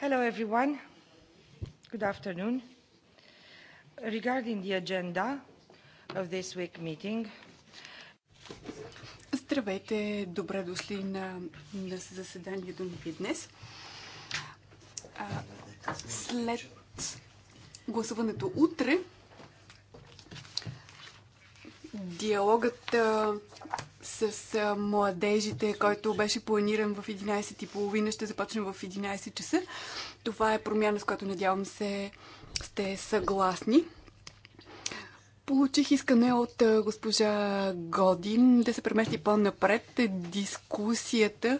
Hello, everyone. Good afternoon. Regarding the agenda of this week meeting, Здравейте, добре дошли на, на заседанието ни днес. А, след гласуването утре, диалогът с а, младежите, който беше планиран в 11.30. Ще започнем в 11 часа. Това е промяна, с която надявам се сте съгласни. Получих искане от госпожа Годин да се премести по-напред дискусията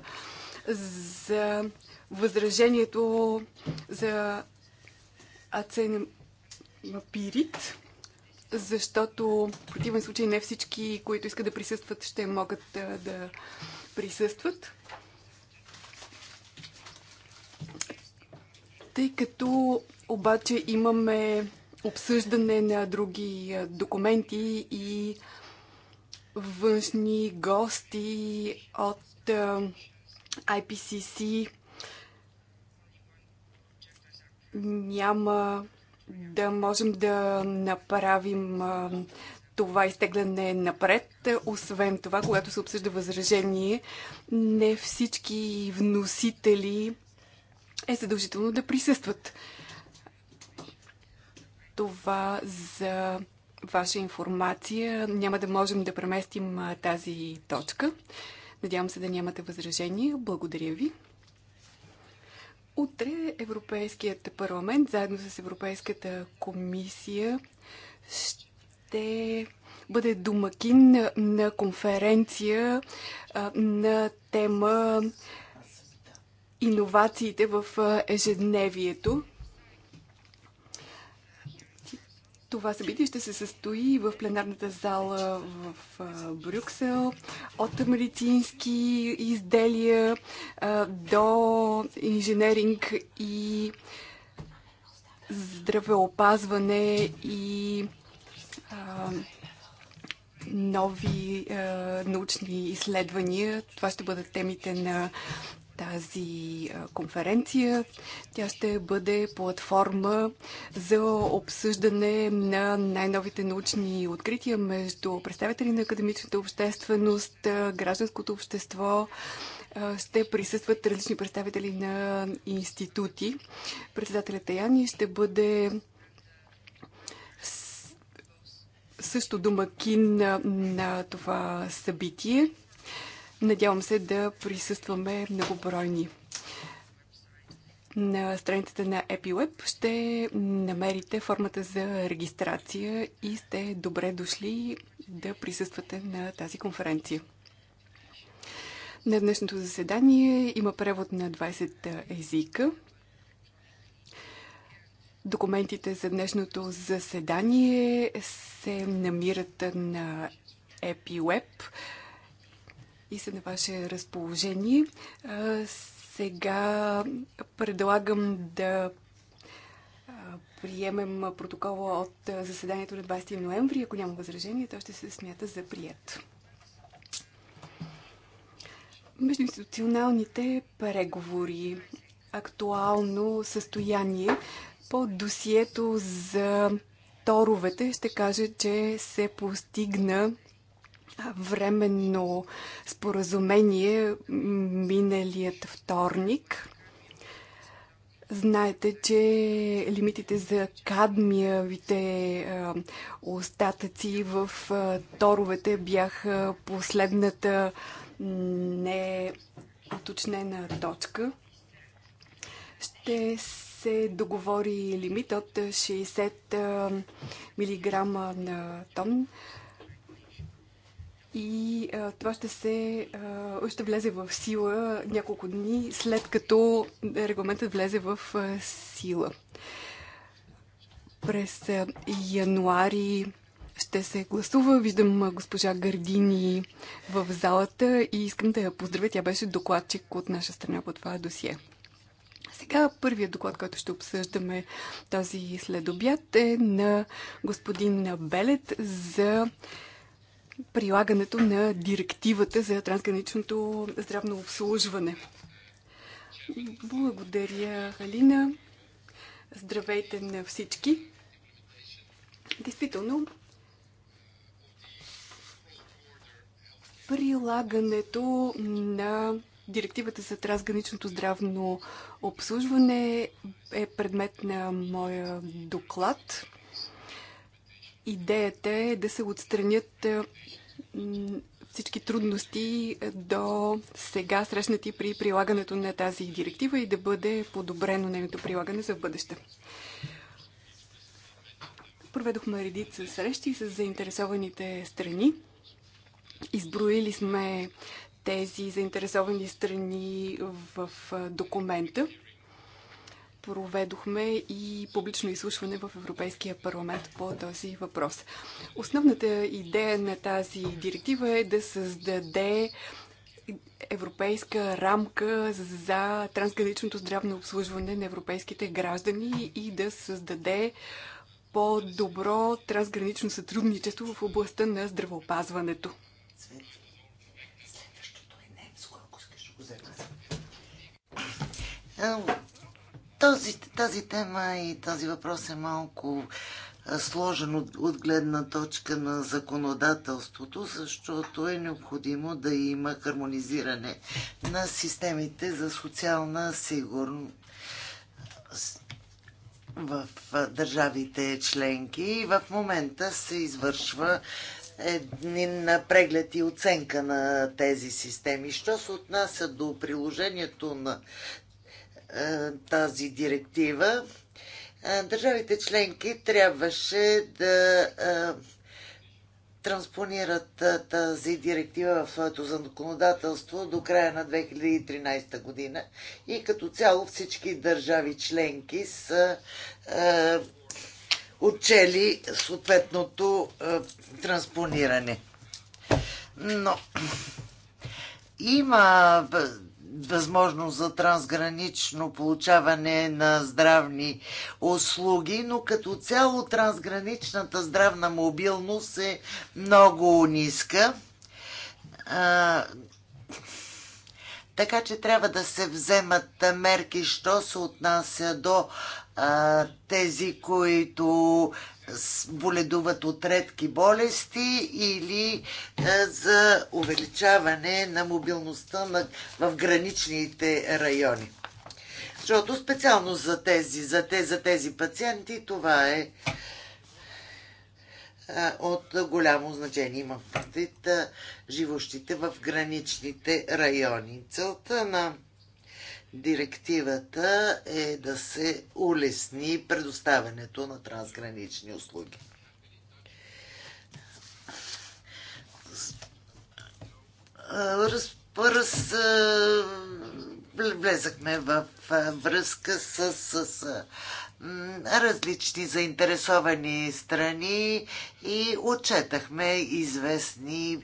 за възражението за ацен пирит защото в противен случай не всички, които искат да присъстват, ще могат да, да присъстват. Тъй като обаче имаме обсъждане на други документи и външни гости от IPCC, няма да можем да направим това изтегляне напред. Освен това, когато се обсъжда възражение, не всички вносители е задължително да присъстват. Това за ваша информация. Няма да можем да преместим тази точка. Надявам се да нямате възражение. Благодаря ви. Утре Европейският парламент, заедно с Европейската комисия, ще бъде домакин на конференция на тема иновациите в ежедневието. Това събитие ще се състои в пленарната зала в Брюксел от медицински изделия до инженеринг и здравеопазване и нови научни изследвания. Това ще бъдат темите на тази конференция. Тя ще бъде платформа за обсъждане на най-новите научни открития между представители на академичната общественост, гражданското общество. Ще присъстват различни представители на институти. Председателят Таяни ще бъде също домакин на, на това събитие. Надявам се да присъстваме многобройни. На страницата на EpiWeb ще намерите формата за регистрация и сте добре дошли да присъствате на тази конференция. На днешното заседание има превод на 20 езика. Документите за днешното заседание се намират на EpiWeb и са на ваше разположение. Сега предлагам да приемем протокола от заседанието на 20 ноември. Ако няма възражение, то ще се смята за прият. Междуинституционалните преговори. Актуално състояние по досието за торовете ще кажа, че се постигна временно споразумение миналият вторник. Знаете, че лимитите за кадмиевите остатъци в торовете бяха последната неуточнена точка. Ще се договори лимит от 60 мг на тон и а, това ще се а, ще влезе в сила няколко дни след като регламентът влезе в а, сила. През а, януари ще се гласува. Виждам госпожа Гардини в залата и искам да я поздравя. Тя беше докладчик от наша страна по това досие. Сега първият доклад, който ще обсъждаме този следобят е на господин Белет за прилагането на директивата за трансграничното здравно обслужване. Благодаря, Алина. Здравейте на всички. Действително, прилагането на директивата за трансграничното здравно обслужване е предмет на моя доклад. Идеята е да се отстранят е, всички трудности до сега срещнати при прилагането на тази директива и да бъде подобрено нейното прилагане за бъдеще. Проведохме редица срещи с заинтересованите страни. Изброили сме тези заинтересовани страни в е, документа проведохме и публично изслушване в Европейския парламент по този въпрос. Основната идея на тази директива е да създаде европейска рамка за трансграничното здравно обслужване на европейските граждани и да създаде по-добро трансгранично сътрудничество в областта на здравеопазването. Е този, тази тема и този въпрос е малко сложен от, от гледна точка на законодателството, защото е необходимо да има хармонизиране на системите за социална сигурност в държавите членки. И в момента се извършва един преглед и оценка на тези системи. Що се отнася до приложението на е, тази директива, е, държавите членки трябваше да е, транспонират тази директива в своето законодателство до края на 2013 година. И като цяло всички държави членки са отчели съответното транспониране. Но има възможност за трансгранично получаване на здравни услуги, но като цяло трансграничната здравна мобилност е много ниска. А, така че трябва да се вземат мерки, що се отнася до а, тези, които боледуват от редки болести или е, за увеличаване на мобилността в граничните райони. Защото специално за тези, за тези, за тези пациенти това е, е от голямо значение. Има предвид е, живущите в граничните райони. Целта на директивата е да се улесни предоставянето на трансгранични услуги. Раз, раз, влезахме в връзка с, с, с различни заинтересовани страни и отчетахме известни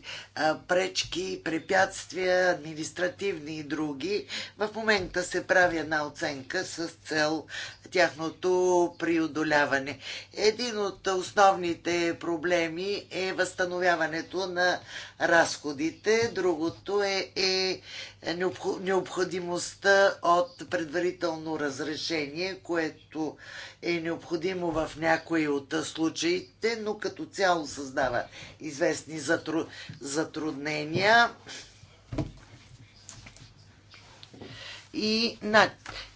пречки, препятствия, административни и други. В момента се прави една оценка с цел тяхното преодоляване. Един от основните проблеми е възстановяването на разходите. Другото е, е необходимостта от предварително разрешение, което е необходимо в някои от случаите, но като цяло създава известни затру... затруднения. И на...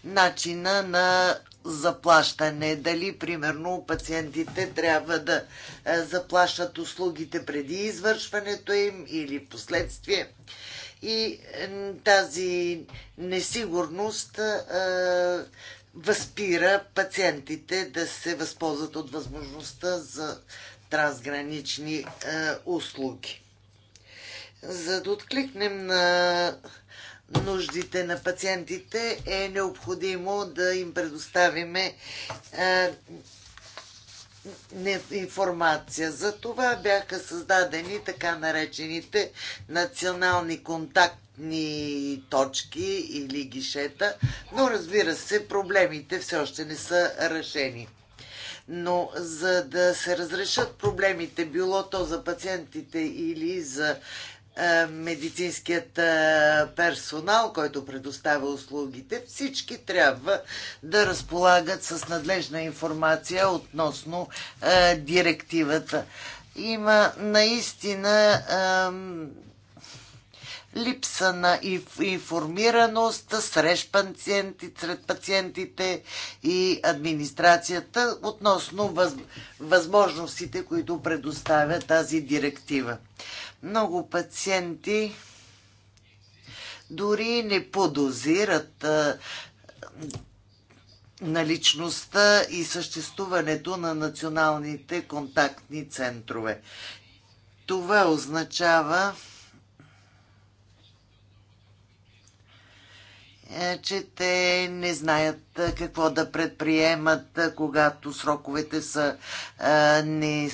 начина на заплащане. Дали, примерно, пациентите трябва да е, заплащат услугите преди извършването им или последствие. И е, тази несигурност е, възпира пациентите да се възползват от възможността за трансгранични услуги. За да откликнем на нуждите на пациентите, е необходимо да им предоставиме информация. За това бяха създадени така наречените национални контактни точки или гишета, но разбира се, проблемите все още не са решени. Но за да се разрешат проблемите, било то за пациентите или за е, медицинският е, персонал, който предоставя услугите, всички трябва да разполагат с надлежна информация относно е, директивата. Има наистина липса на информираност срещ пациенти, сред пациентите и администрацията относно възможностите, които предоставя тази директива. Много пациенти дори не подозират наличността и съществуването на националните контактни центрове. Това означава, е, че те не знаят какво да предприемат, когато сроковете са не,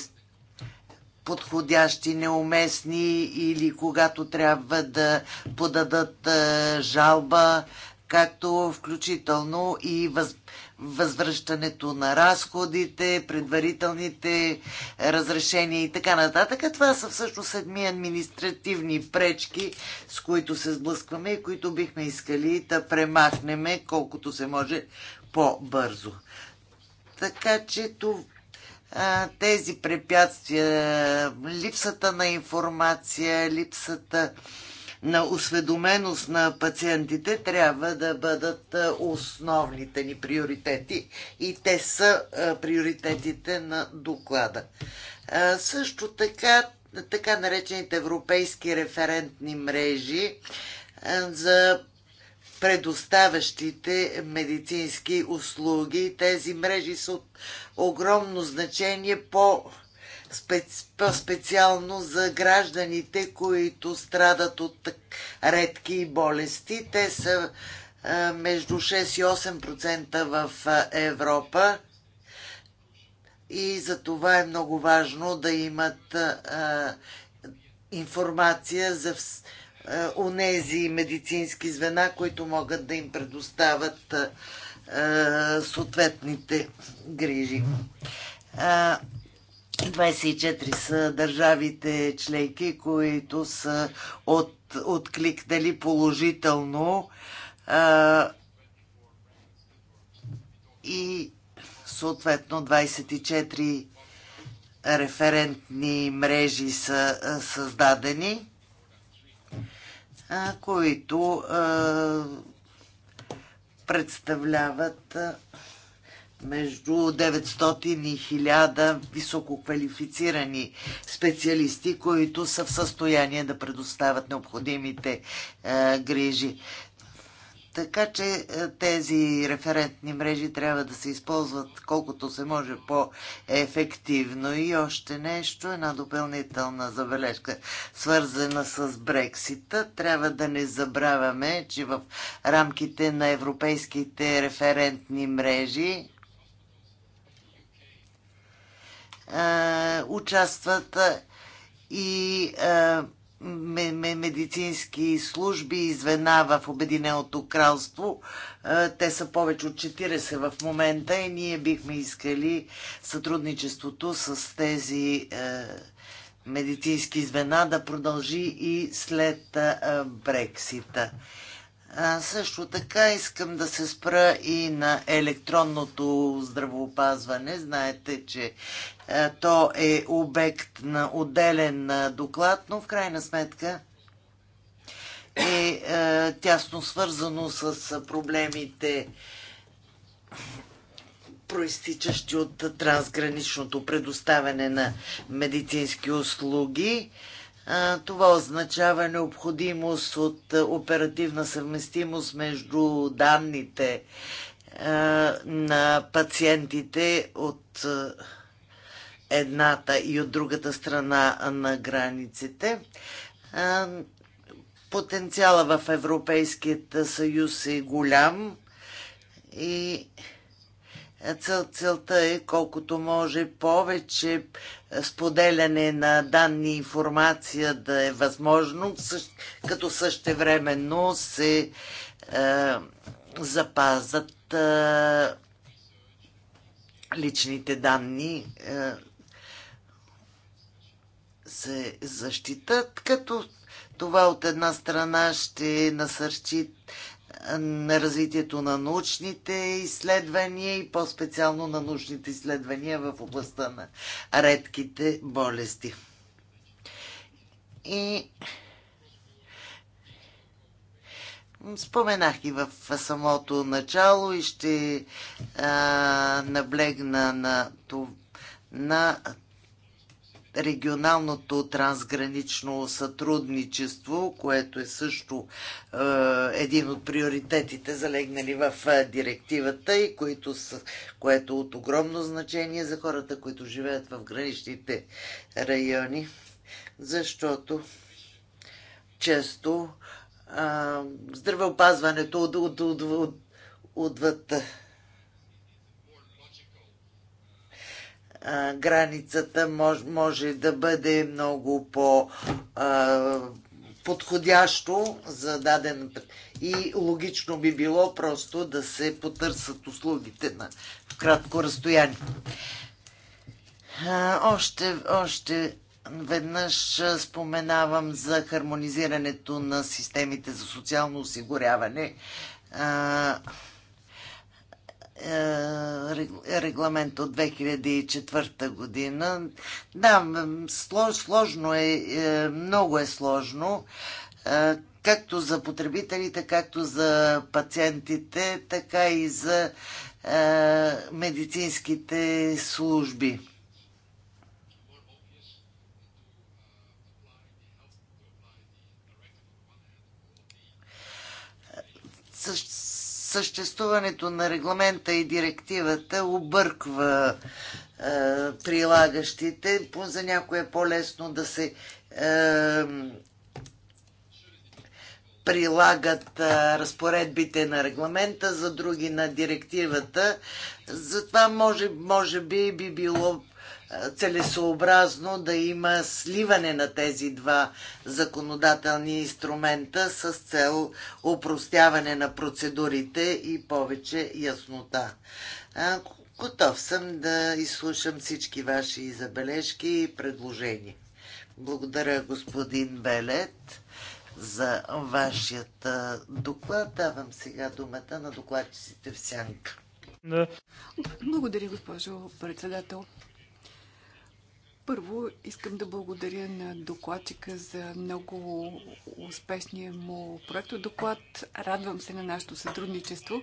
подходящи, неуместни или когато трябва да подадат е, жалба, както включително и въз, възвръщането на разходите, предварителните разрешения и така нататък. А това са всъщност седми административни пречки, с които се сблъскваме и които бихме искали да премахнеме колкото се може по-бързо. Така че това тези препятствия, липсата на информация, липсата на осведоменост на пациентите трябва да бъдат основните ни приоритети и те са приоритетите на доклада. Също така, така наречените европейски референтни мрежи за предоставящите медицински услуги. Тези мрежи са от огромно значение по специално за гражданите, които страдат от редки болести. Те са между 6 и 8% в Европа и за това е много важно да имат информация за е, онези медицински звена, които могат да им предоставят е, е, съответните грижи. 24 са държавите членки, които са от, откликнали положително и съответно 24 референтни мрежи са създадени които представляват между 900 и 1000 висококвалифицирани специалисти, които са в състояние да предоставят необходимите грижи. Така че е, тези референтни мрежи трябва да се използват колкото се може по-ефективно. И още нещо, една допълнителна забележка, свързана с Брексита. Трябва да не забравяме, че в рамките на европейските референтни мрежи е, участват е, и медицински служби и звена в Обединеното кралство. Е, те са повече от 40 в момента и ние бихме искали сътрудничеството с тези е, медицински звена да продължи и след е, Брексита също така искам да се спра и на електронното здравоопазване. Знаете, че то е обект на отделен доклад, но в крайна сметка е тясно свързано с проблемите проистичащи от трансграничното предоставяне на медицински услуги. Това означава необходимост от оперативна съвместимост между данните на пациентите от едната и от другата страна на границите. Потенциала в Европейският съюз е голям и Цел, целта е колкото може повече споделяне на данни и информация да е възможно, като същевременно се е, запазат е, личните данни, е, се защитат, като това от една страна ще насърчи на развитието на научните изследвания и по-специално на научните изследвания в областта на редките болести. И споменах и в самото начало и ще а, наблегна на, на регионалното трансгранично сътрудничество, което е също е, един от приоритетите, залегнали в е, директивата и което, което е от огромно значение за хората, които живеят в граничните райони, защото често е, здравеопазването от, от, от, от, отвъд границата мож, може да бъде много по а, подходящо за даден и логично би било просто да се потърсят услугите на в кратко разстояние. А, още, още веднъж споменавам за хармонизирането на системите за социално осигуряване. А, е, регламент от 2004 година. Да, сложно е, е, много е сложно, е, както за потребителите, както за пациентите, така и за медицинските служби. съществуването на регламента и директивата обърква е, прилагащите. За някое е по-лесно да се е, прилагат е, разпоредбите на регламента, за други на директивата. Затова може, може би би било целесообразно да има сливане на тези два законодателни инструмента с цел упростяване на процедурите и повече яснота. Готов съм да изслушам всички ваши забележки и предложения. Благодаря, господин Белет, за вашият доклад. Давам сега думата на докладчиците в сянка. Благодаря, госпожо председател. Първо искам да благодаря на докладчика за много успешния му проект, доклад. Радвам се на нашето сътрудничество.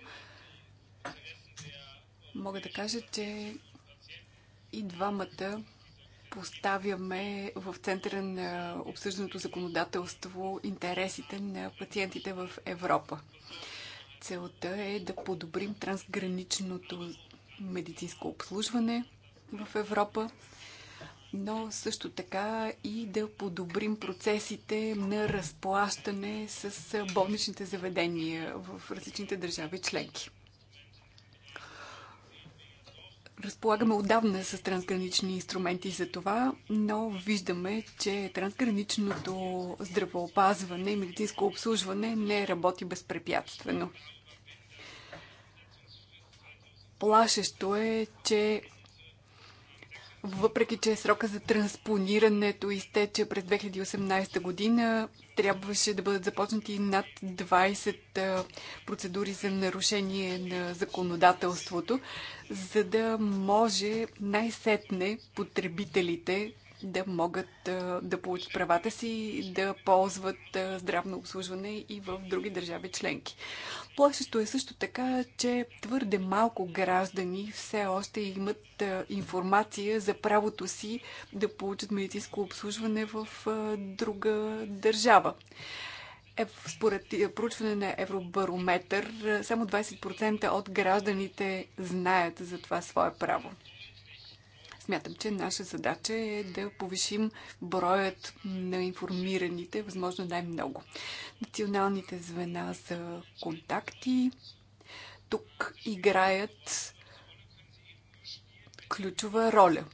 Мога да кажа, че и двамата поставяме в центъра на обсъжданото законодателство интересите на пациентите в Европа. Целта е да подобрим трансграничното медицинско обслужване в Европа но също така и да подобрим процесите на разплащане с болничните заведения в различните държави членки. Разполагаме отдавна с трансгранични инструменти за това, но виждаме, че трансграничното здравеопазване и медицинско обслужване не работи безпрепятствено. Плашещо е, че въпреки, че срока за транспонирането изтече през 2018 година, трябваше да бъдат започнати над 20 процедури за нарушение на законодателството, за да може най-сетне потребителите да могат да получат правата си, да ползват здравно обслужване и в други държави членки. Плашещо е също така, че твърде малко граждани все още имат информация за правото си да получат медицинско обслужване в друга държава. Е, според е, проучване на Евробарометър, само 20% от гражданите знаят за това свое право. Смятам, че наша задача е да повишим броят на информираните, възможно най-много. Националните звена за контакти тук играят ключова роля.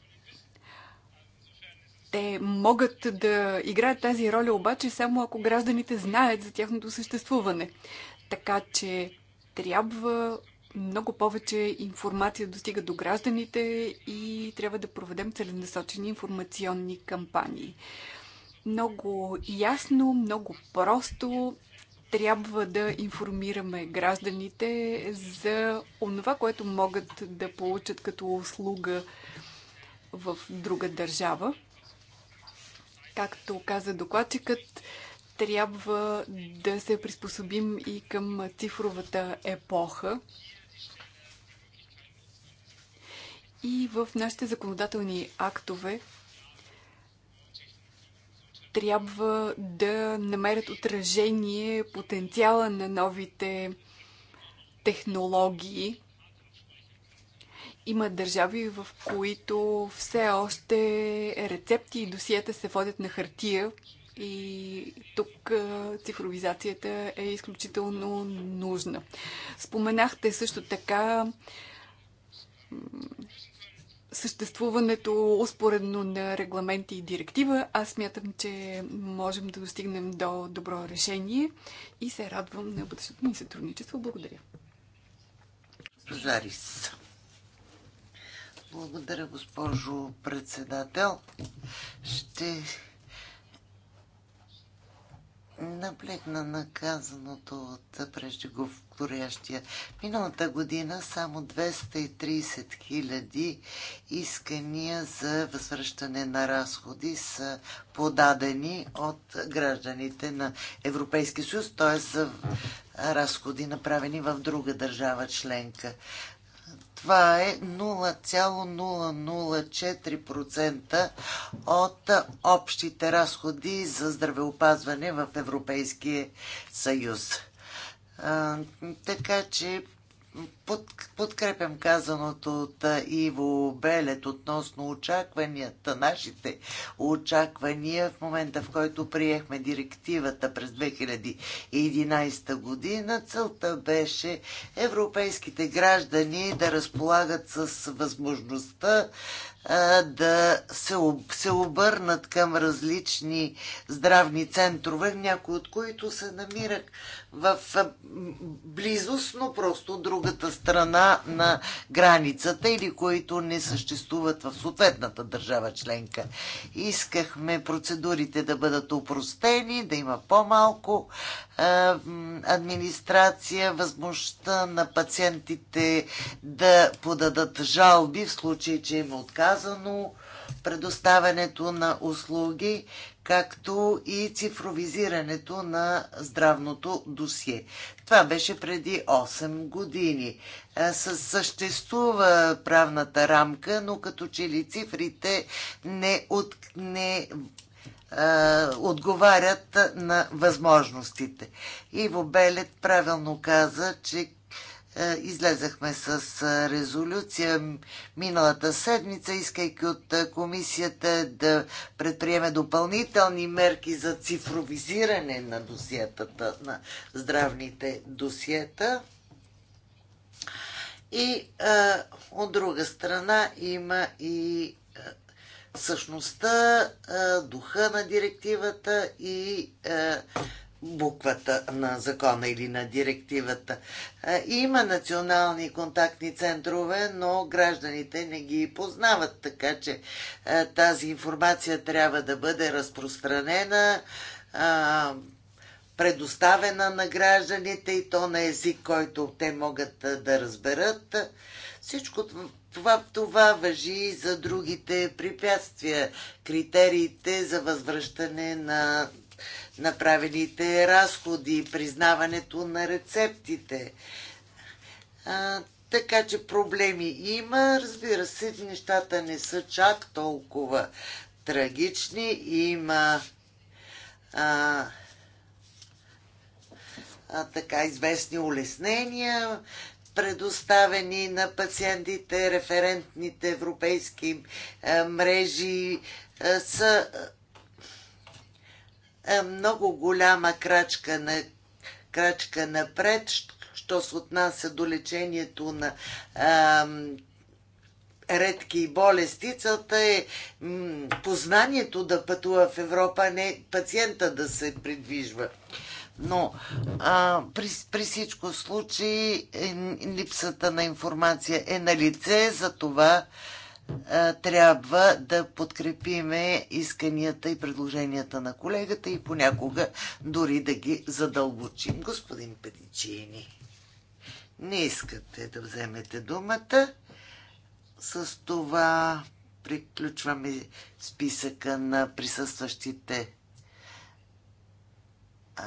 Те могат да играят тази роля обаче само ако гражданите знаят за тяхното съществуване. Така че трябва много повече информация достига до гражданите и трябва да проведем целенасочени информационни кампании. Много ясно, много просто трябва да информираме гражданите за онова, което могат да получат като услуга в друга държава. Както каза докладчикът, трябва да се приспособим и към цифровата епоха. И в нашите законодателни актове трябва да намерят отражение потенциала на новите технологии. Има държави, в които все още рецепти и досиета се водят на хартия и тук цифровизацията е изключително нужна. Споменахте също така съществуването успоредно на регламенти и директива. Аз смятам, че можем да достигнем до добро решение и се радвам на бъдещото ни сътрудничество. Благодаря. Зарис. Благодаря, госпожо председател. Ще наблегна на казаното от преждеговорящия. Миналата година само 230 хиляди искания за възвръщане на разходи са подадени от гражданите на Европейския съюз, т.е. за разходи направени в друга държава членка. Това е 0,004% от общите разходи за здравеопазване в Европейския съюз. Така че под, подкрепям казаното от Иво Белет относно очакванията, нашите очаквания в момента, в който приехме директивата през 2011 година. Целта беше европейските граждани да разполагат с възможността да се, се обърнат към различни здравни центрове, някои от които се намират в близост, но просто от другата страна на границата или които не съществуват в съответната държава членка. Искахме процедурите да бъдат упростени, да има по-малко администрация, възможността на пациентите да подадат жалби в случай, че им е отказано предоставянето на услуги, както и цифровизирането на здравното досие. Това беше преди 8 години. Е, съществува правната рамка, но като че ли цифрите не, от, не е, отговарят на възможностите. Иво Белет правилно каза, че е, излезахме с е, резолюция миналата седмица, искайки от е, комисията да предприеме допълнителни мерки за цифровизиране на досиетата, на здравните досиета. И а, от друга страна има и а, същността, а, духа на директивата и а, буквата на закона или на директивата. Има национални контактни центрове, но гражданите не ги познават, така че тази информация трябва да бъде разпространена, предоставена на гражданите и то на език, който те могат да разберат. Всичко това, това въжи и за другите препятствия, критериите за възвръщане на направените разходи, признаването на рецептите. А, така че проблеми има. Разбира се, нещата не са чак толкова трагични. Има а, а, така известни улеснения, предоставени на пациентите, референтните европейски а, мрежи а, са е много голяма крачка, на, крачка напред, що се отнася до лечението на редки болести. Целта е м, познанието да пътува в Европа, а не пациента да се придвижва. Но а, при, при всичко случай е, липсата на информация е на лице, за това е, трябва да подкрепиме исканията и предложенията на колегата и понякога дори да ги задълбочим. Господин Педичини, не искате да вземете думата. С това приключваме списъка на присъстващите а,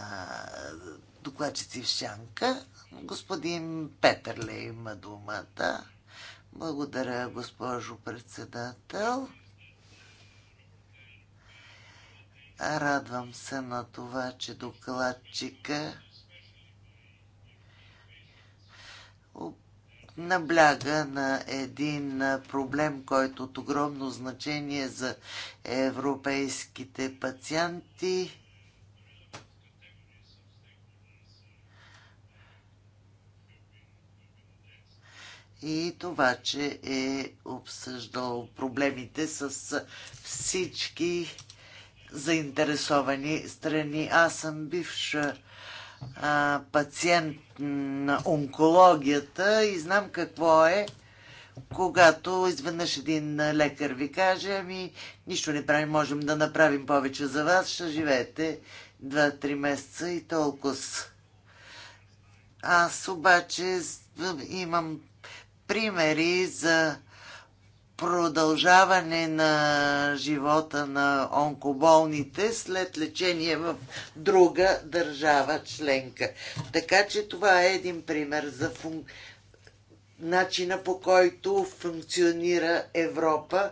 докладчици в Шанка. Господин Петърле има думата. Благодаря, госпожо председател. Радвам се на това, че докладчика набляга на един проблем, който от огромно значение за европейските пациенти и това, че е обсъждал проблемите с всички заинтересовани страни. Аз съм бивш а, пациент на онкологията и знам какво е, когато изведнъж един лекар ви каже, ами нищо не правим, можем да направим повече за вас, ще живеете 2-3 месеца и толкова. Аз обаче имам примери за продължаване на живота на онкоболните след лечение в друга държава членка. Така че това е един пример за фун... начина по който функционира Европа.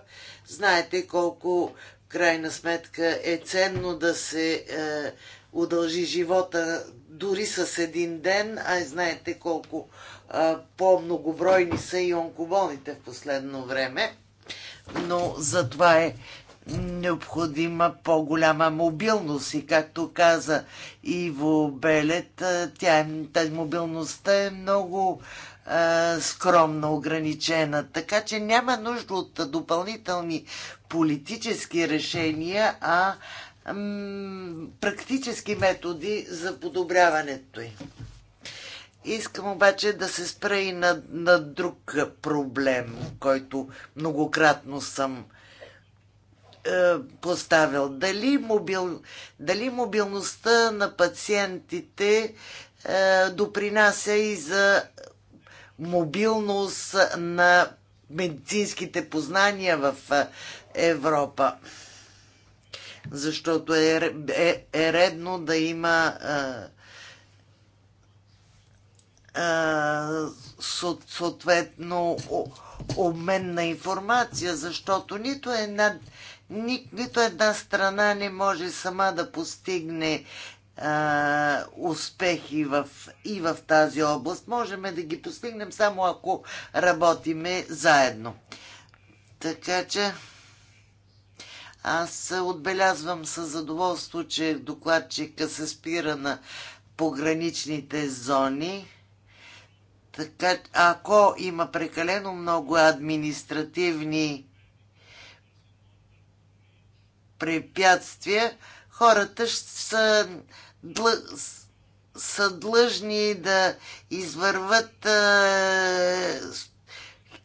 Знаете колко крайна сметка е ценно да се е, удължи живота дори с един ден, а знаете колко по-многобройни са и онкоболните в последно време, но за това е необходима по-голяма мобилност и както каза Иво Белет, тя е, тази мобилността е много а, скромно ограничена, така че няма нужда от допълнителни политически решения, а практически методи за подобряването им. Искам обаче да се спра и на, на друг проблем, който многократно съм е, поставил. Дали, мобил, дали мобилността на пациентите е, допринася и за мобилност на медицинските познания в е, Европа. Защото е, е, е редно да има е, съответно обмен на информация, защото нито една, ни, нито една страна не може сама да постигне а, успехи в, и в тази област. Можем да ги постигнем само ако работиме заедно. Така че аз отбелязвам със задоволство, че докладчика се спира на пограничните зони така, ако има прекалено много административни препятствия, хората са, длъ... са длъжни да извърват а...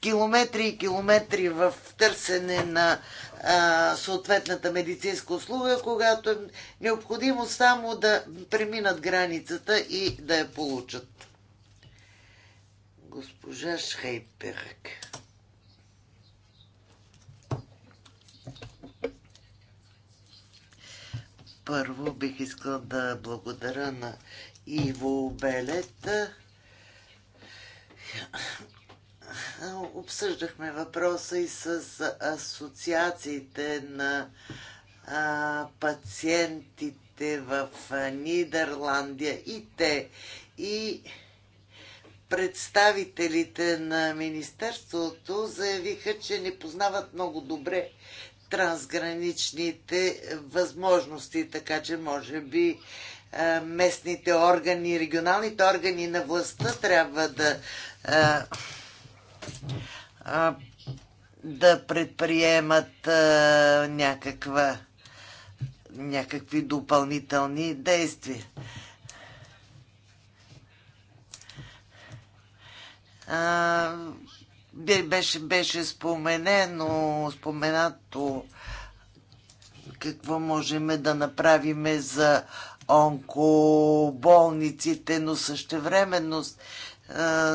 километри и километри в търсене на а... съответната медицинска услуга, когато е необходимо само да преминат границата и да я получат. Госпожа Шхейперек. Първо бих искал да благодаря на Иво Белет. Обсъждахме въпроса и с асоциациите на а, пациентите в Нидерландия и те и представителите на Министерството заявиха, че не познават много добре трансграничните възможности, така че може би е, местните органи, регионалните органи на властта трябва да е, е, да предприемат някаква някакви допълнителни действия. А, беше, беше споменено, споменато какво можем да направим за онкоболниците, но същевременно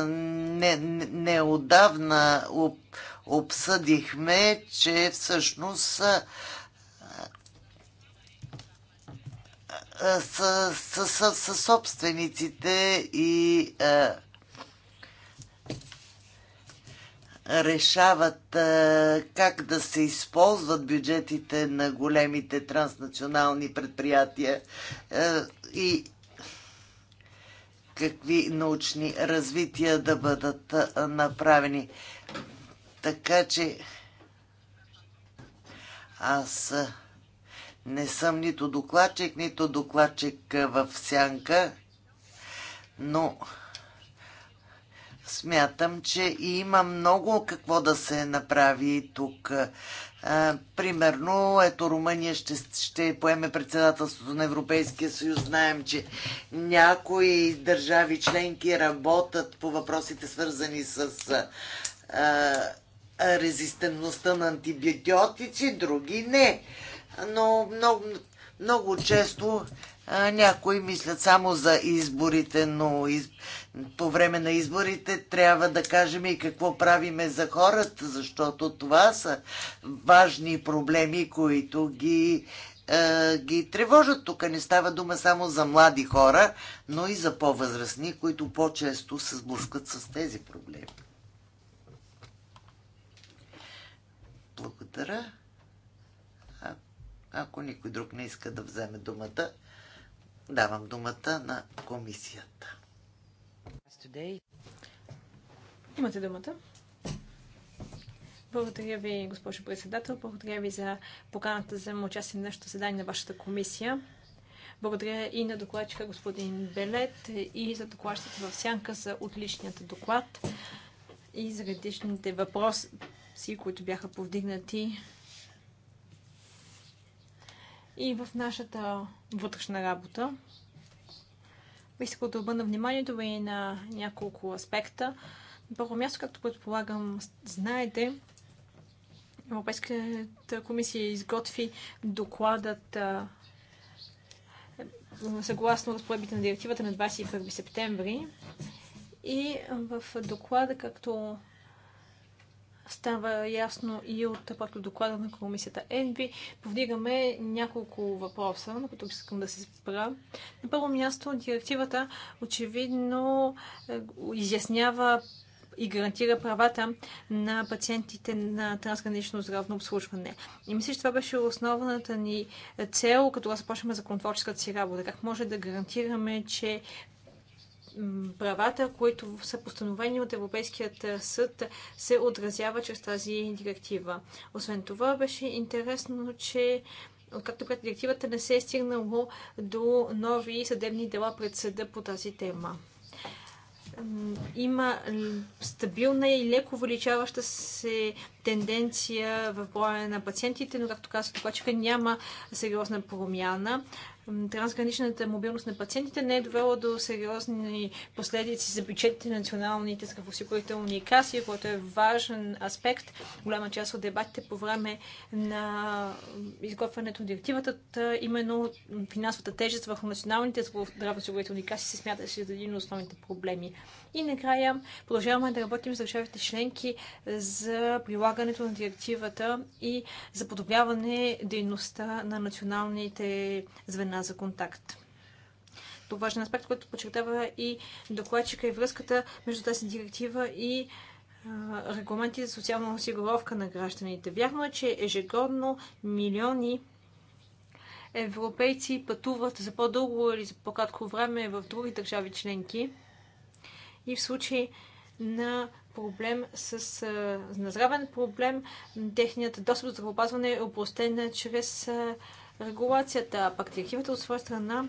не, не об, обсъдихме, че всъщност са, са, са, са собствениците и а, решават как да се използват бюджетите на големите транснационални предприятия и какви научни развития да бъдат направени. Така че аз не съм нито докладчик, нито докладчик в сянка, но смятам, че има много какво да се направи тук. примерно, ето Румъния ще, ще поеме председателството на Европейския съюз. Знаем, че някои държави членки работят по въпросите свързани с а, резистентността на антибиотици, други не. Но много, много често а, някои мислят само за изборите, но Изб по време на изборите трябва да кажем и какво правиме за хората, защото това са важни проблеми, които ги, е, ги тревожат. Тук не става дума само за млади хора, но и за по-възрастни, които по-често се сблъскат с тези проблеми. Благодаря. А, ако никой друг не иска да вземе думата, давам думата на комисията today. Имате думата. Благодаря ви, госпожо председател. Благодаря ви за поканата за участие в нашето заседание на вашата комисия. Благодаря и на докладчика господин Белет и за докладчицата в сянка за отличният доклад и за редичните въпроси, които бяха повдигнати и в нашата вътрешна работа бих искал да обърна вниманието ви на няколко аспекта. На първо място, както предполагам, знаете, Европейската комисия изготви докладът съгласно разпоредбите на директивата на 21 септември. И в доклада, както става ясно и от доклада на комисията ЕНВИ. Повдигаме няколко въпроса, на които искам да се спра. На първо място, директивата очевидно е, изяснява и гарантира правата на пациентите на трансгранично здравно обслужване. И мисля, че това беше основната ни цел, като започваме за контворческата си работа. Как може да гарантираме, че правата, които са постановени от Европейският е, съд, се отразява чрез тази директива. Освен това, беше интересно, че откакто пред директивата не се е стигнало до нови съдебни дела пред съда по тази тема. Има стабилна и леко увеличаваща се тенденция в броя на пациентите, но както казах, докладчика няма сериозна промяна. Трансграничната мобилност на пациентите не е довела до сериозни последици за бюджетите на националните здравоосигурителни каси, което е важен аспект. Голяма част от дебатите по време на изготвянето на директивата, именно финансовата тежест върху националните здравоосигурителни каси се смята за е един от основните проблеми. И накрая продължаваме да работим с държавите членки за прилагането прилагането на директивата и за подобряване дейността на националните звена за контакт. Тук е важен аспект, който подчертава и докладчика и връзката между тази директива и регламенти за социална осигуровка на гражданите. Вярно е, че ежегодно милиони европейци пътуват за по-дълго или за по-кратко време в други държави членки. И в случай на проблем с наздравен проблем. Техният достъп до здравеопазване е областен чрез регулацията. А пак директивата от своя страна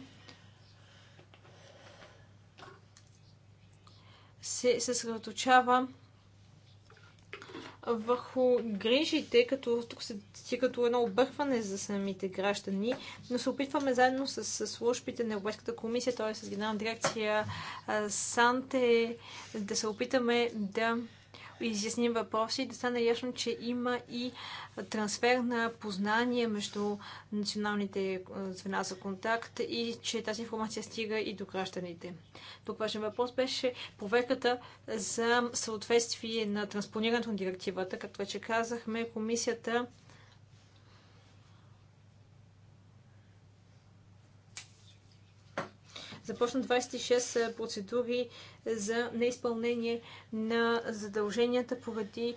се съсредоточава върху грижите, като тук се стига едно объркване за самите граждани, но се опитваме заедно с, с службите на Европейската комисия, т.е. с Генерална дирекция Санте, да се опитаме да изясним въпроси и да стане ясно, че има и трансфер на познание между националните звена за контакт и че тази информация стига и до гражданите. Тук важен въпрос беше проверката за съответствие на транспонирането на директивата. Както вече казахме, комисията започна 26 процедури за неизпълнение на задълженията поради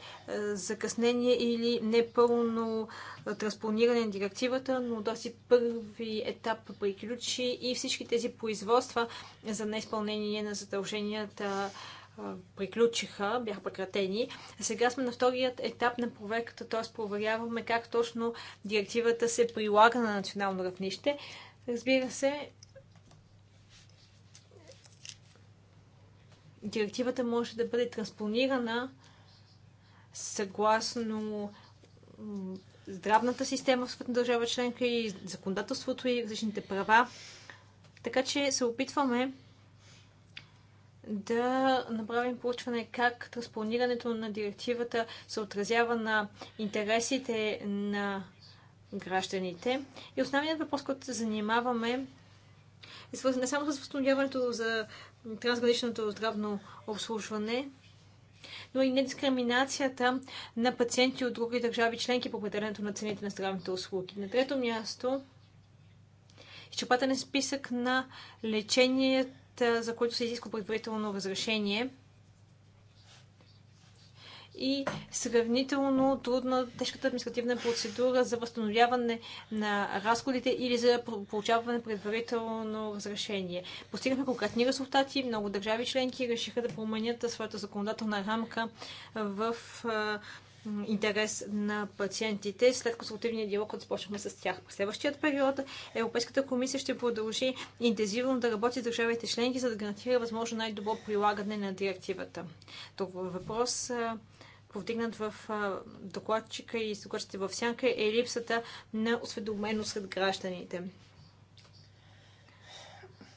закъснение или непълно транспониране на директивата, но този първи етап приключи и всички тези производства за неизпълнение на задълженията приключиха, бяха прекратени. Сега сме на вторият етап на проверката, т.е. проверяваме как точно директивата се прилага на национално равнище. Разбира се, директивата може да бъде транспонирана съгласно здравната система в съответната държава членка и законодателството и различните права. Така че се опитваме да направим проучване как транспонирането на директивата се отразява на интересите на гражданите. И основният въпрос, който се занимаваме, е свързан не само с възстановяването за трансграничното здравно обслужване, но и недискриминацията на пациенти от други държави членки по определенето на цените на здравните услуги. На трето място, изчерпателен списък на леченията, за които се изисква предварително разрешение – и сравнително трудна, тежката административна процедура за възстановяване на разходите или за получаване предварително разрешение. Постигнахме конкретни резултати. Много държави членки решиха да променят своята законодателна рамка в интерес на пациентите след консултативния диалог, който започнахме с тях. в следващия период Европейската комисия ще продължи интензивно да работи с държавите членки, за да гарантира възможно най-добро прилагане на директивата. Тук въпрос повдигнат в докладчика и докладчите в сянка е липсата на осведоменост сред гражданите.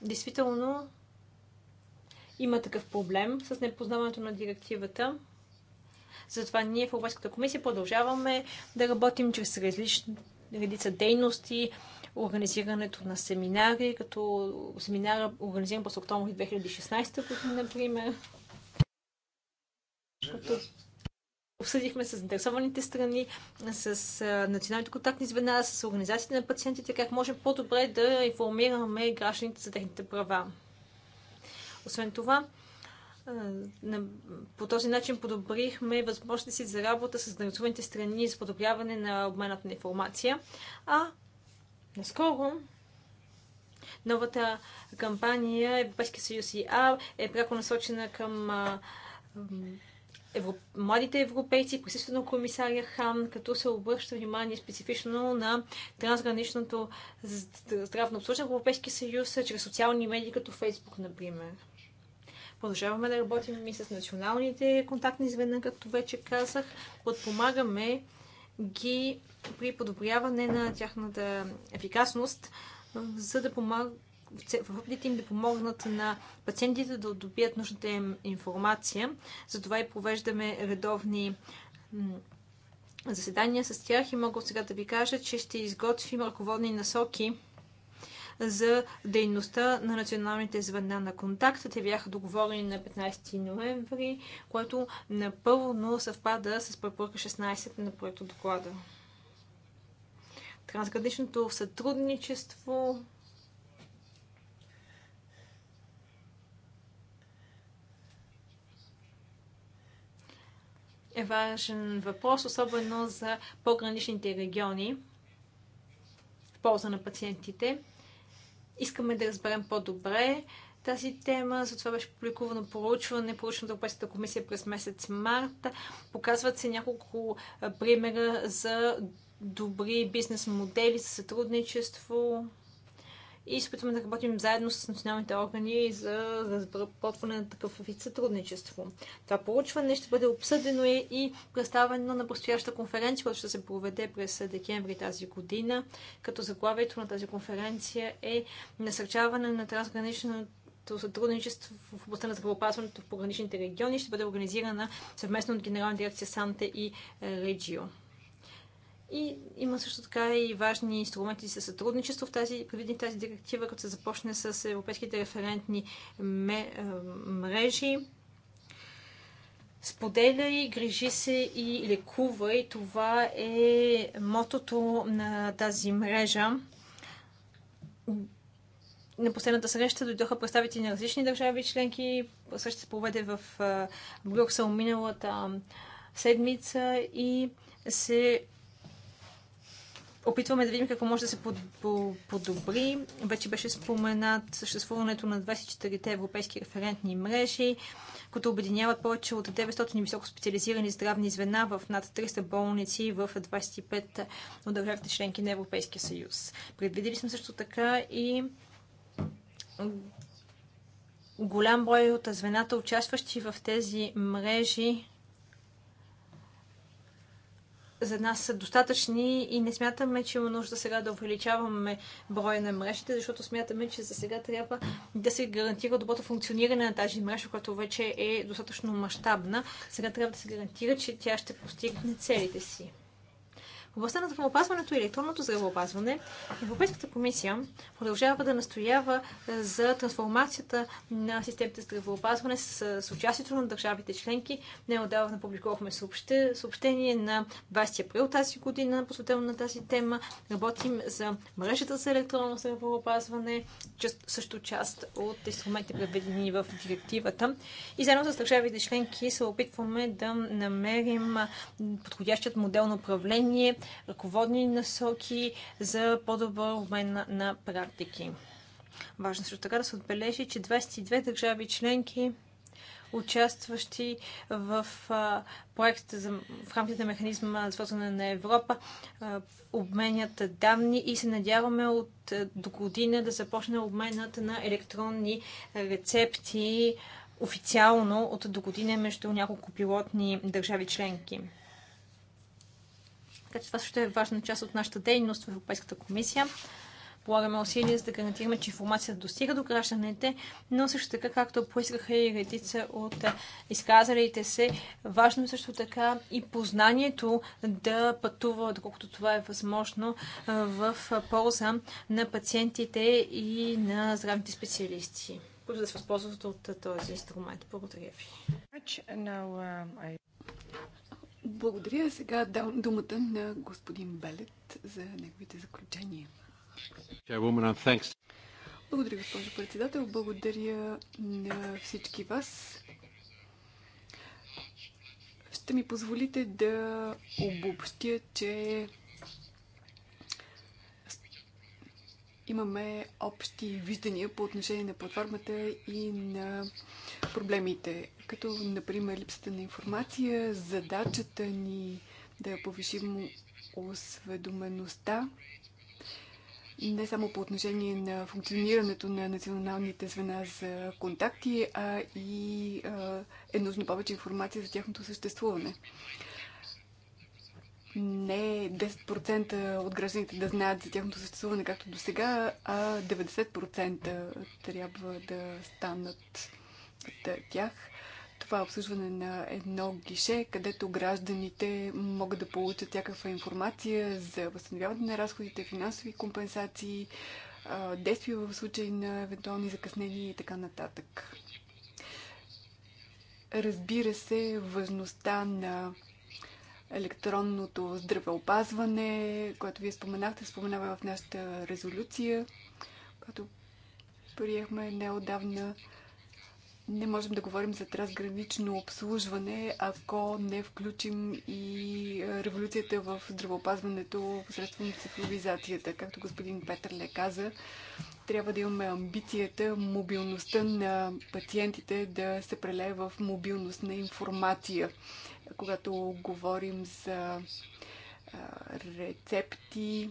Действително има такъв проблем с непознаването на директивата. Затова ние в Европейската комисия продължаваме да работим чрез различни редица дейности, организирането на семинари, като семинара организиран през октомври 2016 година, например. Като обсъдихме с заинтересованите страни, с националните контактни звена, с организациите на пациентите, как можем по-добре да информираме гражданите за техните права. Освен това, по този начин подобрихме възможности си за работа с заинтересованите страни за подобряване на обмената на информация. А наскоро новата кампания Европейския съюз и А е пряко насочена към Европ... младите европейци, присъствено комисария Хан, като се обръща внимание специфично на трансграничното здравно обслужване в Европейския съюз чрез социални медии, като Фейсбук, например. Продължаваме да работим и с националните контактни звена, както вече казах. Подпомагаме ги при подобряване на тяхната ефикасност, за да помагат в опитите им да помогнат на пациентите да добият нужната им информация. Затова и провеждаме редовни заседания с тях и мога сега да ви кажа, че ще изготвим ръководни насоки за дейността на националните звена на контакт. Те бяха договорени на 15 ноември, което напълно съвпада с препоръка 16 на проекто доклада. Трансграничното сътрудничество е важен въпрос, особено за пограничните региони в полза на пациентите. Искаме да разберем по-добре тази тема. Затова беше публикувано проучване, поручено от Европейската комисия през месец март. Показват се няколко примера за добри бизнес модели за сътрудничество и се опитваме да работим заедно с националните органи за разработване на такъв вид сътрудничество. Това проучване ще бъде обсъдено и представено на предстояща конференция, която ще се проведе през декември тази година, като заглавието на тази конференция е насърчаване на трансграничната сътрудничество в областта на здравеопазването в пограничните региони ще бъде организирана съвместно от Генерална дирекция Санте и Реджио. И има също така и важни инструменти за сътрудничество в тази, предвидни тази директива, като се започне с европейските референтни е, мрежи. Споделяй, грижи се и лекувай. Това е мотото на тази мрежа. На последната среща дойдоха представители на различни държави членки. Среща се проведе в е, Брюксел миналата седмица и се опитваме да видим какво може да се подобри. Вече беше споменат съществуването на 24-те европейски референтни мрежи, които обединяват повече от 900 високо специализирани здравни звена в над 300 болници в 25 от държавите членки на Европейския съюз. Предвидили сме също така и голям брой от звената, участващи в тези мрежи, за нас са достатъчни и не смятаме, че има нужда сега да увеличаваме броя на мрежите, защото смятаме, че за сега трябва да се гарантира доброто функциониране на тази мрежа, която вече е достатъчно мащабна. Сега трябва да се гарантира, че тя ще постигне целите си областта на здравеопазването и електронното здравеопазване, Европейската комисия продължава да настоява е, за трансформацията на системите здравеопазване с, с участието на държавите членки. Неодавна публикувахме съобще, съобщение на 20 април тази година, посветено на тази тема. Работим за мрежата за електронно здравеопазване, също част от инструментите, предвидени в директивата. И заедно с държавите членки се опитваме да намерим подходящият модел на управление, ръководни насоки за по-добър обмен на, практики. Важно също така да се отбележи, че 22 държави членки участващи в а, проекта за, в рамките на механизма за на Европа, а, обменят данни и се надяваме от а, до година да започне обменът на електронни рецепти официално от до година между няколко пилотни държави членки. Така че това също е важна част от нашата дейност в Европейската комисия. Полагаме усилия за да гарантираме, че информацията достига до гражданите, но също така, както поискаха и редица от изказалите се, важно е също така и познанието да пътува, доколкото това е възможно, в полза на пациентите и на здравните специалисти, които да се възползват от този инструмент. Благодаря ви. Uh, благодаря. Сега давам думата на господин Белет за неговите заключения. Благодаря, госпожо председател. Благодаря на всички вас. Ще ми позволите да обобщя, че имаме общи виждания по отношение на платформата и на проблемите, като например липсата на информация, задачата ни да повишим осведомеността, не само по отношение на функционирането на националните звена за контакти, а и е нужно повече информация за тяхното съществуване не 10% от гражданите да знаят за тяхното съществуване както до сега, а 90% трябва да станат от тях. Това е обслужване на едно гише, където гражданите могат да получат всякаква информация за възстановяване на разходите, финансови компенсации, действия в случай на евентуални закъснения и така нататък. Разбира се, важността на електронното здравеопазване, което вие споменахте, споменава в нашата резолюция, която приехме неодавна. Не можем да говорим за трансгранично обслужване, ако не включим и революцията в здравеопазването посредством цифровизацията. Както господин Петър каза, трябва да имаме амбицията, мобилността на пациентите да се прелее в мобилност на информация когато говорим за рецепти,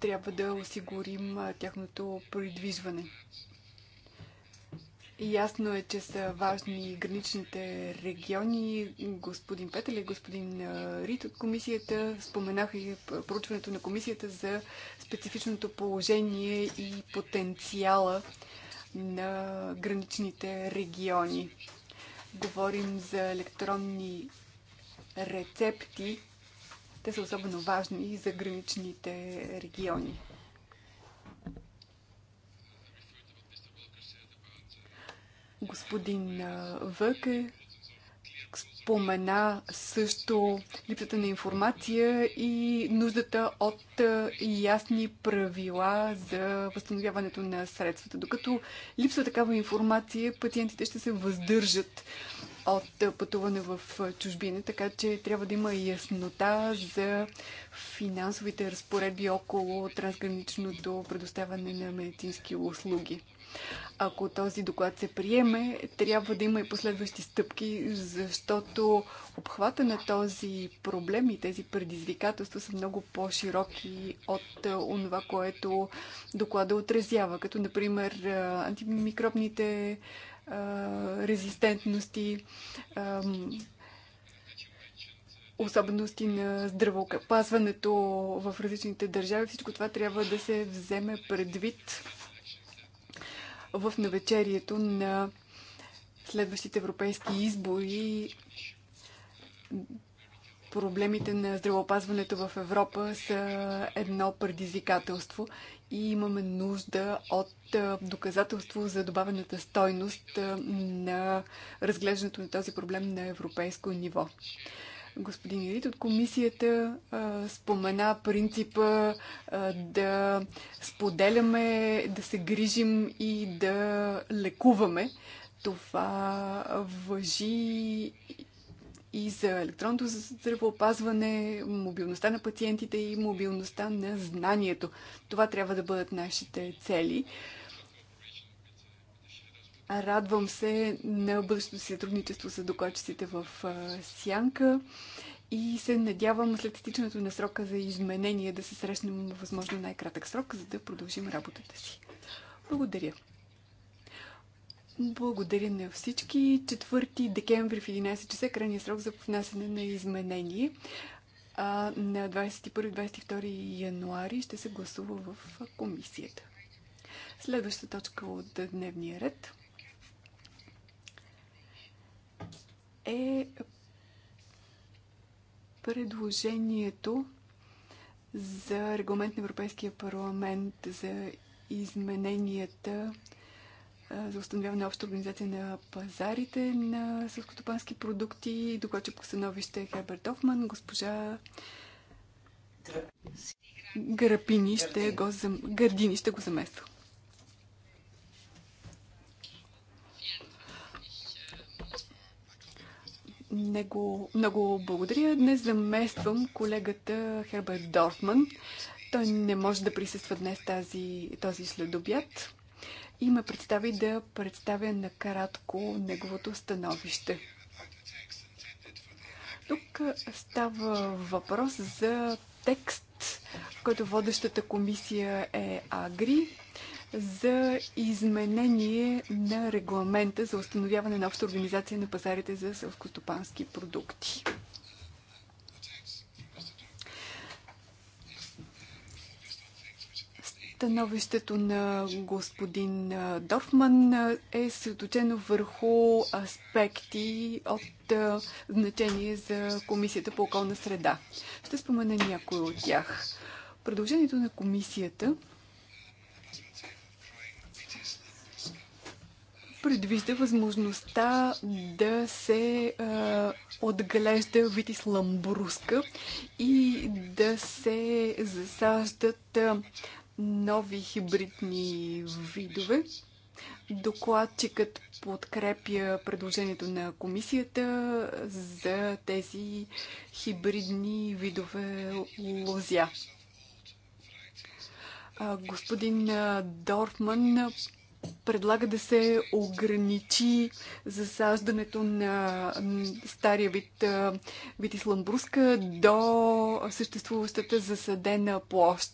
трябва да осигурим тяхното придвижване. Ясно е, че са важни граничните региони. Господин Петъл и господин Рит от комисията споменаха и проучването на комисията за специфичното положение и потенциала на граничните региони. Говорим за електронни рецепти. Те са особено важни и за граничните региони. Господин Въке спомена също липсата на информация и нуждата от ясни правила за възстановяването на средствата. Докато липсва такава информация, пациентите ще се въздържат от пътуване в чужбина, така че трябва да има яснота за финансовите разпоредби около трансграничното предоставяне на медицински услуги. Ако този доклад се приеме, трябва да има и последващи стъпки, защото обхвата на този проблем и тези предизвикателства са много по-широки от това, е, което доклада отразява, като например е, антимикробните е, резистентности, особености на здравеопазването в различните държави. Всичко това трябва да се вземе предвид в навечерието на следващите европейски избори проблемите на здравеопазването в Европа са едно предизвикателство и имаме нужда от доказателство за добавената стойност на разглеждането на този проблем на европейско ниво. Господин Ирит от комисията а, спомена принципа а, да споделяме, да се грижим и да лекуваме. Това въжи и за електронното здравеопазване, мобилността на пациентите и мобилността на знанието. Това трябва да бъдат нашите цели. Радвам се на бъдещото си сътрудничество с докладчиците в Сянка и се надявам след стичането на срока за изменение да се срещнем възможно най-кратък срок, за да продължим работата си. Благодаря. Благодаря на всички. 4 декември в 11 часа е крайния срок за внасяне на изменение. А на 21-22 януари ще се гласува в комисията. Следваща точка от дневния ред – е предложението за регламент на Европейския парламент за измененията за установяване на обща организация на пазарите на сълскотопански продукти, докладче по становище е Херберт Офман, госпожа Грапини ще го, Гърдини ще го замества. Него, много благодаря. Днес замествам колегата Херберт Дорфман. Той не може да присъства днес тази, този следобят и ме представи да представя накратко неговото становище. Тук става въпрос за текст, който водещата комисия е Агри за изменение на регламента за установяване на обща организация на пазарите за селскостопански продукти. Становището на господин Дорфман е съточено върху аспекти от значение за Комисията по околна среда. Ще спомена някои от тях. Продължението на комисията предвижда възможността да се а, отглежда витис ламбруска и да се засаждат а, нови хибридни видове. Докладчикът подкрепя предложението на комисията за тези хибридни видове лозя. Господин Дорфман предлага да се ограничи засаждането на стария вид витис ламбруска до съществуващата засадена площ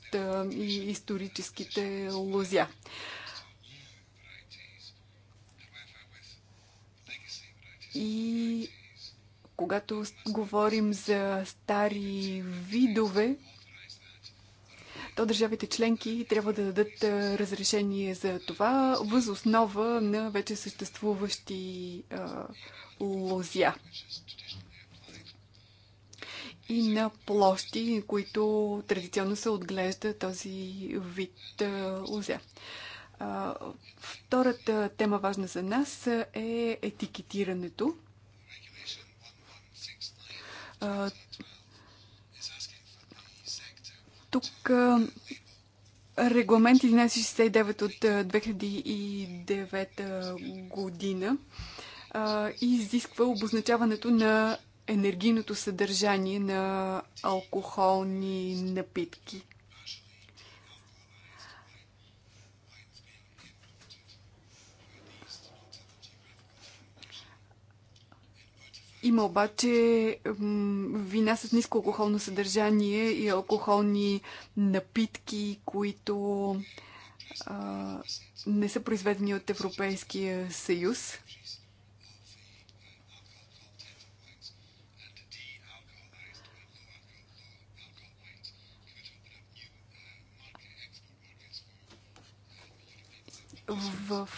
и историческите лозя. И когато говорим за стари видове, то държавите членки трябва да дадат разрешение за това въз основа на вече съществуващи а, лозя и на площи, които традиционно се отглежда този вид лозя. Втората тема важна за нас е етикетирането. Тук регламент 1169 от 2009 година изисква обозначаването на енергийното съдържание на алкохолни напитки. Има обаче вина с ниско алкохолно съдържание и алкохолни напитки, които а, не са произведени от Европейския съюз. в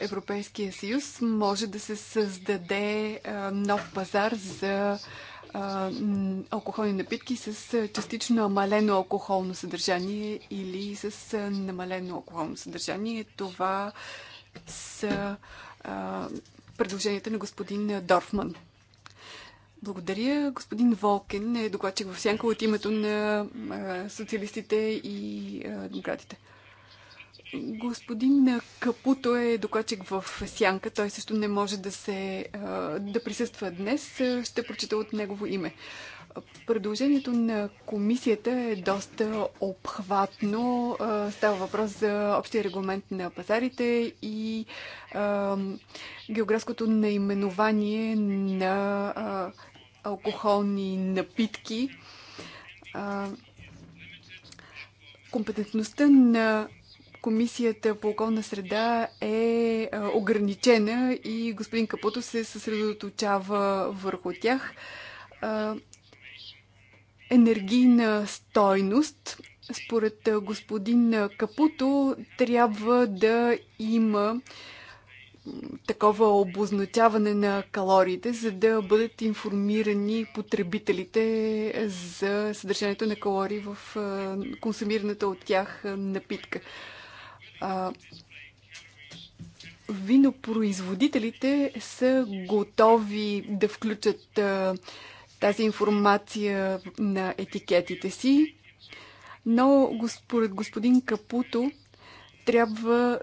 Европейския съюз може да се създаде нов пазар за алкохолни напитки с частично намалено алкохолно съдържание или с намалено алкохолно съдържание. Това са предложенията на господин Дорфман. Благодаря. Господин Волкен е докладчик в сянка от името на социалистите и демократите. Господин Капуто е докочек в сянка. Той също не може да, се, да присъства днес. Ще прочета от негово име. Предложението на комисията е доста обхватно. Става въпрос за общия регламент на пазарите и географското наименование на алкохолни напитки. Компетентността на Комисията по околна среда е ограничена и господин Капуто се съсредоточава върху тях. Енергийна стойност. Според господин Капуто трябва да има такова обозначаване на калориите, за да бъдат информирани потребителите за съдържанието на калории в консумираната от тях напитка а, винопроизводителите са готови да включат а, тази информация на етикетите си, но според господин Капуто трябва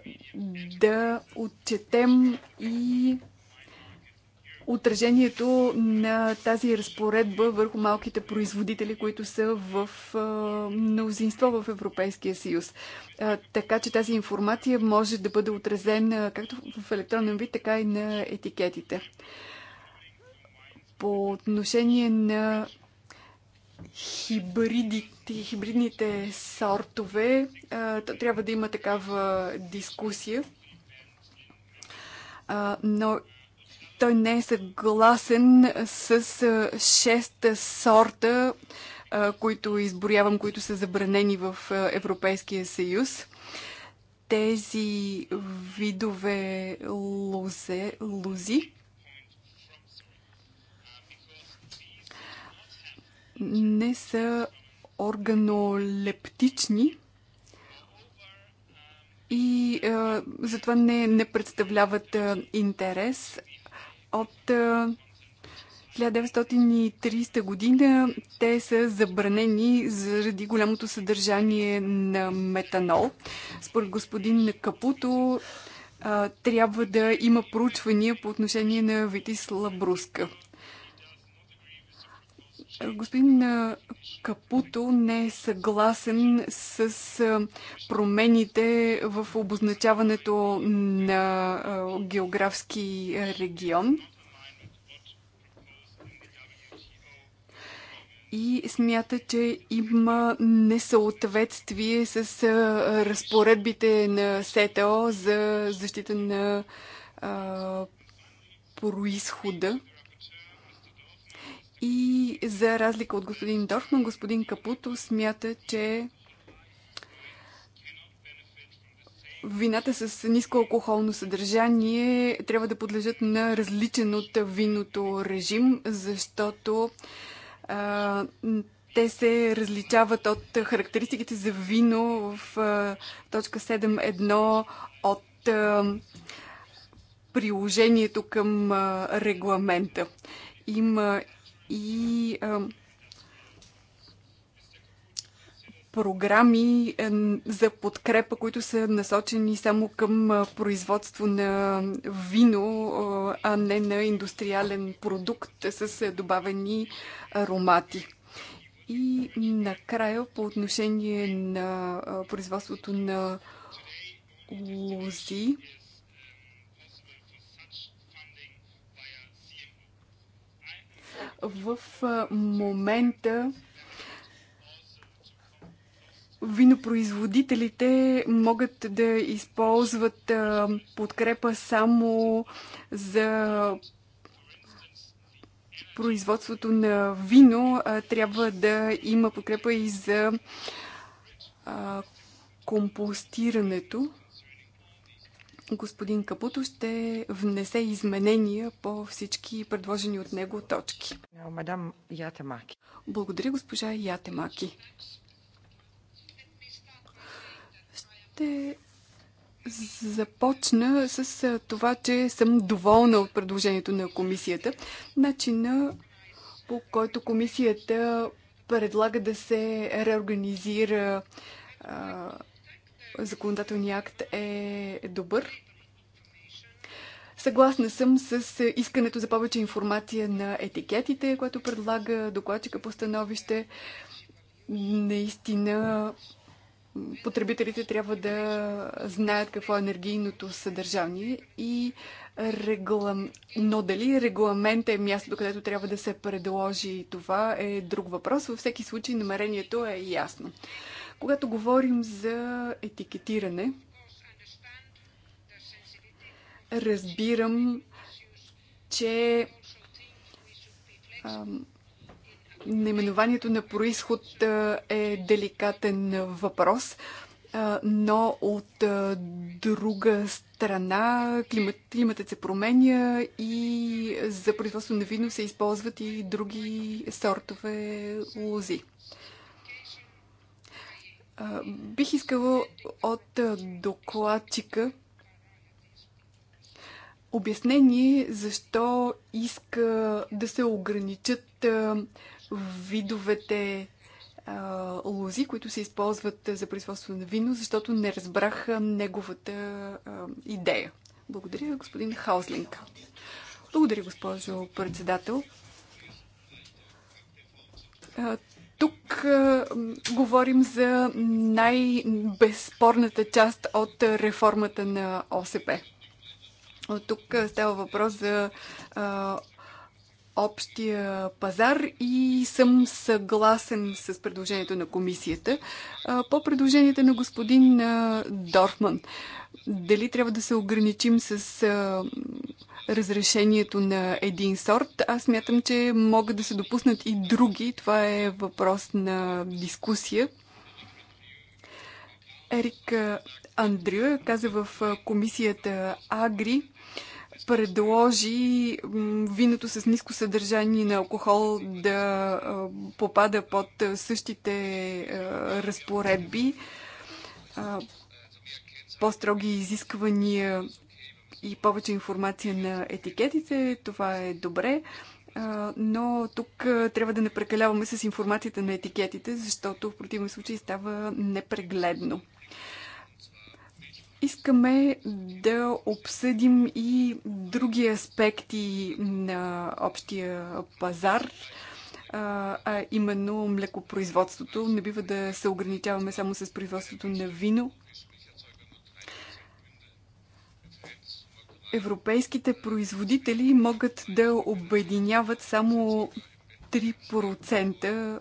да отчетем и отражението на тази разпоредба върху малките производители, които са в мнозинство в Европейския съюз. Така че тази информация може да бъде отразена както в електронен вид, така и на етикетите. По отношение на хибридите, хибридните сортове, то трябва да има такава дискусия но той не е съгласен с шеста сорта, които изборявам, които са забранени в Европейския съюз. Тези видове лозе, лози не са органолептични и а, затова не, не представляват а, интерес, от 1930 е, година те са забранени заради голямото съдържание на метанол. Според господин Капуто е, трябва да има проучвания по отношение на Витис Лабруска. Господин Капуто не е съгласен с промените в обозначаването на географски регион. и смята, че има несъответствие с разпоредбите на СТО за защита на а, происхода. И за разлика от господин Дорфман, господин Капуто смята, че вината с ниско алкохолно съдържание трябва да подлежат на различен от виното режим, защото а, те се различават от характеристиките за вино в а, точка 7.1 от а, приложението към а, регламента. Има и програми за подкрепа, които са насочени само към производство на вино, а не на индустриален продукт с добавени аромати. И накрая по отношение на производството на лози, В момента винопроизводителите могат да използват подкрепа само за производството на вино. Трябва да има подкрепа и за компостирането господин Капуто ще внесе изменения по всички предложени от него точки. Мадам Ятемаки. Благодаря, госпожа Ятемаки. Ще започна с това, че съм доволна от предложението на комисията. Начина по който комисията предлага да се реорганизира законодателният акт е добър. Съгласна съм с искането за повече информация на етикетите, което предлага докладчика по становище. Наистина потребителите трябва да знаят какво е енергийното съдържание и реглам... но дали регламент е мястото, където трябва да се предложи това е друг въпрос. Във всеки случай намерението е ясно. Когато говорим за етикетиране, разбирам, че а, наименованието на происход е деликатен въпрос, но от друга страна климат, климатът се променя и за производство на вино се използват и други сортове лози. Бих искала от докладчика обяснение защо иска да се ограничат видовете лози, които се използват за производство на вино, защото не разбрах неговата идея. Благодаря, господин Хаузлинг. Благодаря, госпожо председател тук а, говорим за най-безспорната част от реформата на ОСП. От тук става въпрос за а, общия пазар и съм съгласен с предложението на комисията. А, по предложението на господин а, Дорфман. А, дали трябва да се ограничим с а, разрешението на един сорт. Аз мятам, че могат да се допуснат и други. Това е въпрос на дискусия. Ерик Андрю каза в комисията Агри, предложи виното с ниско съдържание на алкохол да попада под същите разпоредби по-строги изисквания и повече информация на етикетите. Това е добре, но тук трябва да не прекаляваме с информацията на етикетите, защото в противен случай става непрегледно. Искаме да обсъдим и други аспекти на общия пазар а именно млекопроизводството. Не бива да се ограничаваме само с производството на вино. европейските производители могат да обединяват само 3%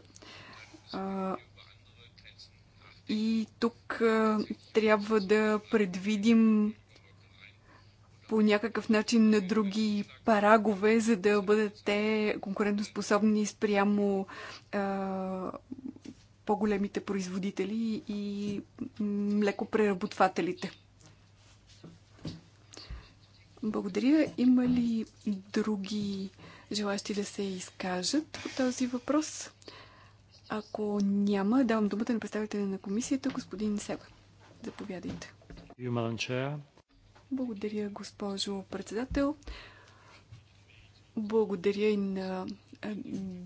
и тук трябва да предвидим по някакъв начин на други парагове, за да бъдат те конкурентоспособни спрямо по-големите производители и млекопреработвателите. Благодаря. Има ли други желащи да се изкажат по този въпрос? Ако няма, давам думата на представителя на комисията, господин Себа. Заповядайте. Благодаря, госпожо председател. Благодаря и на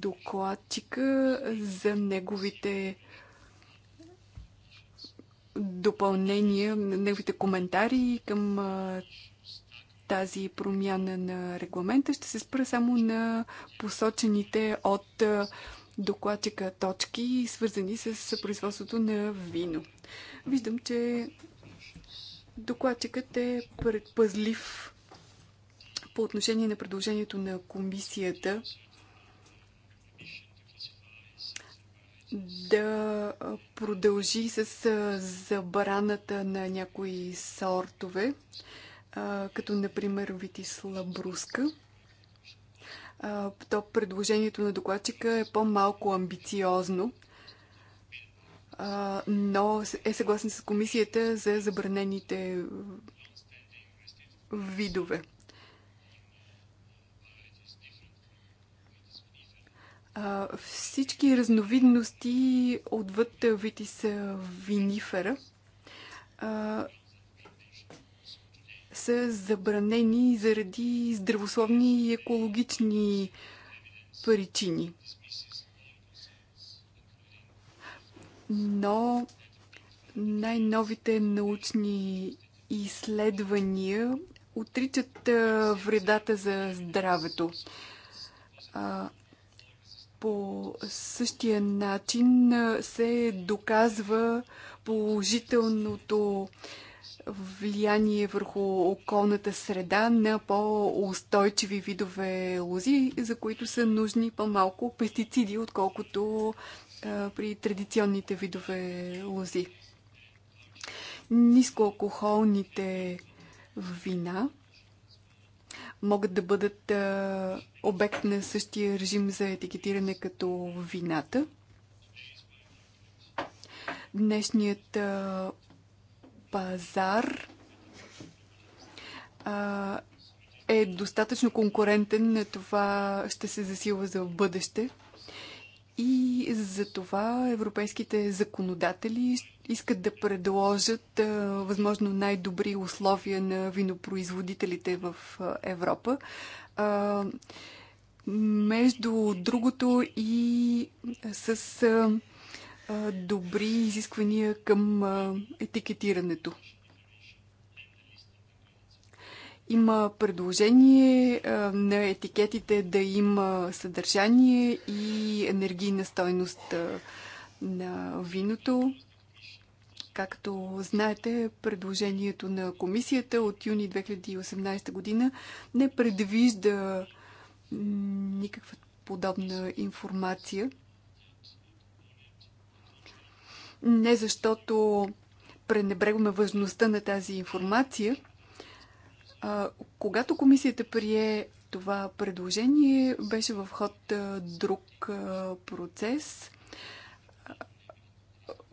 докладчика за неговите допълнения, неговите коментари към тази промяна на регламента. Ще се спра само на посочените от докладчика точки, свързани с производството на вино. Виждам, че докладчикът е предпазлив по отношение на предложението на комисията да продължи с забраната на някои сортове като например Витисла Бруска. То предложението на докладчика е по-малко амбициозно, но е съгласен с комисията за забранените видове. Всички разновидности отвъд Витис винифера са забранени заради здравословни и екологични причини. Но най-новите научни изследвания отричат вредата за здравето. По същия начин се доказва положителното влияние върху околната среда на по-устойчиви видове лози, за които са нужни по-малко пестициди, отколкото при традиционните видове лози. Нискоалкохолните вина могат да бъдат обект на същия режим за етикетиране като вината. Днешният пазар а, е достатъчно конкурентен, това ще се засилва за бъдеще. И за това европейските законодатели искат да предложат а, възможно най-добри условия на винопроизводителите в а, Европа. А, между другото и с а, добри изисквания към етикетирането. Има предложение на етикетите да има съдържание и енергийна стойност на виното. Както знаете, предложението на комисията от юни 2018 година не предвижда никаква подобна информация не защото пренебрегваме важността на тази информация. А, когато комисията прие това предложение, беше в ход а, друг а, процес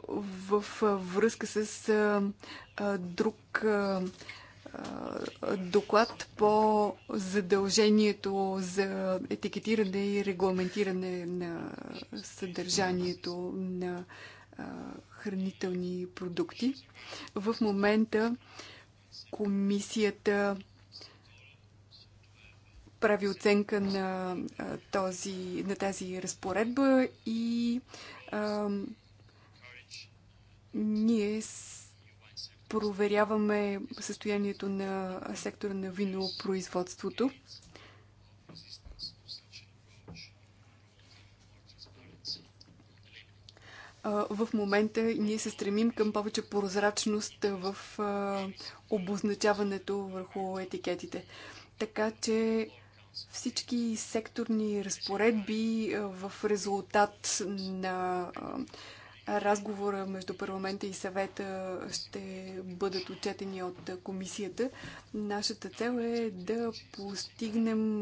в връзка с друг доклад по задължението за етикетиране и регламентиране на съдържанието на хранителни продукти. В момента комисията прави оценка на, този, на тази разпоредба и а, ние проверяваме състоянието на сектора на винопроизводството. в момента ние се стремим към повече прозрачност в обозначаването върху етикетите. Така че всички секторни разпоредби в резултат на разговора между парламента и съвета ще бъдат отчетени от комисията. Нашата цел е да постигнем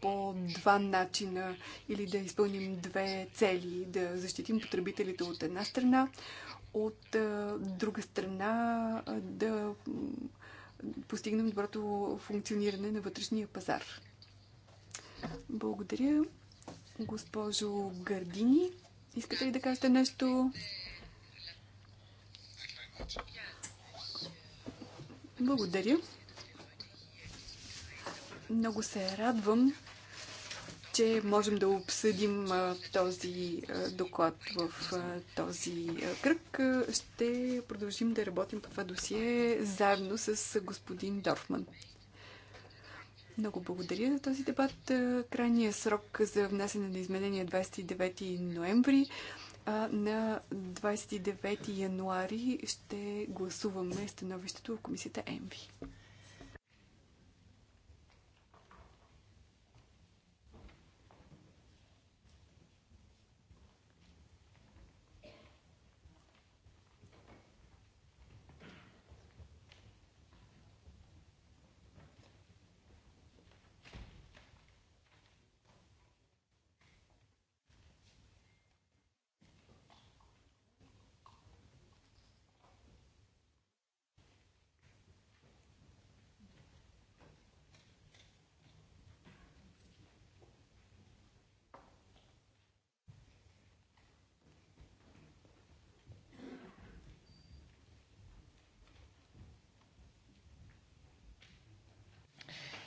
по два начина или да изпълним две цели. Да защитим потребителите от една страна, от друга страна да постигнем доброто функциониране на вътрешния пазар. Благодаря, госпожо Гардини. Искате ли да кажете нещо? Благодаря. Много се радвам, че можем да обсъдим този доклад в този кръг. Ще продължим да работим по това досие заедно с господин Дорфман. Много благодаря за този дебат. Е, крайният срок за внасяне на изменения 29 е ноември. А на 29 януари ще гласуваме становището в комисията ЕМВИ.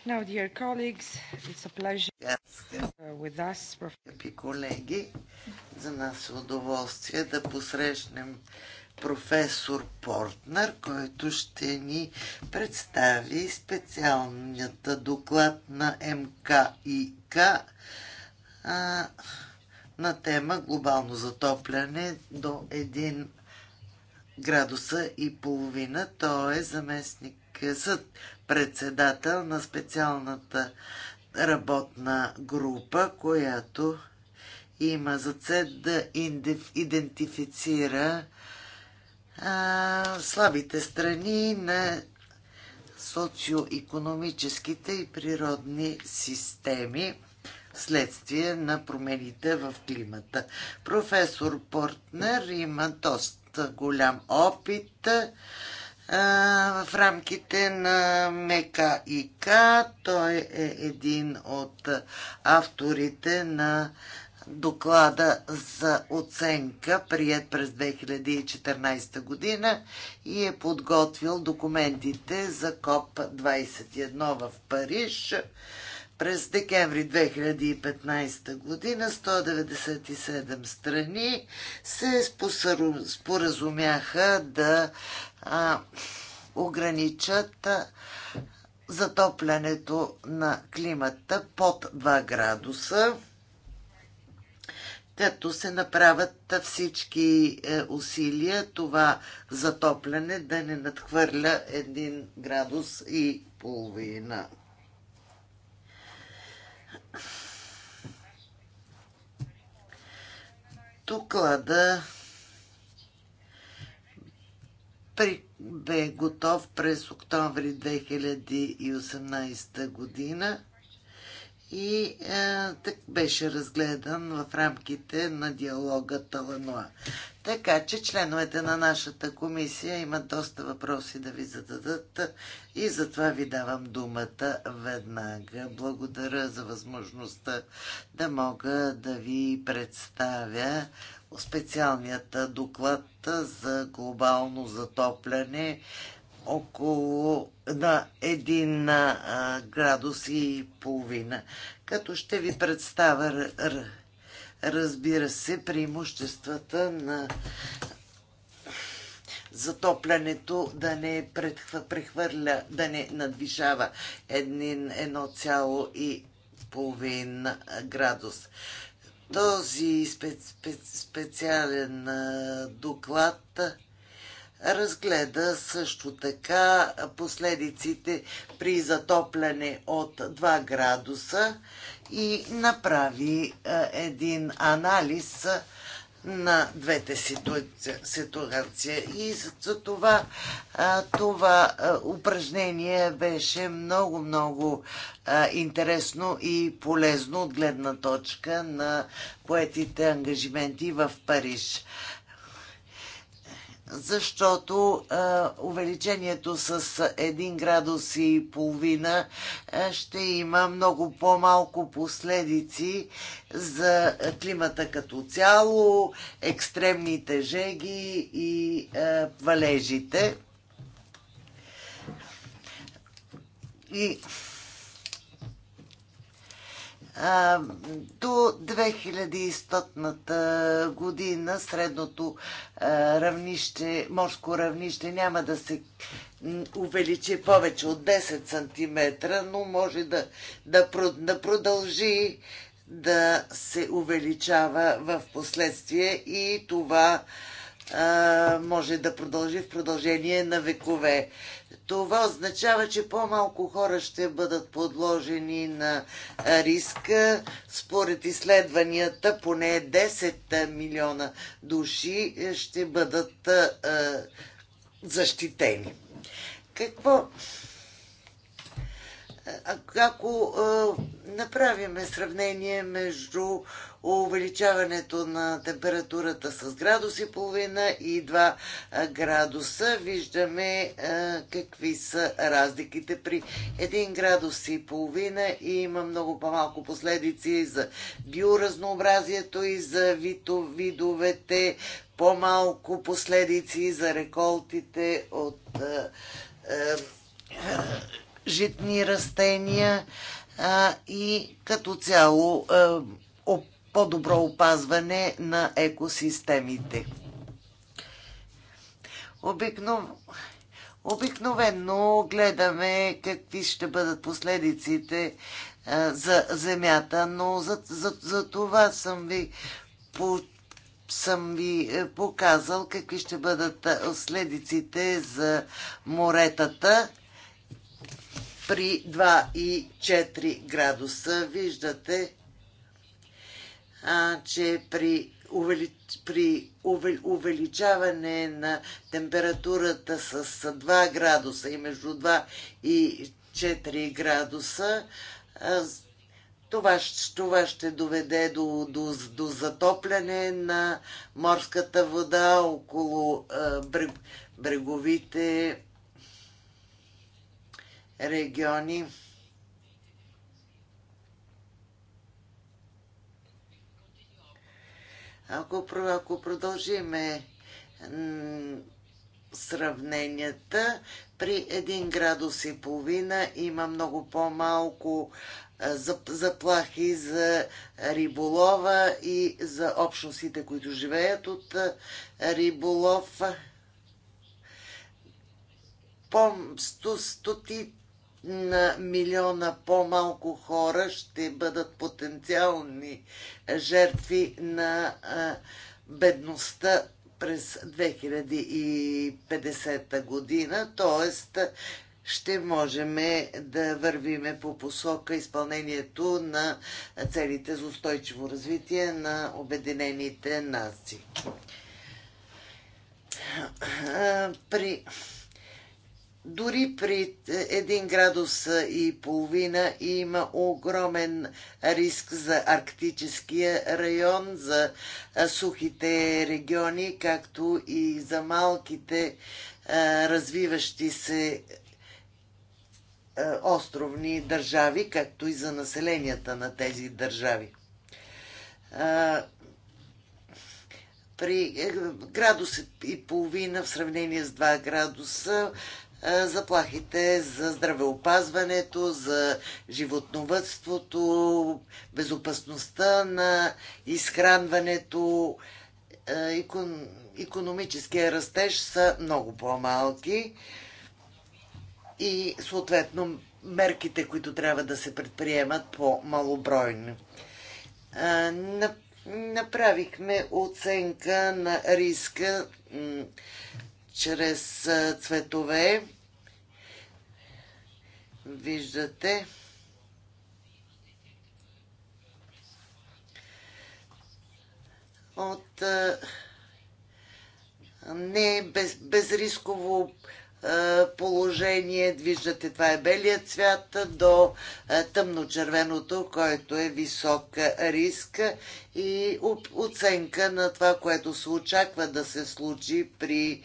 Now, dear colleagues, it's a pleasure with us. Скъпи колеги, за нас е удоволствие да посрещнем професор Портнер, който ще ни представи специалният доклад на МКИК а, на тема глобално затопляне до 1 градуса и половина. Той е заместник е съд председател на специалната работна група, която има за цел да идентифицира а, слабите страни на социо-економическите и природни системи следствие на промените в климата. Професор Портнер има доста голям опит в рамките на Мека ИК. Той е един от авторите на доклада за оценка, прият през 2014 година и е подготвил документите за КОП-21 в Париж. През декември 2015 година 197 страни се споразумяха да а, ограничат затоплянето на климата под 2 градуса, като се направят всички е, усилия това затопляне да не надхвърля 1 градус и половина. Доклада при, бе готов през октомври 2018 година и е, так беше разгледан в рамките на диалога Талануа. Така че членовете на нашата комисия имат доста въпроси да ви зададат и затова ви давам думата веднага. Благодаря за възможността да мога да ви представя специалният доклад за глобално затопляне около на 1 градус и половина. Като ще ви представя, разбира се, преимуществата на затоплянето да не прехвърля, да не надвижава 1,5 градус. Този специален доклад разгледа също така последиците при затопляне от 2 градуса и направи един анализ на двете ситуации. И за това, това упражнение беше много-много интересно и полезно от гледна точка на поетите ангажименти в Париж защото а, е, увеличението с 1 градус и половина а, е, ще има много по-малко последици за климата като цяло, екстремните жеги и а, е, валежите. И до 2100-ната година средното равнище, морско равнище няма да се увеличи повече от 10 см, но може да, да, да продължи да се увеличава в последствие и това а, може да продължи в продължение на векове това означава, че по-малко хора ще бъдат подложени на риска. Според изследванията, поне 10 милиона души е, ще бъдат защитени. Какво? Ако направиме сравнение между увеличаването на температурата с градус и половина и 2 градуса. Виждаме какви са разликите. При 1 градус и половина и има много по-малко последици за биоразнообразието и за видовете, по-малко последици за реколтите от житни растения и като цяло по-добро опазване на екосистемите. Обикнов... Обикновено гледаме какви ще бъдат последиците а, за земята, но за, за, за това съм ви, по, съм ви е, показал какви ще бъдат следиците за моретата при 2 и 4 градуса. Виждате, че при, при увеличаване на температурата с 2 градуса и между 2 и 4 градуса, това, ще доведе до, до, до затопляне на морската вода около бреговите региони. Ако, ако продължиме сравненията, при 1 градус и половина има много по-малко заплахи за риболова и за общностите, които живеят от риболов. По сто, на милиона по-малко хора ще бъдат потенциални жертви на бедността през 2050 година, т.е. ще можем да вървиме по посока изпълнението на целите за устойчиво развитие на Обединените нации. При дори при 1 е, градус е, и половина има огромен риск за арктическия район, за е, сухите региони, както и за малките развиващи се островни държави, както и за населенията на тези държави. При градус и половина в сравнение с 2 градуса заплахите за здравеопазването, за животновътството, безопасността на изхранването, економическия растеж са много по-малки и съответно мерките, които трябва да се предприемат по-малобройни. Направихме оценка на риска чрез цветове виждате от не без, безрисково положение. Виждате, това е белия цвят до тъмно-червеното, който е висок риск и оценка на това, което се очаква да се случи при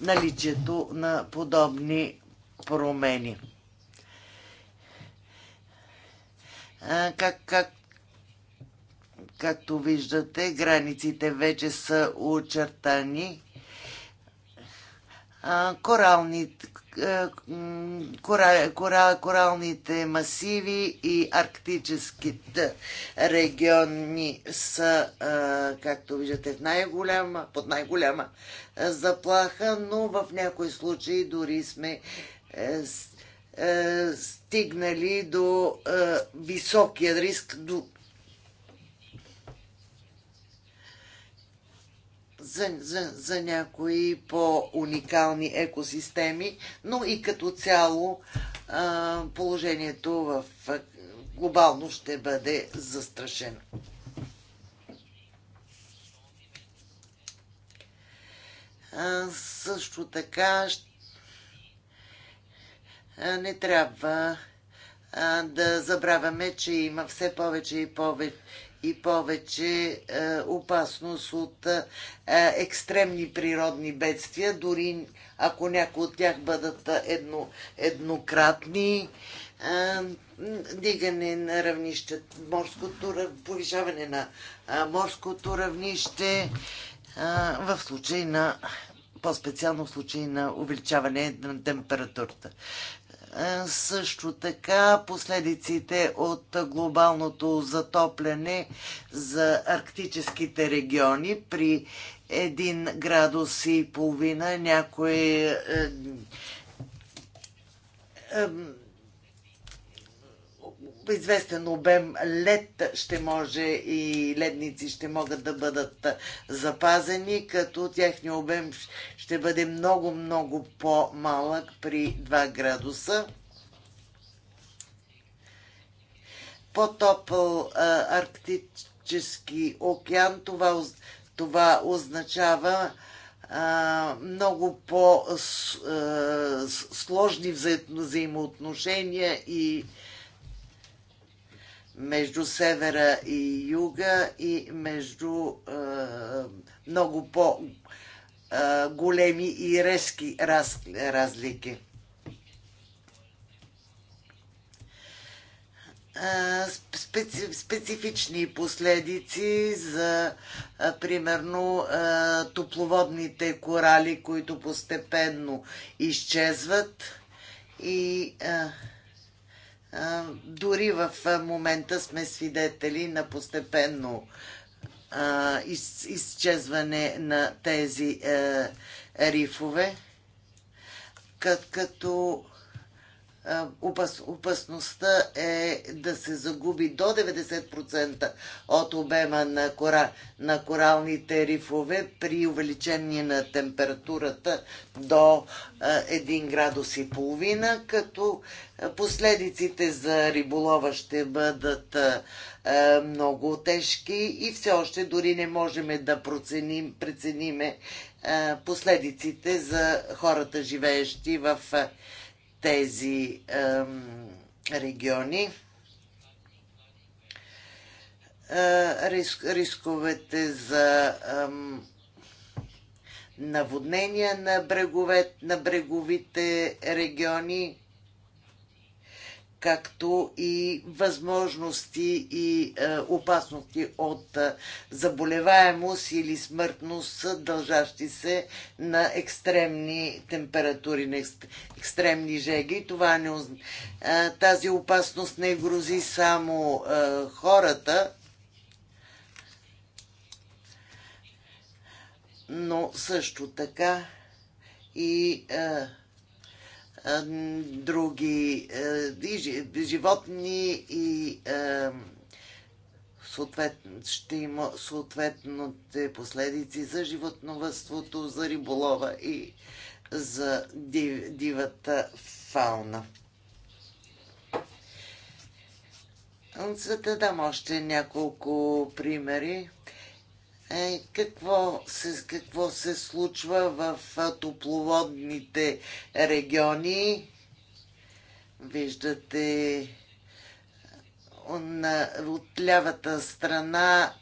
наличието на подобни промени. Как, как, както виждате, границите вече са очертани. Коралните, е, кора, кора, коралните масиви и арктическите региони са, е, както виждате, в най-голяма, под най-голяма е, заплаха, но в някои случаи дори сме стигнали до високия риск, до за, за, за някои по-уникални екосистеми, но и като цяло а, положението в глобално ще бъде застрашено. А, също така а, не трябва а, да забравяме, че има все повече и повече и повече е, опасност от е, екстремни природни бедствия, дори ако някои от тях бъдат е, едно, еднократни. Е, дигане на равнище, морското, повишаване на е, морското равнище е, в случай на по-специално в случай на увеличаване на температурата. Е, също така последиците от глобалното затопляне за арктическите региони при 1 градус и половина някои е, е, известен обем лед ще може и ледници ще могат да бъдат запазени, като тяхния обем ще бъде много, много по-малък при 2 градуса. По-топъл арктически океан, това, това означава много по-сложни взаимоотношения и между севера и юга и между е, много по-големи и резки раз, разлики. специ, специфични последици за примерно топловодните корали, които постепенно изчезват и дори в момента сме свидетели на постепенно из, изчезване на тези е, рифове, като е, опас, опасността е да се загуби до 90% от обема на, кора, на коралните рифове при увеличение на температурата до 1 е, градус и половина, като е, последиците за риболова ще бъдат много тежки и все още дори не можем да проценим, прецениме последиците за хората, живеещи в тези региони. Е, Риск, рисковете за наводнения на, брегове, на бреговите региони както и възможности и е, опасности от е, заболеваемост или смъртност, дължащи се на екстремни температури, на екстремни жеги. Това не, е, тази опасност не грози само е, хората, но също така и е, други е, и животни и съответно, ще има съответните последици за животновътството, за риболова и за див, дивата фауна. Ще дам още няколко примери. Е, какво се, какво се случва в топловодните региони. Виждате на, от лявата страна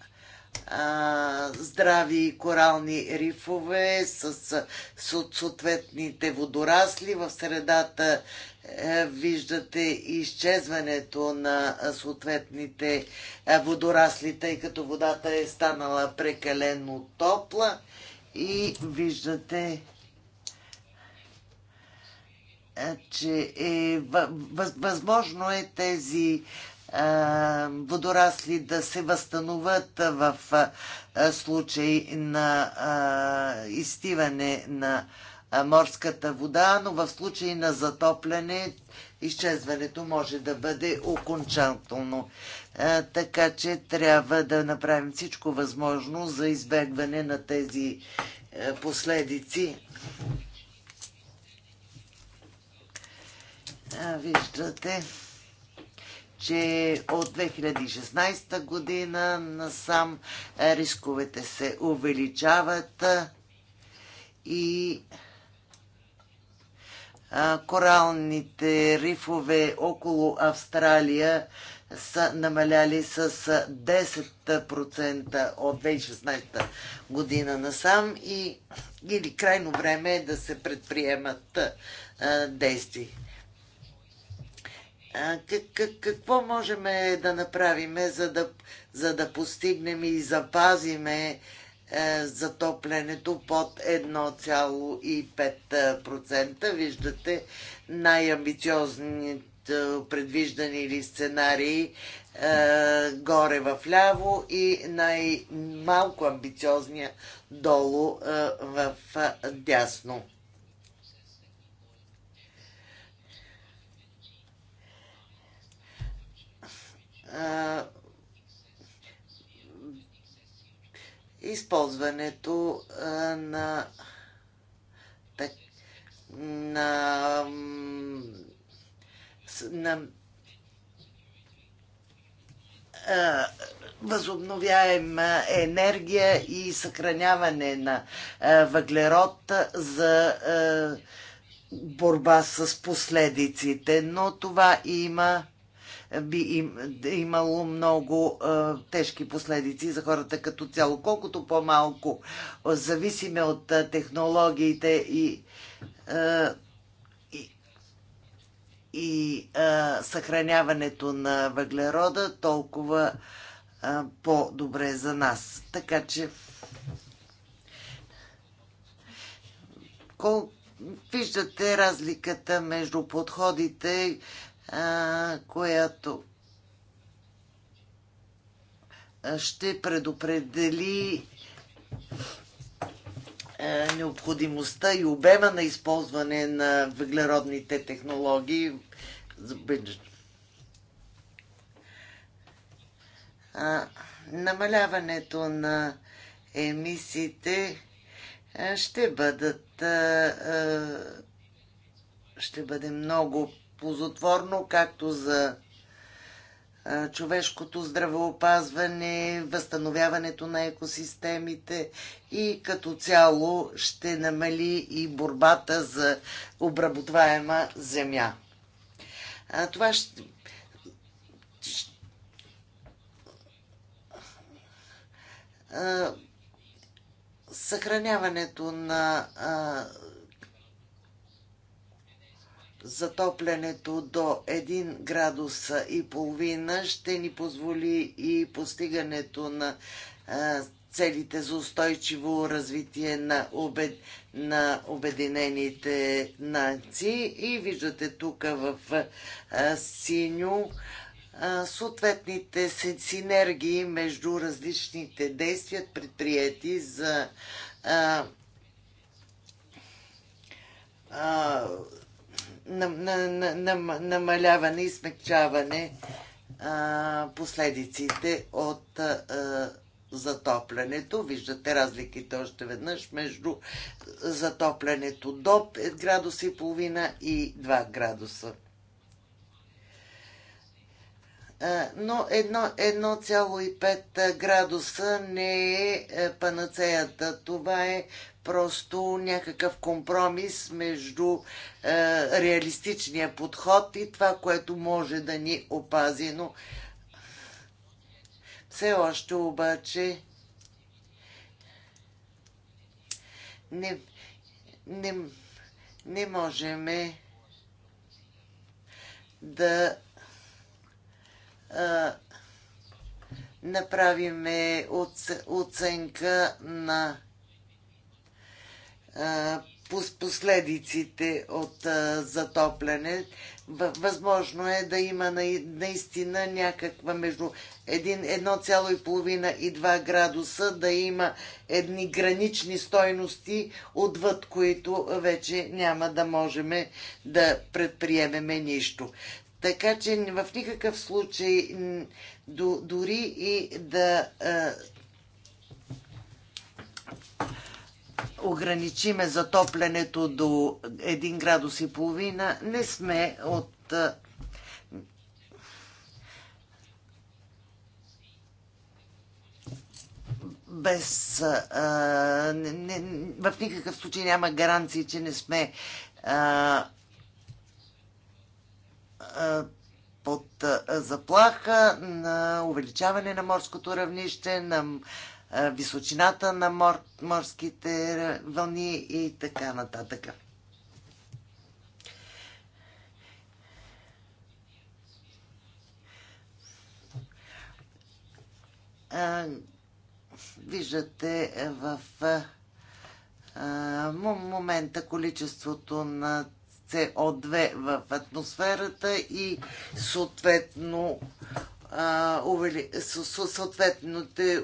а, здрави корални рифове с, с съответните водорасли. В средата е, виждате изчезването на съответните е, водорасли, тъй като водата е станала прекалено топла и виждате е, че е, възможно е тези водорасли да се възстановят в случай на изтиване на морската вода, но в случай на затопляне изчезването може да бъде окончателно. Така че трябва да направим всичко възможно за избегване на тези последици. Виждате, че от 2016 година насам рисковете се увеличават и коралните рифове около Австралия са намаляли с 10% от 2016 година насам и или крайно време е да се предприемат действия. Какво можем да направим, за да, за да постигнем и запазиме е, затоплянето под 1,5%. Виждате най-амбициозните предвиждани или сценарии е, горе в ляво и най-малко амбициозния долу е, в дясно. използването на, на, на възобновяема енергия и съхраняване на въглерод за борба с последиците, но това има би им, имало много а, тежки последици за хората като цяло. Колкото по-малко зависиме от а, технологиите и, а, и, и а, съхраняването на въглерода, толкова по-добре за нас. Така че кол... виждате разликата между подходите, която ще предопредели необходимостта и обема на използване на въглеродните технологии за намаляването на емисиите ще бъдат ще бъде много ползотворно както за човешкото здравеопазване, възстановяването на екосистемите и като цяло ще намали и борбата за обработваема земя. А, това ще... А, съхраняването на а, затоплянето до 1 градус и половина ще ни позволи и постигането на целите за устойчиво развитие на, обед, на Обединените нации. И виждате тук в а, синьо а, съответните синергии между различните действия, предприяти за а, а, намаляване и смягчаване а, последиците от а, затоплянето. Виждате разликите още веднъж между затоплянето до 5 градуса и половина и 2 градуса. Е, но 1,5 е, градуса не е, е панацеята. Това е просто някакъв компромис между е, реалистичния подход и това, което може да ни опази. Но все още обаче не, не, не можем да направиме оценка на последиците от затопляне. Възможно е да има наистина някаква между 1,5 и 2 градуса, да има едни гранични стойности, отвъд които вече няма да можем да предприемеме нищо. Така че в никакъв случай, дори и да ограничиме затоплянето до 1 градус и половина, не сме от без а, не, не, в никакъв случай няма гаранции, че не сме а, под заплаха на увеличаване на морското равнище, на височината на мор, морските вълни и така нататък. виждате в момента количеството на CO2 в атмосферата и съответно съответните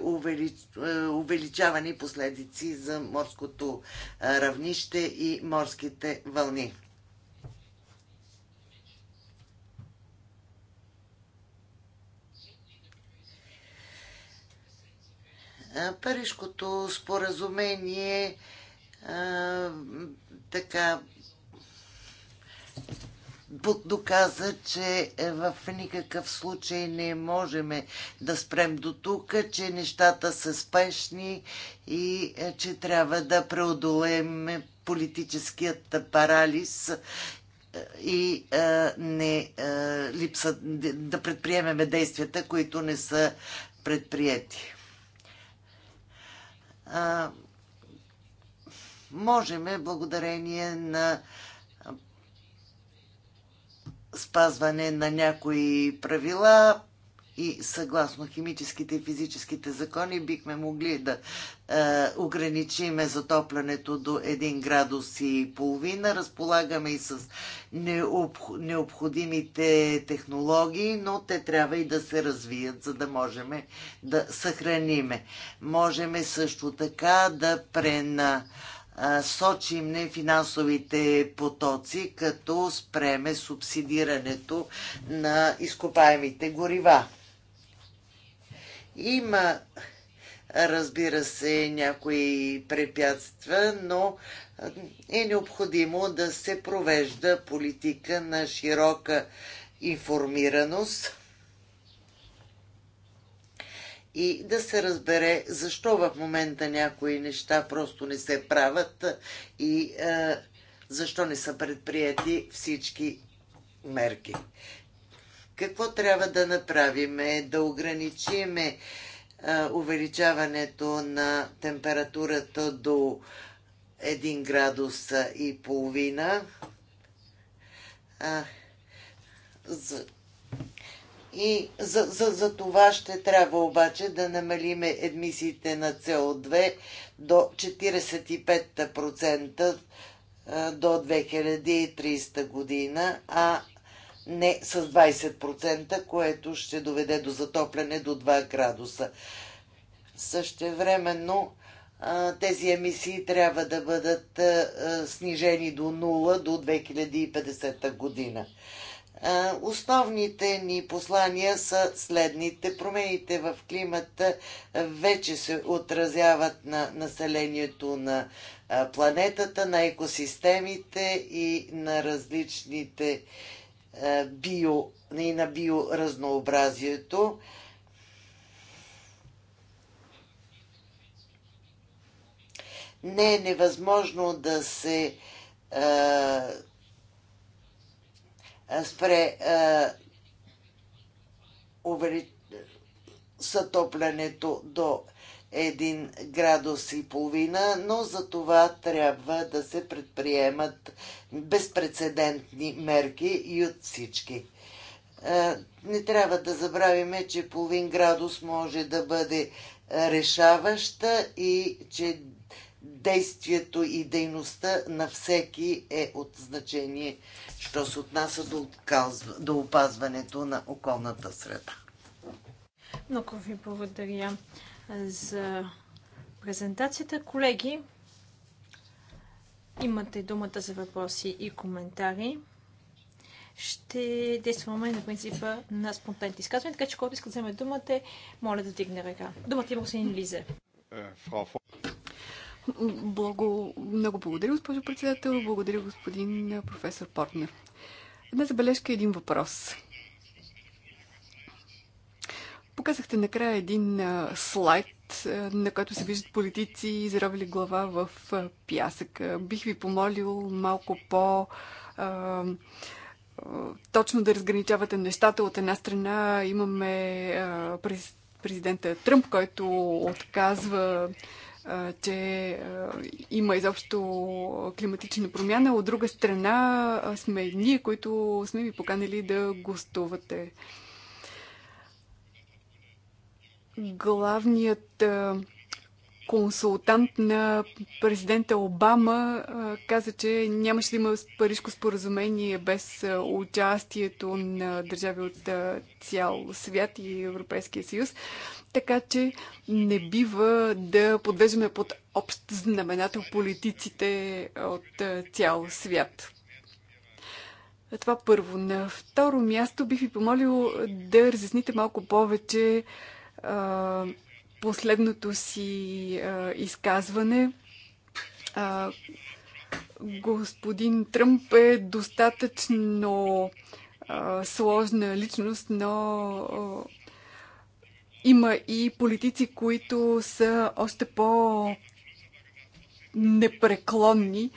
увеличавани последици за морското равнище и морските вълни. Парижкото споразумение така доказа, че е, в никакъв случай не можем е, да спрем до тук, че нещата са спешни и е, че трябва да преодолеем политическият парализ и а, не а, липса, да предприемеме действията, които не са предприяти. А, можеме, благодарение на спазване на някои правила и съгласно химическите и физическите закони бихме могли да е, ограничиме затоплянето до 1 градус и половина. Разполагаме и с необх... необходимите технологии, но те трябва и да се развият, за да можем да съхраниме. Можеме също така да прена сочим не финансовите потоци, като спреме субсидирането на изкопаемите горива. Има, разбира се, някои препятства, но е необходимо да се провежда политика на широка информираност и да се разбере защо в момента някои неща просто не се правят и е, защо не са предприяти всички мерки. Какво трябва да направим? Да ограничиме е, увеличаването на температурата до 1 градус и половина. А, за, и за, за, за това ще трябва обаче да намалиме емисиите на CO2 до 45% до 2030 година, а не с 20%, което ще доведе до затопляне до 2 градуса. Същевременно тези емисии трябва да бъдат снижени до 0 до 2050 година. Е, основните ни послания са следните. Промените в климата вече се отразяват на населението на е, планетата, на екосистемите и на различните е, био, и на биоразнообразието. Не е невъзможно да се е, спре сътоплянето е, до 1 градус и половина, но за това трябва да се предприемат безпредседентни мерки и от всички. Е, не трябва да забравиме, че половин градус може да бъде решаваща и че действието и дейността на всеки е от значение що се отнася до, до опазването на околната среда. Много ви благодаря за презентацията. Колеги, имате думата за въпроси и коментари. Ще действаме на принципа на спонтанните изказвания, така че който иска да вземе думата, моля да дигне ръка. Думата има господин Лизе. Е, Благо... Много благодаря, госпожо председател. Благодаря, господин професор Портнер. Една забележка и един въпрос. Показахте накрая един а, слайд, а, на който се виждат политици, изровили глава в а, пясък. А, бих ви помолил малко по... А, точно да разграничавате нещата. От една страна имаме а, през президента Тръмп, който отказва че има изобщо климатична промяна. От друга страна сме ние, които сме ви поканали да гостувате. Главният консултант на президента Обама каза, че нямаше да има парижко споразумение без участието на държави от цял свят и Европейския съюз. Така че не бива да подвеждаме под общ знаменател политиците от цял свят. Това първо. На второ място бих ви помолил да разясните малко повече последното си а, изказване. А, господин Тръмп е достатъчно а, сложна личност, но а, има и политици, които са още по-непреклонни. А,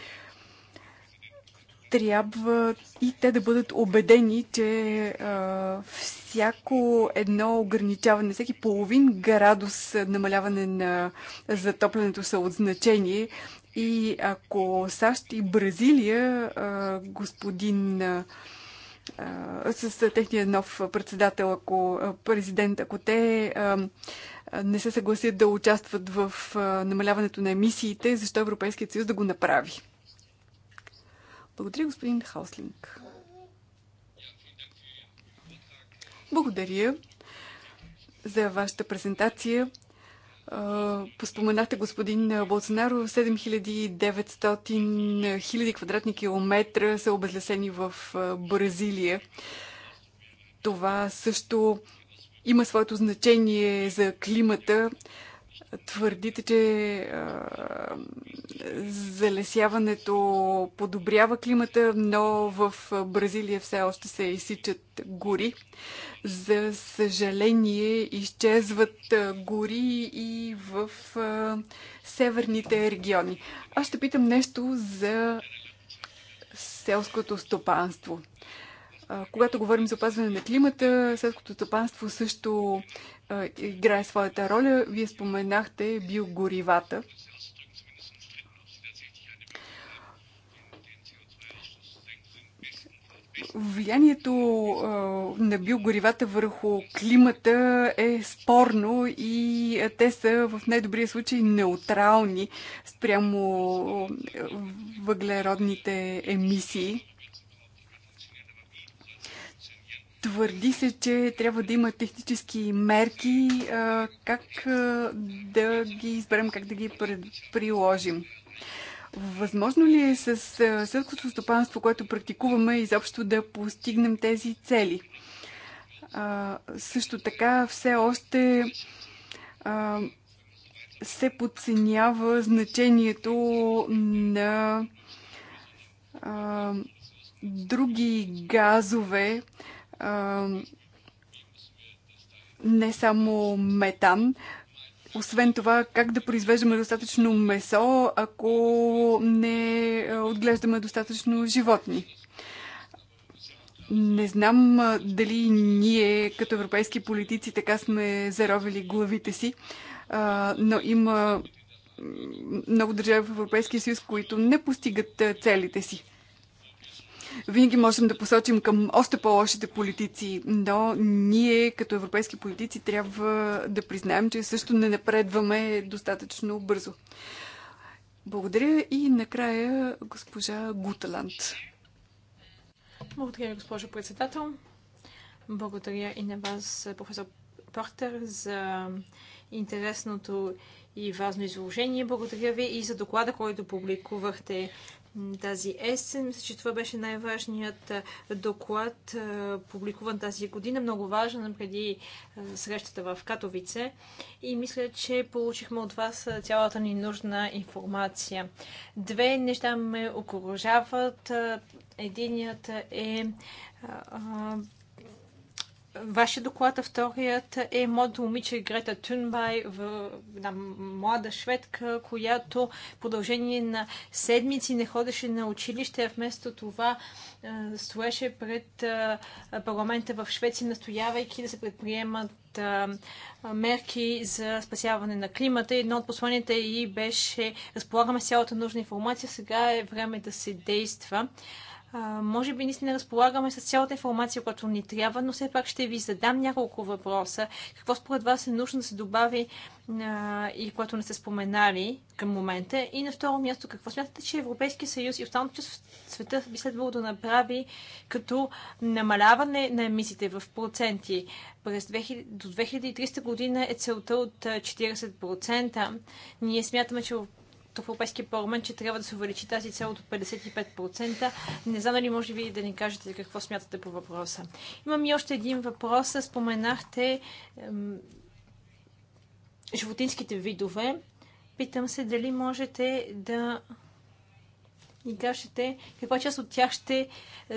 трябва и те да бъдат убедени, че а, всяко едно ограничаване, всеки половин градус намаляване на затоплянето са от значение. И ако САЩ и Бразилия, а, господин а, с техния нов председател, ако президент, ако те а, не се съгласят да участват в намаляването на емисиите, защо Европейският съюз да го направи? Благодаря, господин Хауслинг. Благодаря за вашата презентация. Поспоменахте господин Болсонаро, 7900 хиляди квадратни километра са обезлесени в Бразилия. Това също има своето значение за климата. Твърдите, че а, залесяването подобрява климата, но в Бразилия все още се изсичат гори. За съжаление, изчезват гори и в а, северните региони. Аз ще питам нещо за селското стопанство. Когато говорим за опазване на климата, селското стопанство също играе своята роля. Вие споменахте биогоривата. Влиянието на биогоривата върху климата е спорно и те са в най-добрия случай неутрални спрямо въглеродните емисии. Твърди се, че трябва да има технически мерки. Как да ги изберем, как да ги приложим? Възможно ли е с сърското стопанство, което практикуваме, изобщо да постигнем тези цели? също така, все още се подценява значението на други газове, а, не само метан. Освен това, как да произвеждаме достатъчно месо, ако не отглеждаме достатъчно животни? Не знам дали ние като европейски политици така сме заровили главите си, но има много държави в Европейския съюз, които не постигат целите си. Винаги можем да посочим към още по-лошите политици, но ние като европейски политици трябва да признаем, че също не напредваме достатъчно бързо. Благодаря и накрая госпожа Гуталанд. Благодаря госпожо председател. Благодаря и на вас, професор Портер, за интересното и важно изложение. Благодаря ви и за доклада, който публикувахте тази есен. Мисля, че това беше най-важният доклад, публикуван тази година, много важен преди срещата в Катовице. И мисля, че получихме от вас цялата ни нужна информация. Две неща ме окоръжават. Единият е Вашия доклад, а вторият е моето момиче Грета Тюнбай, в, една млада шведка, която в продължение на седмици не ходеше на училище, а вместо това е, стоеше пред е, парламента в Швеция, настоявайки да се предприемат е, мерки за спасяване на климата. Едно от посланията и беше разполагаме цялата нужна информация, сега е време да се действа. А, може би наистина разполагаме с цялата информация, която ни трябва, но все пак ще ви задам няколко въпроса. Какво според вас е нужно да се добави а, и което не сте споменали към момента? И на второ място, какво смятате, че Европейския съюз и останалото част в света би следвало да направи като намаляване на емисиите в проценти? През 2000, до 2300 година е целта от 40%. Ние смятаме, че в Европейския парламент, че трябва да се увеличи тази цел от 55%. Не знам дали може ви да ни кажете какво смятате по въпроса. Имам и още един въпрос. Споменахте ем, животинските видове. Питам се дали можете да ни кажете каква част от тях ще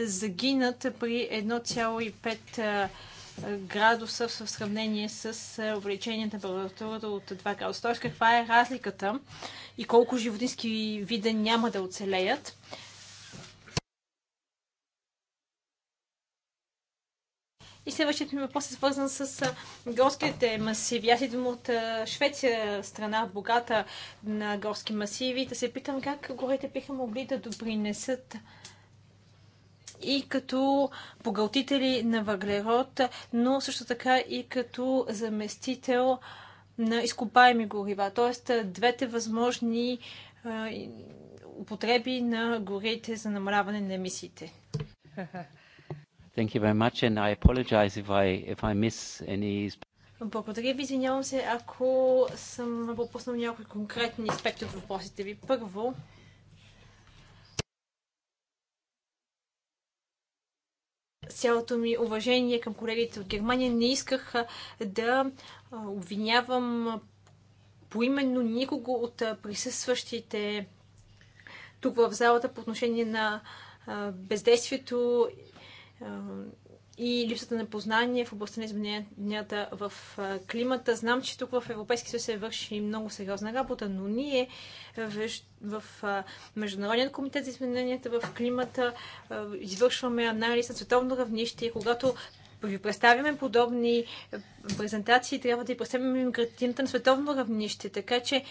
загинат при 1,5 градуса в сравнение с е, увеличение на температурата от 2 градуса. Тоест, каква е разликата и колко животински вида няма да оцелеят? И следващият ми въпрос е свързан с е, горските масиви. Аз идвам от е, Швеция, страна богата на горски масиви. Да се питам как горите биха могли да допринесат и като погълтители на въглерод, но също така и като заместител на изкопаеми горива. Тоест, двете възможни употреби на горите за намаляване на емисиите. Thank you very much and I apologize if I, if I miss any... Благодаря ви, извинявам се, ако съм пропуснал някои конкретни аспекти от въпросите ви. Първо, цялото ми уважение към колегите от Германия, не исках да обвинявам поименно никого от присъстващите тук в залата по отношение на бездействието и липсата на познание в областта на измененията в климата. Знам, че тук в Европейския съюз се върши много сериозна работа, но ние в Международния комитет за измененията в климата извършваме анализ на световно равнище и когато ви представяме подобни презентации, трябва да и представим картината на световно равнище. Така че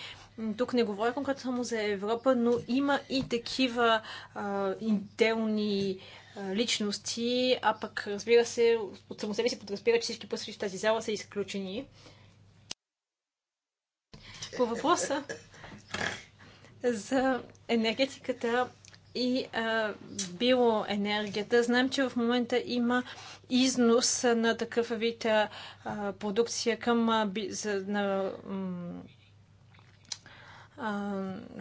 тук не говоря конкретно само за Европа, но има и такива а, личности, а пък разбира се, от само себе си подразбира, че всички пъсващи в тази зала са изключени. По въпроса за енергетиката и а, биоенергията. Знаем, че в момента има износ на такъв вид а, продукция към а, би, за, на,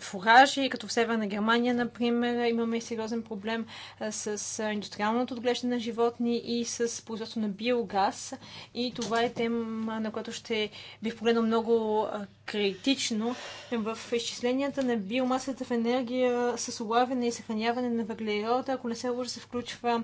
фуражи, като в Северна Германия, например, имаме сериозен проблем с индустриалното отглеждане на животни и с производство на биогаз. И това е тема, на която ще бих погледнал много критично. В изчисленията на биомасата в енергия с улавяне и съхраняване на въглерода, ако не се лъжа, се включва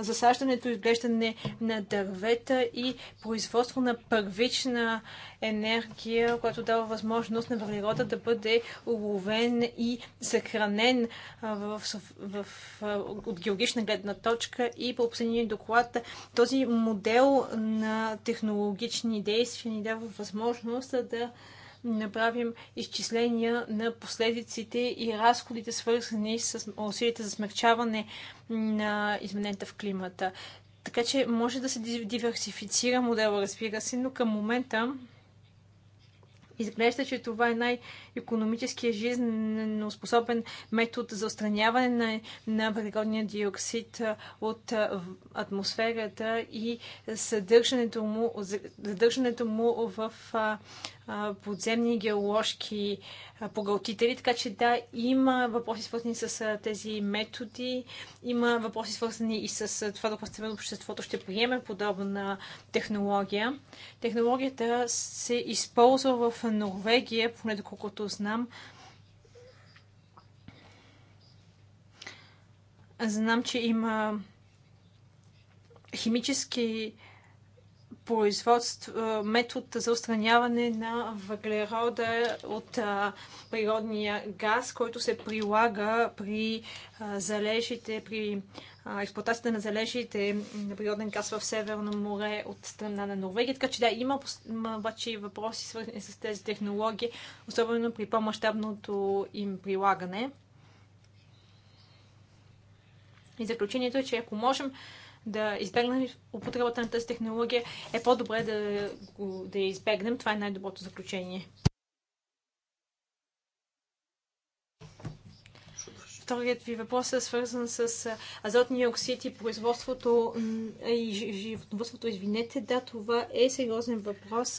засаждането и отглеждане на дървета и производство на първична енергия, която дава възможност на въглерода да бъде уловен и съхранен в, в, в, от геологична гледна точка. И по последния доклад този модел на технологични действия ни дава възможност да направим изчисления на последиците и разходите, свързани с усилите за смягчаване на измененията в климата. Така че може да се диверсифицира модела, разбира се, но към момента Изглежда, че това е най-економическия жизненно способен метод за отстраняване на, на въглеродния диоксид от атмосферата и съдържането му, задържането му в а, подземни геоложки погълтители. Така че да, има въпроси свързани с тези методи, има въпроси свързани и с това до какво обществото ще приеме подобна технология. Технологията се използва в Норвегия, поне доколкото знам. Знам, че има химически производство, метод за устраняване на въглерода от природния газ, който се прилага при залежите, при експлуатацията на залежите на природен газ в Северно море от страна на Норвегия. Така че да, има, има обаче и въпроси свързани с тези технологии, особено при по-масштабното им прилагане. И заключението е, че ако можем да избегнем употребата на тази технология, е по-добре да, да я избегнем. Това е най-доброто заключение. Вторият ви въпрос е свързан с азотния оксид и производството и животновътството. Извинете, да, това е сериозен въпрос.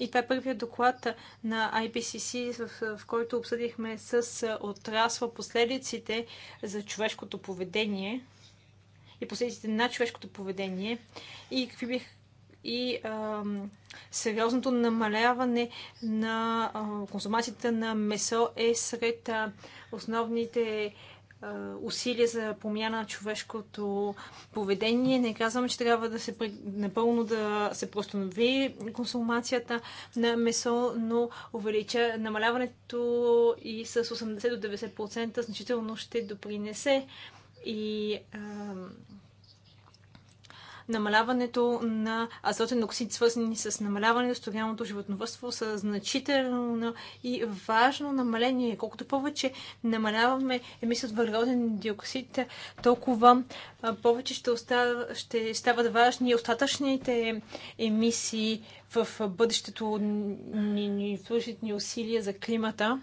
И това е първият доклад на IPCC, в, в който обсъдихме с отрасла последиците за човешкото поведение и последиците на човешкото поведение и какви бих и а, сериозното намаляване на а, консумацията на месо е сред а, основните а, усилия за промяна на човешкото поведение. Не казвам, че трябва да се напълно да се простанови консумацията на месо, но увелича намаляването и с 80 до 90% значително ще допринесе и а, намаляването на азотен оксид, свързани с намаляване на сториалното животновътство, са значително и важно намаление. Колкото повече намаляваме емисия от въглероден диоксид, толкова повече ще, остава, ще стават важни остатъчните емисии в бъдещето ни, ни, ни, ни усилия за климата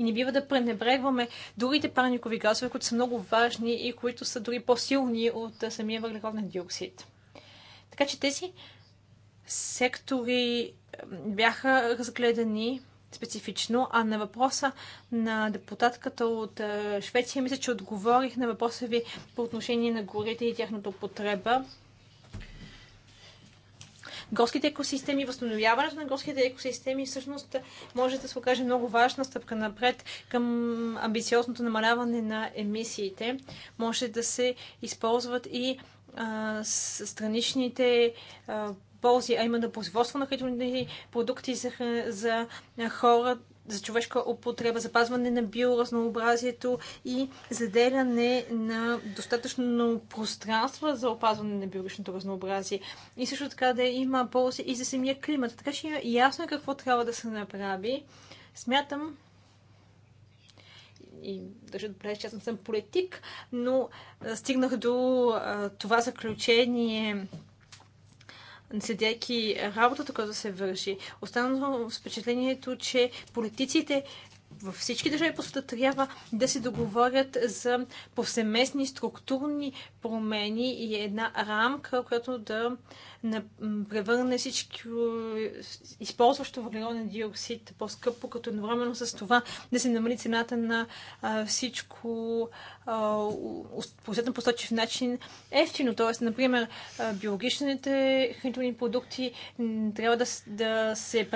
и не бива да пренебрегваме другите парникови газове, които са много важни и които са дори по-силни от самия въглероден диоксид. Така че тези сектори бяха разгледани специфично, а на въпроса на депутатката от Швеция, мисля, че отговорих на въпроса ви по отношение на горите и тяхната употреба горските екосистеми, възстановяването на горските екосистеми всъщност може да се окаже много важна стъпка напред към амбициозното намаляване на емисиите. Може да се използват и а, страничните а, ползи, а именно производство на хранителни продукти за, за хора, за човешка употреба, запазване на биоразнообразието и заделяне на достатъчно пространство за опазване на биологичното разнообразие. И също така да има ползи и за самия климат. Така че ясно е какво трябва да се направи. Смятам, и държа да отбележа, че аз не съм политик, но стигнах до това заключение седяки работата, която се върши, останало с впечатлението, че политиците във всички държави по света трябва да се договорят за повсеместни структурни промени и една рамка, която да на превърне всички използващо въглероден диоксид по-скъпо, като едновременно с това да се намали цената на всичко посетен по сточив начин ефтино. Тоест, например, биологичните хранителни продукти трябва да, да се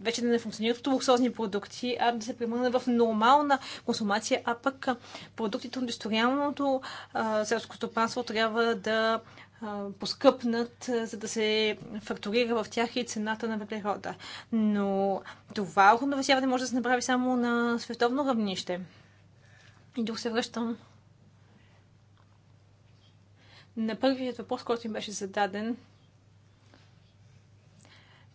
вече да не функционират като луксозни продукти, а да се премърнат в нормална консумация, а пък продуктите от индустриалното селско стопанство трябва да поскъпнат, за да се фактурира в тях и цената на въглерода. Но това уравновесяване може да се направи само на световно равнище. И тук се връщам на първият въпрос, който им беше зададен –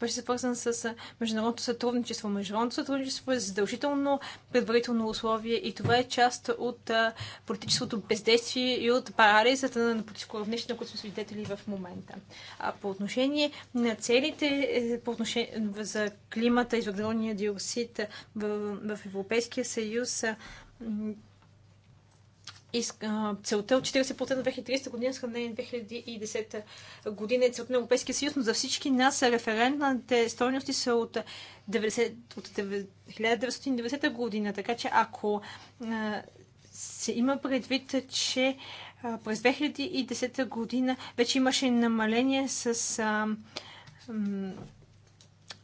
беше свързан с международното сътрудничество. Международното сътрудничество е задължително предварително условие и това е част от политическото бездействие и от парализата на политическо равнище, на което сме свидетели в момента. А по отношение на целите е, по отношение, за климата и въглеродния диоксид в, в Европейския съюз, целта от 40% на 2030 година, сравнение на 2010 година е целта на Европейския съюз, но за всички нас референтните стойности са от, 90, от 1990 година. Така че ако се има предвид, че през 2010 година вече имаше намаление с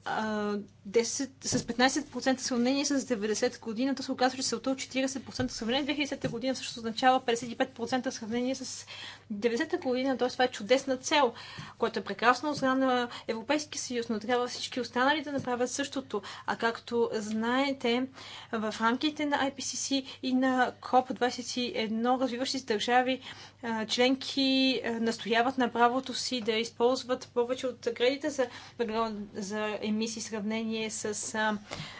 10, с 15% сравнение с 90 година, то се оказва, че целта от 40% сравнение 2010 година също означава 55% сравнение с 90-та година, т.е. това е чудесна цел, което е прекрасно от страна на Европейския съюз, но трябва всички останали да направят същото. А както знаете, в рамките на IPCC и на COP21 развиващи държави членки настояват на правото си да използват повече от кредита за, за емисии емисии в сравнение с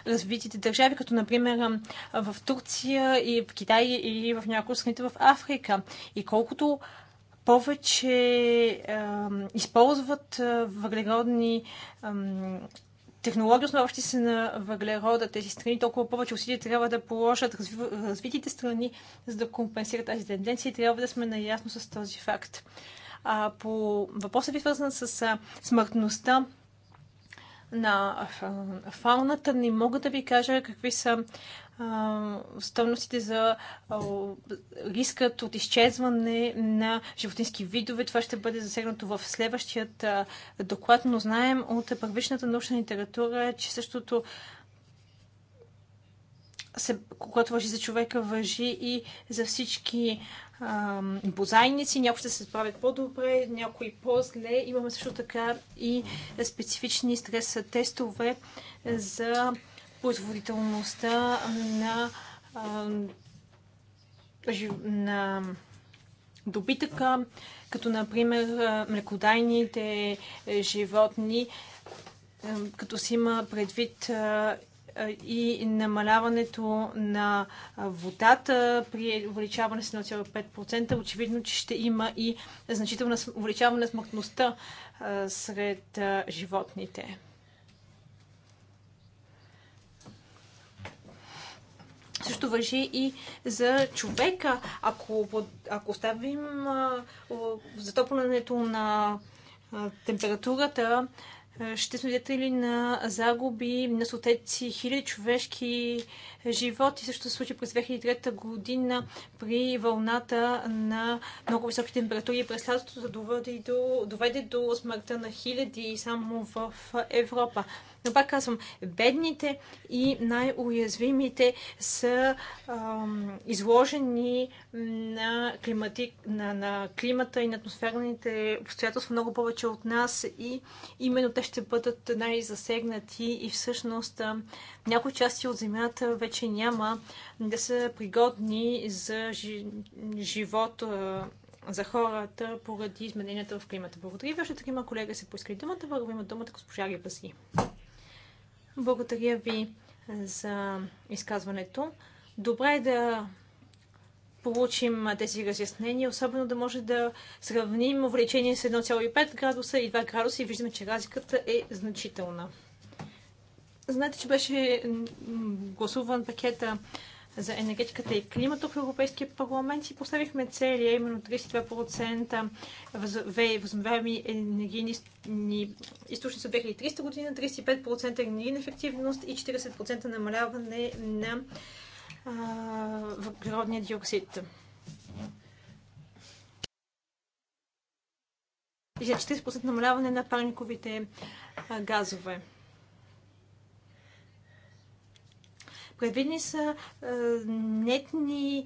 развитите държави, като например в Турция и в Китай или в някои страните в Африка. И колкото повече а, използват въглеродни а, технологии, основаващи се на въглерода тези страни, толкова повече усилия трябва да положат развитите страни, за да компенсират тази тенденция и трябва да сме наясно с този факт. А, по въпроса ви, свързан с смъртността на фауната, не мога да ви кажа какви са стойностите за рискът от изчезване на животински видове. Това ще бъде засегнато в следващият доклад, но знаем от първичната научна литература, че същото се, когато въжи за човека, въжи и за всички а, бозайници. Някои ще се справят по-добре, някои по-зле. Имаме също така и специфични стрес тестове за производителността на, ам, на добитъка, като например млекодайните е, животни, като си има предвид и намаляването на водата при увеличаване с 0,5% Очевидно, че ще има и значително увеличаване на смъртността сред животните. Също въжи и за човека. Ако, ако оставим затоплянето на температурата е, ще сме свидетели на загуби на стотици хиляди човешки животи. Също се случи през 2003 година при вълната на много високи температури през лятото доведе до, доведе до смъртта на хиляди само в Европа. Но пак казвам, бедните и най-уязвимите са ам, изложени на, климати, на, на климата и на атмосферните обстоятелства много повече от нас и именно те ще бъдат най-засегнати и всъщност някои части от земята вече няма да са пригодни за жи, живот за хората поради измененията в климата. Благодаря ви, ще има колега се поиска думата. Първо думата госпожа Гебаси. Благодаря ви за изказването. Добре е да получим тези разяснения, особено да може да сравним увеличение с 1,5 градуса и 2 градуса и виждаме, че разликата е значителна. Знаете, че беше гласуван пакета за енергетиката и климата в Европейския парламент си поставихме цели, именно 32% възобновяеми енергийни източници от 2300 година, 35% енергийна ефективност и 40% намаляване на въглеродния диоксид. И за 40% намаляване на парниковите газове. Предвидни са е, нетни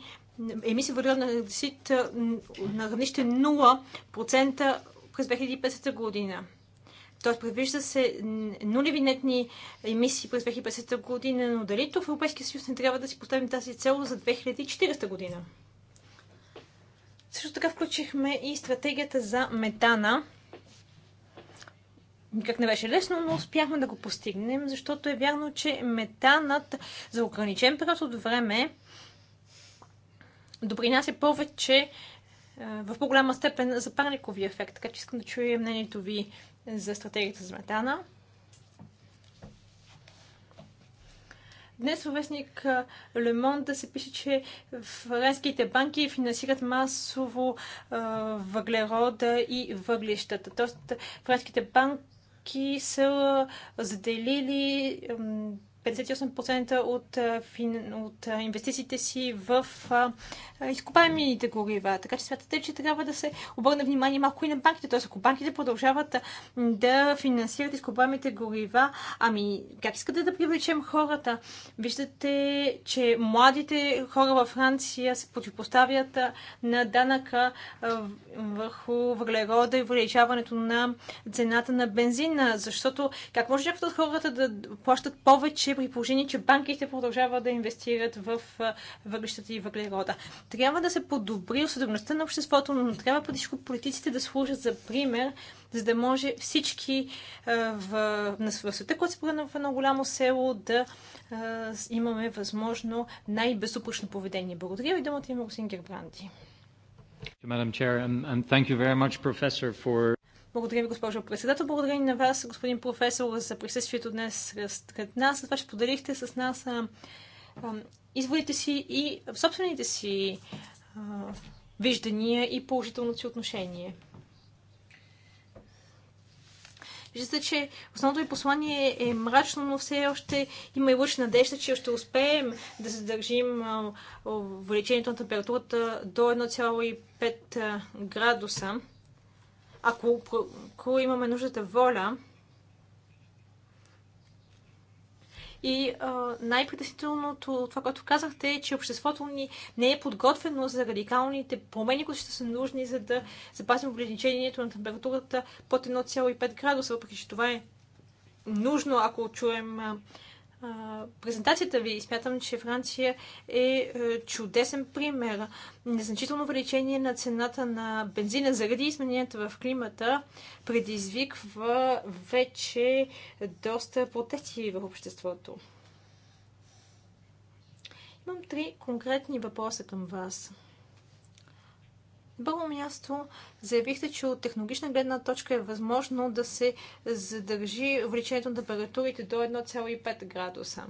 емисии въглероден диоксид е, на равнище 0% през 2050 година. Тоест предвижда се нулеви нетни емисии през 2050 година, но дали то в Европейския съюз не трябва да си поставим тази цел за 2040 година? Също така включихме и стратегията за метана – Никак не беше лесно, но успяхме да го постигнем, защото е вярно, че метанът за ограничен период от време допринася повече е, в по-голяма степен за парникови ефект. Така че искам да чуя мнението ви за стратегията за метана. Днес във вестник е, Le Monde се пише, че френските банки финансират масово е, въглерода и въглищата. Тоест, френските банки мерки са заделили 58% от, от инвестициите си в изкопаемите горива. Така че смятате, че трябва да се обърне внимание малко и на банките. Тоест, ако банките продължават да финансират изкопаемите горива, ами как искате да привлечем хората? Виждате, че младите хора във Франция се противопоставят на данъка върху въглерода и увеличаването на цената на бензина, защото как може някои от хората да плащат повече Турция, при положение, че банките продължават да инвестират в въглищата и въглерода. Трябва да се подобри осъдобността на обществото, но трябва преди всичко политиците да служат за пример, за да може всички в, на света, който се погледна в едно голямо село, да а, имаме възможно най-безупречно поведение. Благодаря ви, думата има господин Гербранди. Madam Chair, and, and thank you very much, Professor, for благодаря ви, госпожо председател. Благодаря и на вас, господин професор, за присъствието днес сред нас, за това, че поделихте с нас а, а, изводите си и собствените си а, виждания и положителното си отношение. Виждате, че основното ви послание е мрачно, но все още има и лъч надежда, че ще успеем да задържим увеличението на температурата до 1,5 градуса ако, ако имаме нуждата воля. И най-притеснителното това, което казахте, е, че обществото ни не е подготвено за радикалните промени, които ще са нужни, за да запазим ограничението на температурата под 1,5 градуса, въпреки че това е нужно, ако чуем презентацията ви. Смятам, че Франция е, е чудесен пример. Незначително увеличение на цената на бензина заради измененията в климата предизвиква вече доста протести в обществото. Имам три конкретни въпроса към вас първо място заявихте, че от технологична гледна точка е възможно да се задържи увеличението на температурите до 1,5 градуса.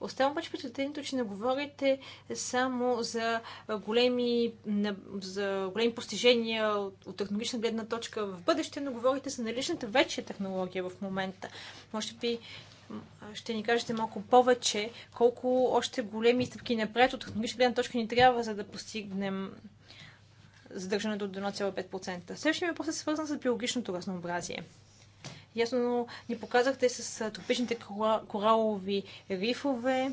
Оставам обаче впечатлението, че не говорите само за големи, за големи постижения от технологична гледна точка в бъдеще, но говорите за наличната вече технология в момента. Може би ще ни кажете малко повече колко още големи стъпки напред от технологична гледна точка ни трябва, за да постигнем задържането до 1,5%. Следващия въпрос е свързан с биологичното разнообразие. Ясно ни показахте с тропичните коралови рифове,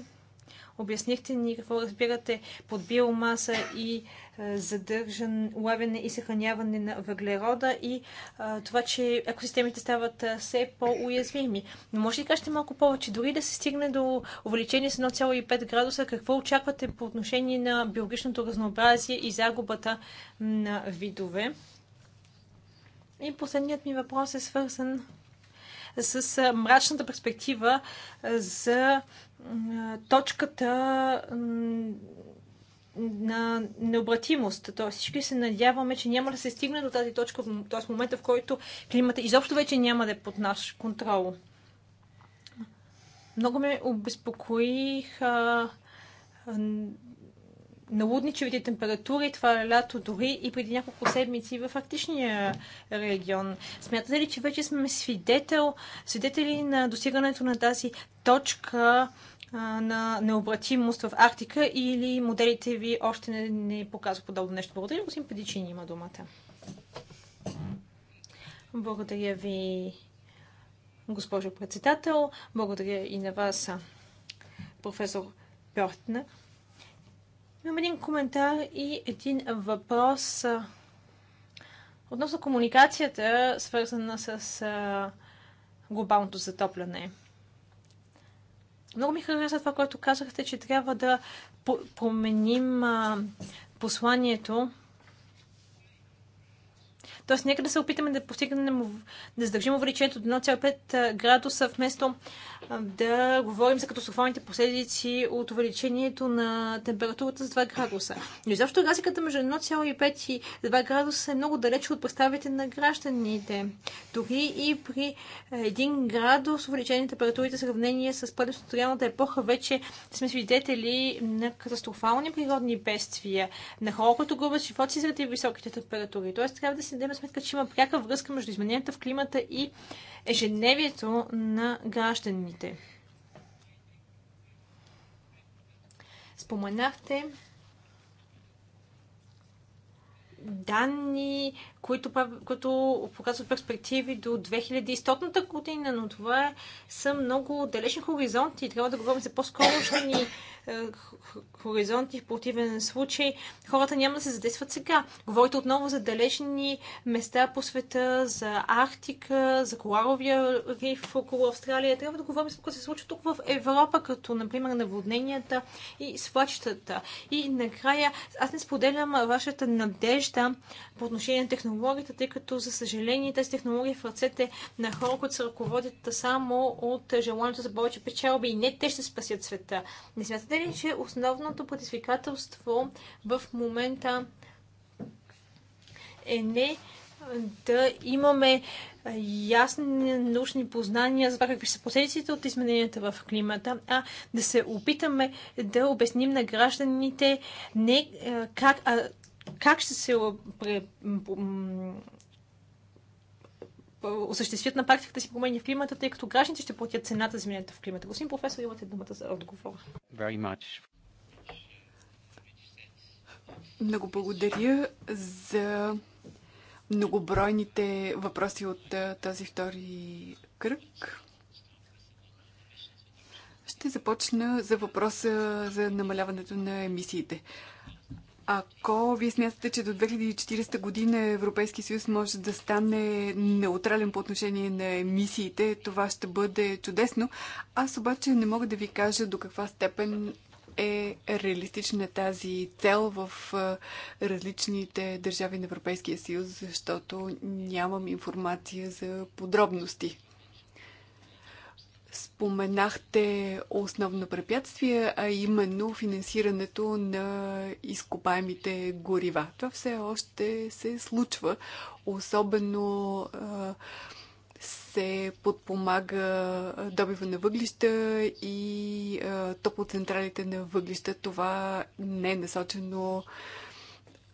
Обяснихте ни какво разбирате под биомаса и е, задържан, лавяне и съхраняване на въглерода и а, е, това, че екосистемите стават е, все по-уязвими. Но може ли кажете малко повече? Дори да се стигне до увеличение с 1,5 градуса, какво очаквате по отношение на биологичното разнообразие и загубата на видове? И последният ми въпрос е свързан с мрачната перспектива за точката на необратимост. Тоест всички се надяваме, че няма да се стигне до тази точка, т.е. в момента, в който климата изобщо вече няма да е под наш контрол. Много ме обезпокоиха налудничевите температури това е лято, дори и преди няколко седмици в арктичния регион. Смятате ли, че вече сме свидетел, свидетели на достигането на тази точка а, на необратимост в Арктика или моделите ви още не, не показват подобно нещо? Благодаря, господин Педичин има думата. Благодаря ви, госпожо председател. Благодаря и на вас, професор Пьортнер. Имам един коментар и един въпрос относно комуникацията, свързана с глобалното затопляне. Много ми харесва това, което казахте, че трябва да променим посланието Тоест, нека да се опитаме да постигнем, да задържим увеличението до 1,5 градуса, вместо да говорим за катастрофалните последици от увеличението на температурата с 2 градуса. Но изобщо разликата между 1,5 и 2 градуса е много далеч от представите на гражданите. Дори и при 1 градус увеличение на температурите в сравнение с предисториалната епоха вече сме свидетели на катастрофални природни бедствия, на хора, които губят живота си заради високите температури. Тоест трябва да си дадем сметка, че има пряка връзка между измененията в климата и ежедневието на гражданите. Споменахте данни, които, които показват перспективи до 2100-та година, но това са много далечни хоризонти. Трябва да говорим за по-скорошни е, Хоризонти в противен случай хората няма да се задействат сега. Говорите отново за далечни места по света, за Арктика, за Коларовия риф около Австралия. Трябва да говорим какво се случва тук в Европа, като например наводненията и свлачетата. И накрая аз не споделям вашата надежда по отношение на технологията, тъй като за съжаление тези технологии в ръцете на хора, които се ръководят само от желанието за повече печалби и не те ще спасят света. Не смятате ли, че основното предизвикателство в момента е не да имаме ясни научни познания за това какви са последиците от измененията в климата, а да се опитаме да обясним на гражданите не как, а как ще се осъществят на практиката си промени в климата, тъй като гражданите ще платят цената за изменението в климата. Господин професор, имате думата за отговор. Много благодаря за многобройните въпроси от този втори кръг. Ще започна за въпроса за намаляването на емисиите. Ако вие смятате, че до 2040 година Европейски съюз може да стане неутрален по отношение на емисиите, това ще бъде чудесно. Аз обаче не мога да ви кажа до каква степен е реалистична тази цел в различните държави на Европейския съюз, защото нямам информация за подробности. Споменахте основно препятствие, а именно финансирането на изкопаемите горива. Това все още се случва. Особено се подпомага добива на въглища и топлоцентралите на въглища. Това не е насочено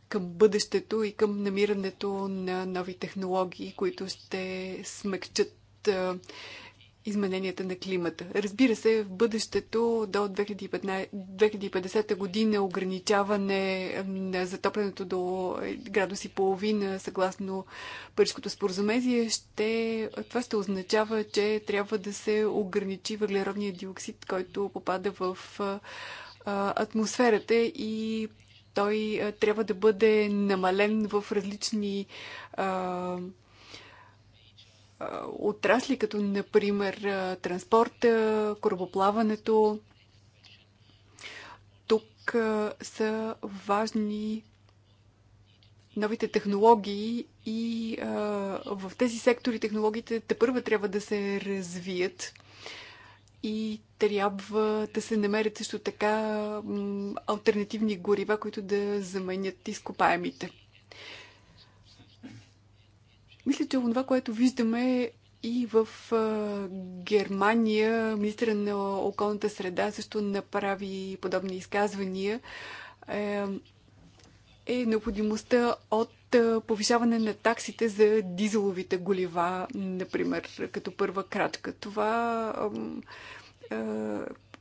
към бъдещето и към намирането на нови технологии, които ще смекчат а, измененията на климата. Разбира се, в бъдещето до 2015, 2050 година ограничаване на затоплянето до градус и половина, съгласно Парижското споразумение, ще, това ще означава, че трябва да се ограничи въглеродния диоксид, който попада в атмосферата и той трябва да бъде намален в различни а, отрасли, като например транспорта, корабоплаването. Тук са важни новите технологии и в тези сектори технологиите те първа трябва да се развият и трябва да се намерят също така альтернативни горива, които да заменят изкопаемите. Мисля, че това, което виждаме и в Германия, министър на околната среда също направи подобни изказвания, е, е необходимостта от повишаване на таксите за дизеловите голива, например, като първа крачка. Това е,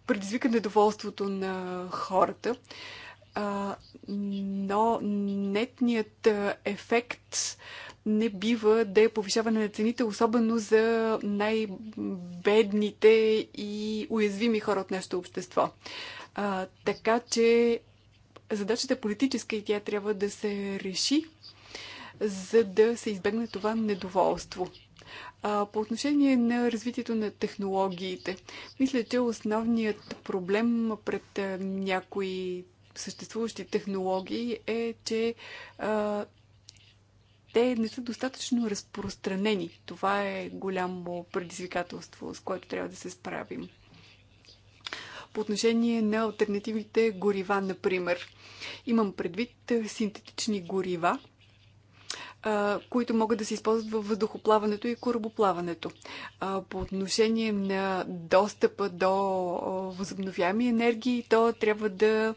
предизвика недоволството на хората, е, но нетният ефект не бива да е повишаване на цените, особено за най-бедните и уязвими хора от нашето общество. А, така че задачата е политическа и тя трябва да се реши, за да се избегне това недоволство. А, по отношение на развитието на технологиите, мисля, че основният проблем пред някои съществуващи технологии е, че а, те не са достатъчно разпространени. Това е голямо предизвикателство, с което трябва да се справим. По отношение на альтернативните горива, например, имам предвид е, синтетични горива, които могат да се използват във въздухоплаването и корабоплаването. По отношение на достъпа до възобновяеми енергии, то трябва да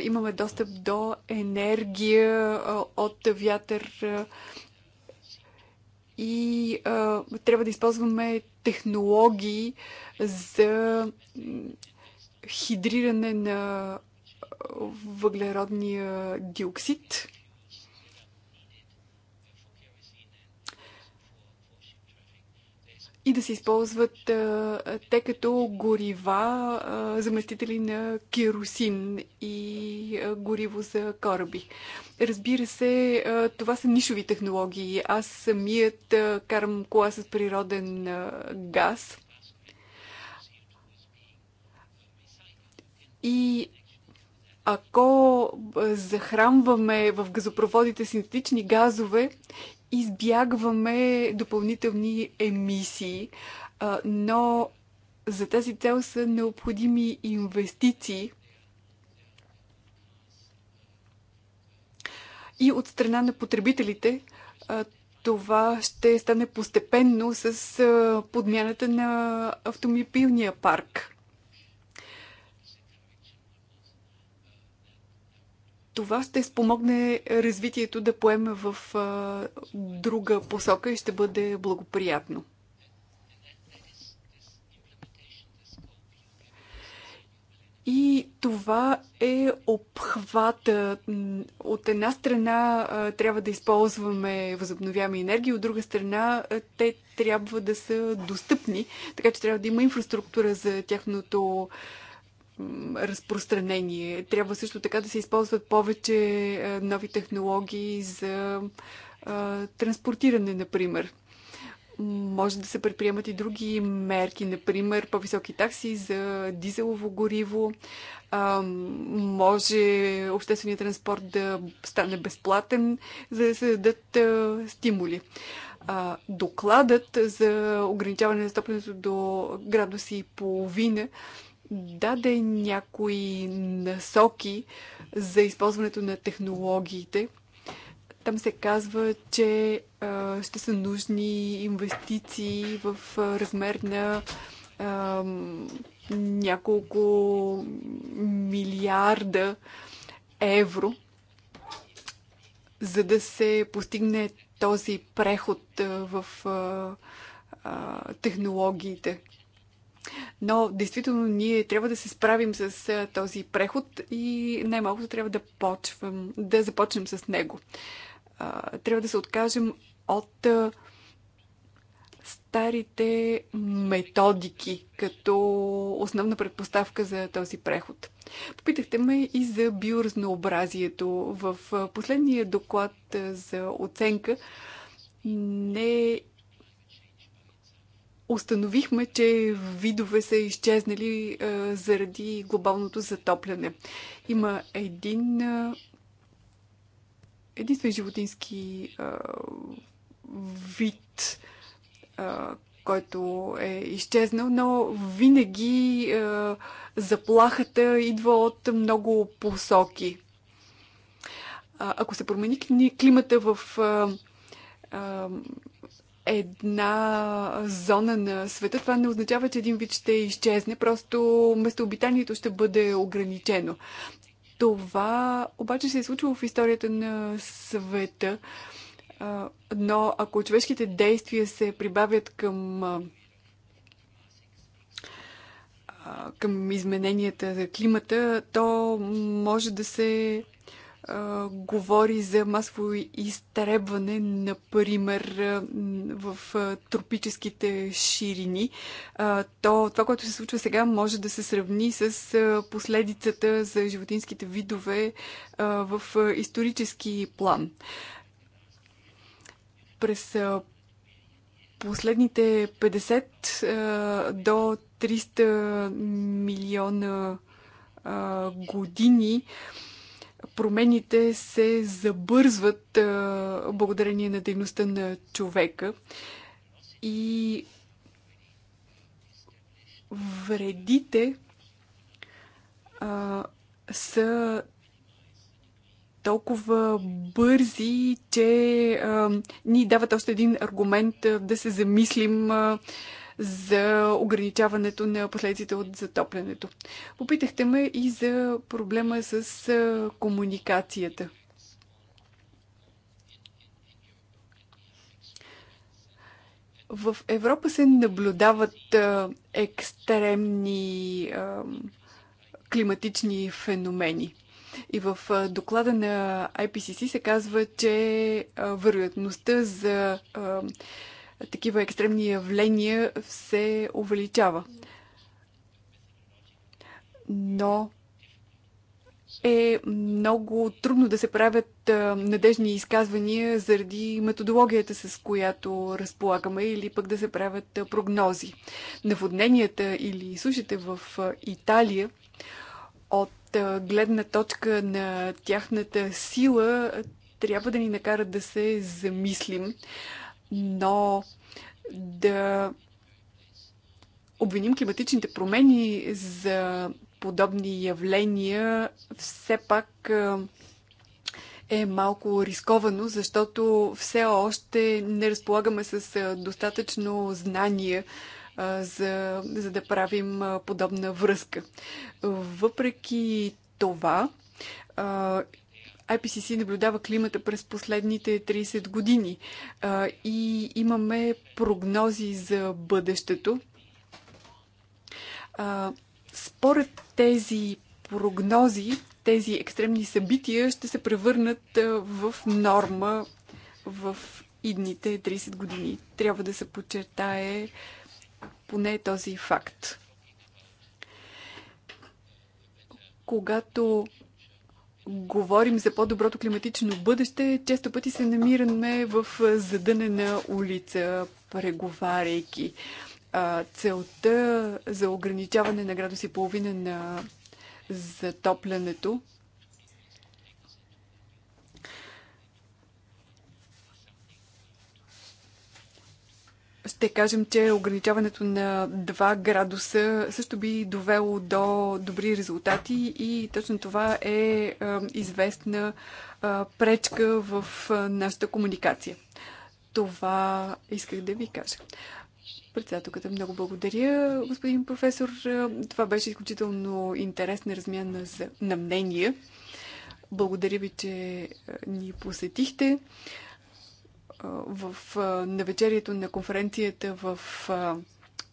имаме достъп до енергия от вятър и трябва да използваме технологии за хидриране на въглеродния диоксид. и да се използват те като горива, заместители на керосин и гориво за кораби. Разбира се, това са нишови технологии. Аз самият карам кола с природен газ. И ако захранваме в газопроводите синтетични газове избягваме допълнителни емисии, но за тази цел са необходими инвестиции и от страна на потребителите. Това ще стане постепенно с подмяната на автомобилния парк. това ще спомогне развитието да поеме в друга посока и ще бъде благоприятно. И това е обхвата. От една страна трябва да използваме възобновяеми енергии, от друга страна те трябва да са достъпни, така че трябва да има инфраструктура за тяхното разпространение. Трябва също така да се използват повече е, нови технологии за е, транспортиране, например. Може да се предприемат и други мерки, например по-високи такси за дизелово гориво. може общественият транспорт да стане безплатен, за да се дадат е, стимули. докладът за ограничаване на стопането до градуси и половина даде някои насоки за използването на технологиите. Там се казва, че а, ще са нужни инвестиции в а, размер на а, няколко милиарда евро, за да се постигне този преход в а, технологиите. Но действително ние трябва да се справим с този преход и най-малкото трябва да, почвам, да започнем с него. Трябва да се откажем от старите методики като основна предпоставка за този преход. Попитахте ме и за биоразнообразието. В последния доклад за оценка не установихме, че видове са изчезнали а, заради глобалното затопляне. Има един а, единствен животински а, вид, а, който е изчезнал, но винаги а, заплахата идва от много посоки. А, ако се промени климата в а, а, една зона на света, това не означава, че един вид ще изчезне, просто местообитанието ще бъде ограничено. Това обаче се е случило в историята на света, но ако човешките действия се прибавят към към измененията за климата, то може да се говори за масово изтребване, например, в тропическите ширини, то това, което се случва сега, може да се сравни с последицата за животинските видове в исторически план. През последните 50 до 300 милиона години промените се забързват благодарение на дейността на човека и вредите а, са толкова бързи, че а, ни дават още един аргумент а, да се замислим а, за ограничаването на последиците от затоплянето. Попитахте ме и за проблема с комуникацията. В Европа се наблюдават екстремни климатични феномени. И в доклада на IPCC се казва, че вероятността за а, такива екстремни явления се увеличава. Но е много трудно да се правят надежни изказвания заради методологията, с която разполагаме, или пък да се правят прогнози. Наводненията или сушите в Италия от гледна точка на тяхната сила трябва да ни накарат да се замислим но да обвиним климатичните промени за подобни явления все пак е малко рисковано, защото все още не разполагаме с достатъчно знания за, за да правим подобна връзка. Въпреки това, IPCC наблюдава климата през последните 30 години а, и имаме прогнози за бъдещето. А, според тези прогнози, тези екстремни събития ще се превърнат в норма в идните 30 години. Трябва да се подчертае поне този факт. Когато говорим за по-доброто климатично бъдеще, често пъти се намираме в задънена улица, преговаряйки. Целта за ограничаване на градус и половина на затоплянето ще кажем, че ограничаването на 2 градуса също би довело до добри резултати и точно това е, е известна е, пречка в е, нашата комуникация. Това исках да ви кажа. Председателката, много благодаря, господин професор. Това беше изключително интересна размяна на мнение. Благодаря ви, че ни посетихте в навечерието на конференцията в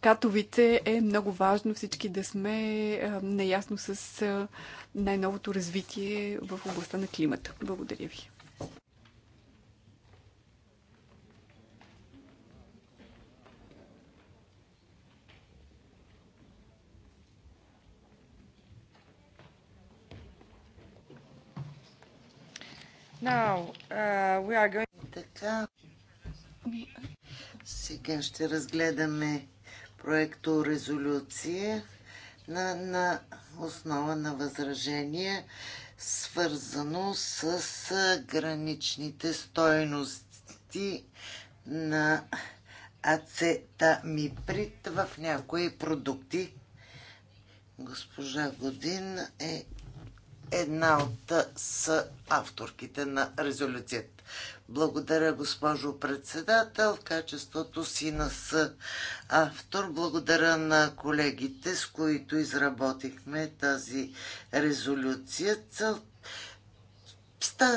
Катовице е много важно всички да сме наясно с най-новото развитие в областта на климата. Благодаря ви. Now, uh, we are going... Така. Сега ще разгледаме проекто резолюция на, на основа на възражение, свързано с граничните стойности на ацетамиприт в някои продукти. Госпожа Годин е една от с авторките на резолюцията. Благодаря, госпожо председател, в качеството си на с автор. Благодаря на колегите, с които изработихме тази резолюция.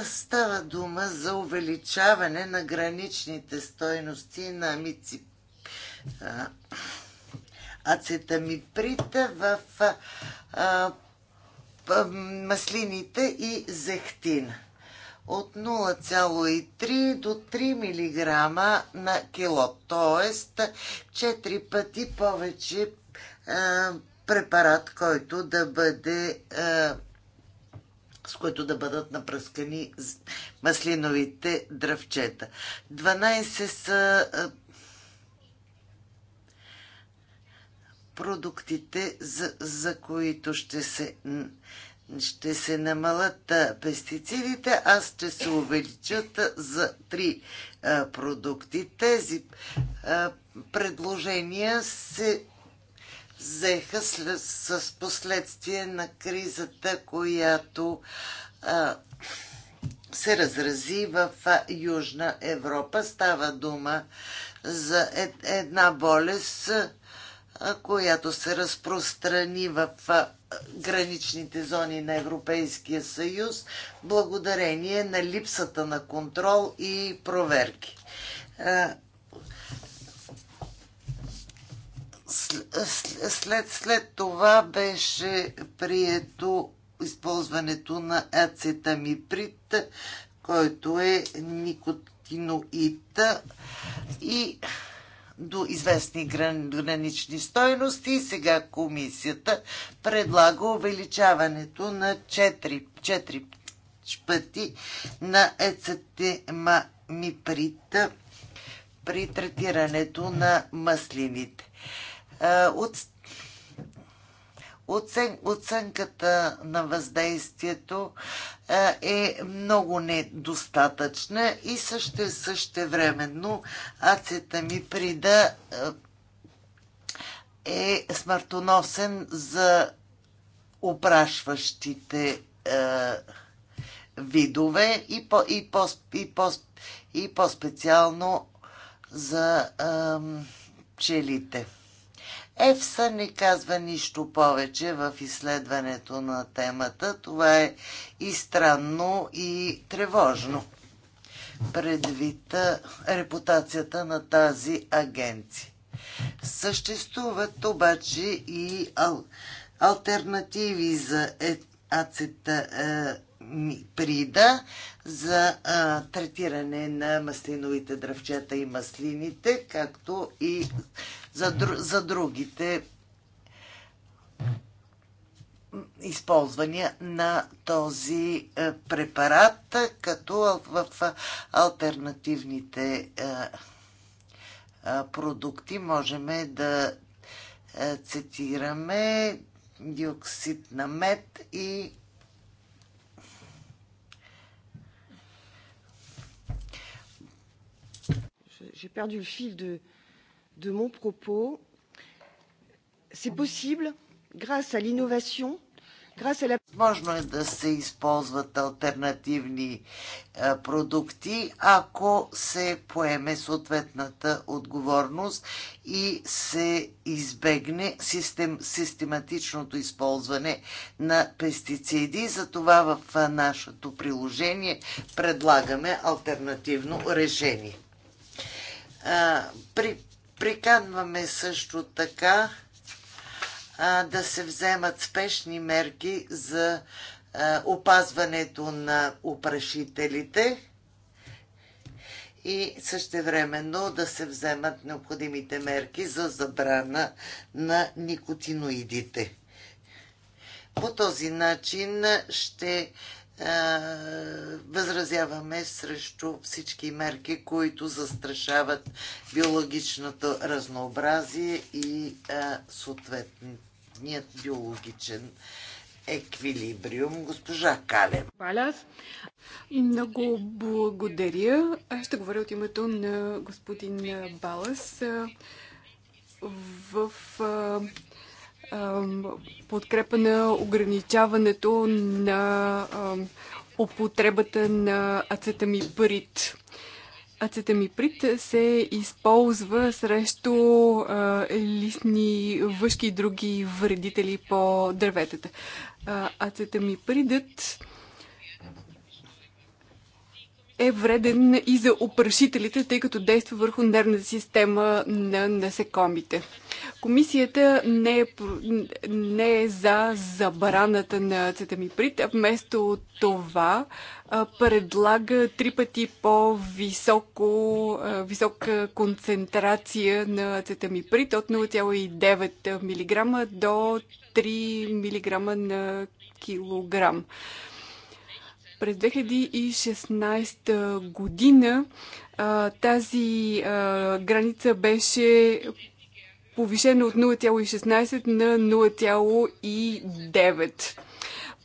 Става дума за увеличаване на граничните стойности на амици ацетамиприта в маслините и зехтин от 0,3 до 3 мг на кило, т.е. 4 пъти повече а, е, препарат, който да бъде а, е, с които да бъдат напръскани маслиновите дръвчета. 12 са е, продуктите, за, за които ще се, ще се намалят пестицидите, а ще се увеличат за три а, продукти. Тези а, предложения се взеха след, с последствие на кризата, която а, се разрази в Южна Европа. Става дума за е, една болест, която се разпространи в граничните зони на Европейския съюз, благодарение на липсата на контрол и проверки. След, след това беше прието използването на ацетамиприт, който е никотиноид и до известни гранични стойности. Сега комисията предлага увеличаването на 4, 4 пъти на ецетемамиприт при третирането на маслините. Е, от оцен, оценката на въздействието е, е много недостатъчна и също същевременно ацетамиприда е, е смъртоносен за опрашващите е, видове и, по, и, по, и, по, и по-специално за пчелите. ЕФСА не казва нищо повече в изследването на темата. Това е и странно, и тревожно предвид репутацията на тази агенция. Съществуват обаче и ал- альтернативи за е- ацетамиприда за а, третиране на маслиновите дръвчета и маслините, както и за, дру, за другите използвания на този е, препарат, като в альтернативните е, е, продукти можем да цитираме диоксид на мед и J'ai perdu le fil de, de mon propos. C'est possible grâce à l'innovation, grâce à la... Възможно е да се използват альтернативни е, продукти, ако се поеме съответната отговорност и се избегне систем, систематичното използване на пестициди. Затова в е, нашето приложение предлагаме альтернативно решение. Е, при Приканваме също така а, да се вземат спешни мерки за а, опазването на опрашителите и същевременно да се вземат необходимите мерки за забрана на никотиноидите. По този начин ще възразяваме срещу всички мерки, които застрашават биологичното разнообразие и съответният биологичен еквилибриум. Госпожа Кале. Баляс. И много благодаря. Аз ще говоря от името на господин Балас. В подкрепа на ограничаването на употребата на ацетамиприт. Ацетамиприт се използва срещу листни въшки и други вредители по дърветата. А, ацетамипридът е вреден и за опрашителите, тъй като действа върху нервната система на насекомите. Комисията не е, не е за забраната на цетамиприт, а вместо това предлага три пъти по-високо, висока концентрация на цетамиприт от 0,9 мг до 3 мг на килограм. През 2016 година а, тази а, граница беше повишена от 0,16 на 0,9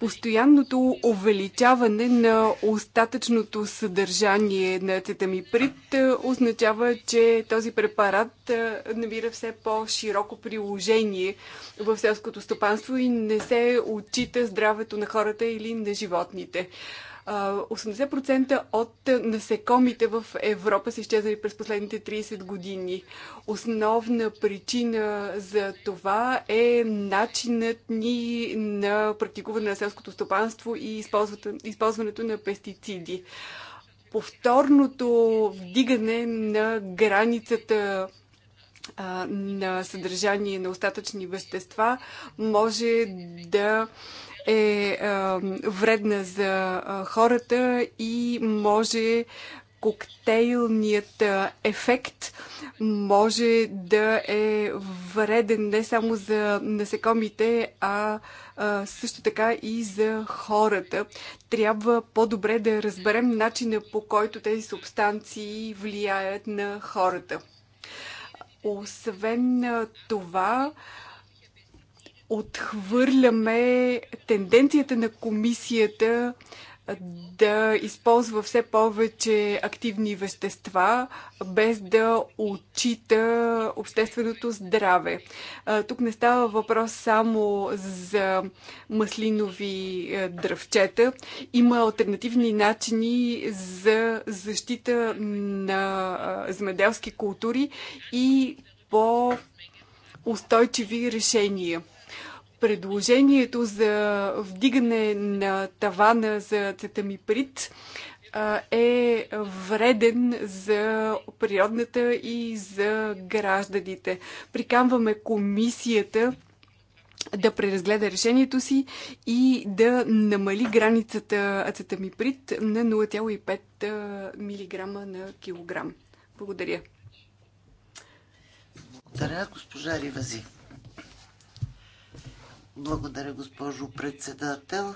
постоянното увеличаване на остатъчното съдържание на цетамиприт е, означава, че този препарат е, намира все по-широко приложение в селското стопанство и не се отчита здравето на хората или на животните. 80% от насекомите в Европа са изчезнали през последните 30 години. Основна причина за това е начинът ни на практикуване на селското стопанство и използването на пестициди. Повторното вдигане на границата на съдържание на остатъчни вещества може да е вредна за хората и може коктейлният ефект може да е вреден не само за насекомите, а също така и за хората. Трябва по-добре да разберем начина по който тези субстанции влияят на хората. Освен това, отхвърляме тенденцията на комисията да използва все повече активни вещества, без да отчита общественото здраве. Тук не става въпрос само за маслинови дръвчета. Има альтернативни начини за защита на земеделски култури и по устойчиви решения предложението за вдигане на тавана за цетамиприт е вреден за природната и за гражданите. Прикамваме комисията да преразгледа решението си и да намали границата ацетамиприт на 0,5 мг на килограм. Благодаря. Благодаря, госпожа Ривази. Благодаря, госпожо председател.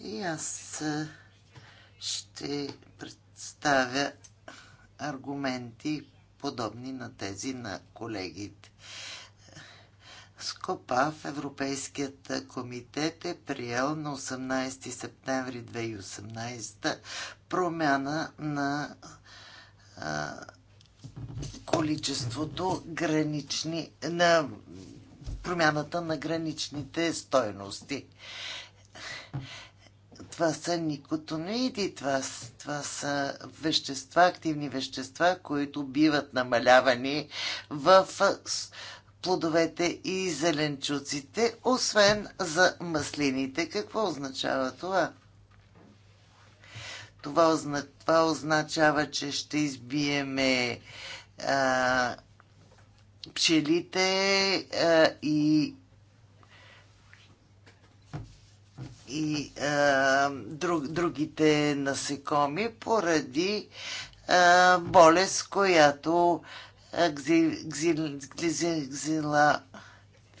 И аз ще представя аргументи, подобни на тези на колегите. Скопа в Европейският комитет е приел на 18 септември 2018 промяна на а, количеството гранични на промяната на граничните стойности. Това са никотиноиди, това, това са вещества, активни вещества, които биват намалявани в плодовете и зеленчуците, освен за маслините. Какво означава това? Това, означава, че ще избиеме а, пчелите а, е, и и а, е, друг, другите насекоми поради а, е, болест, която гзи, гзи, гзи, гзи,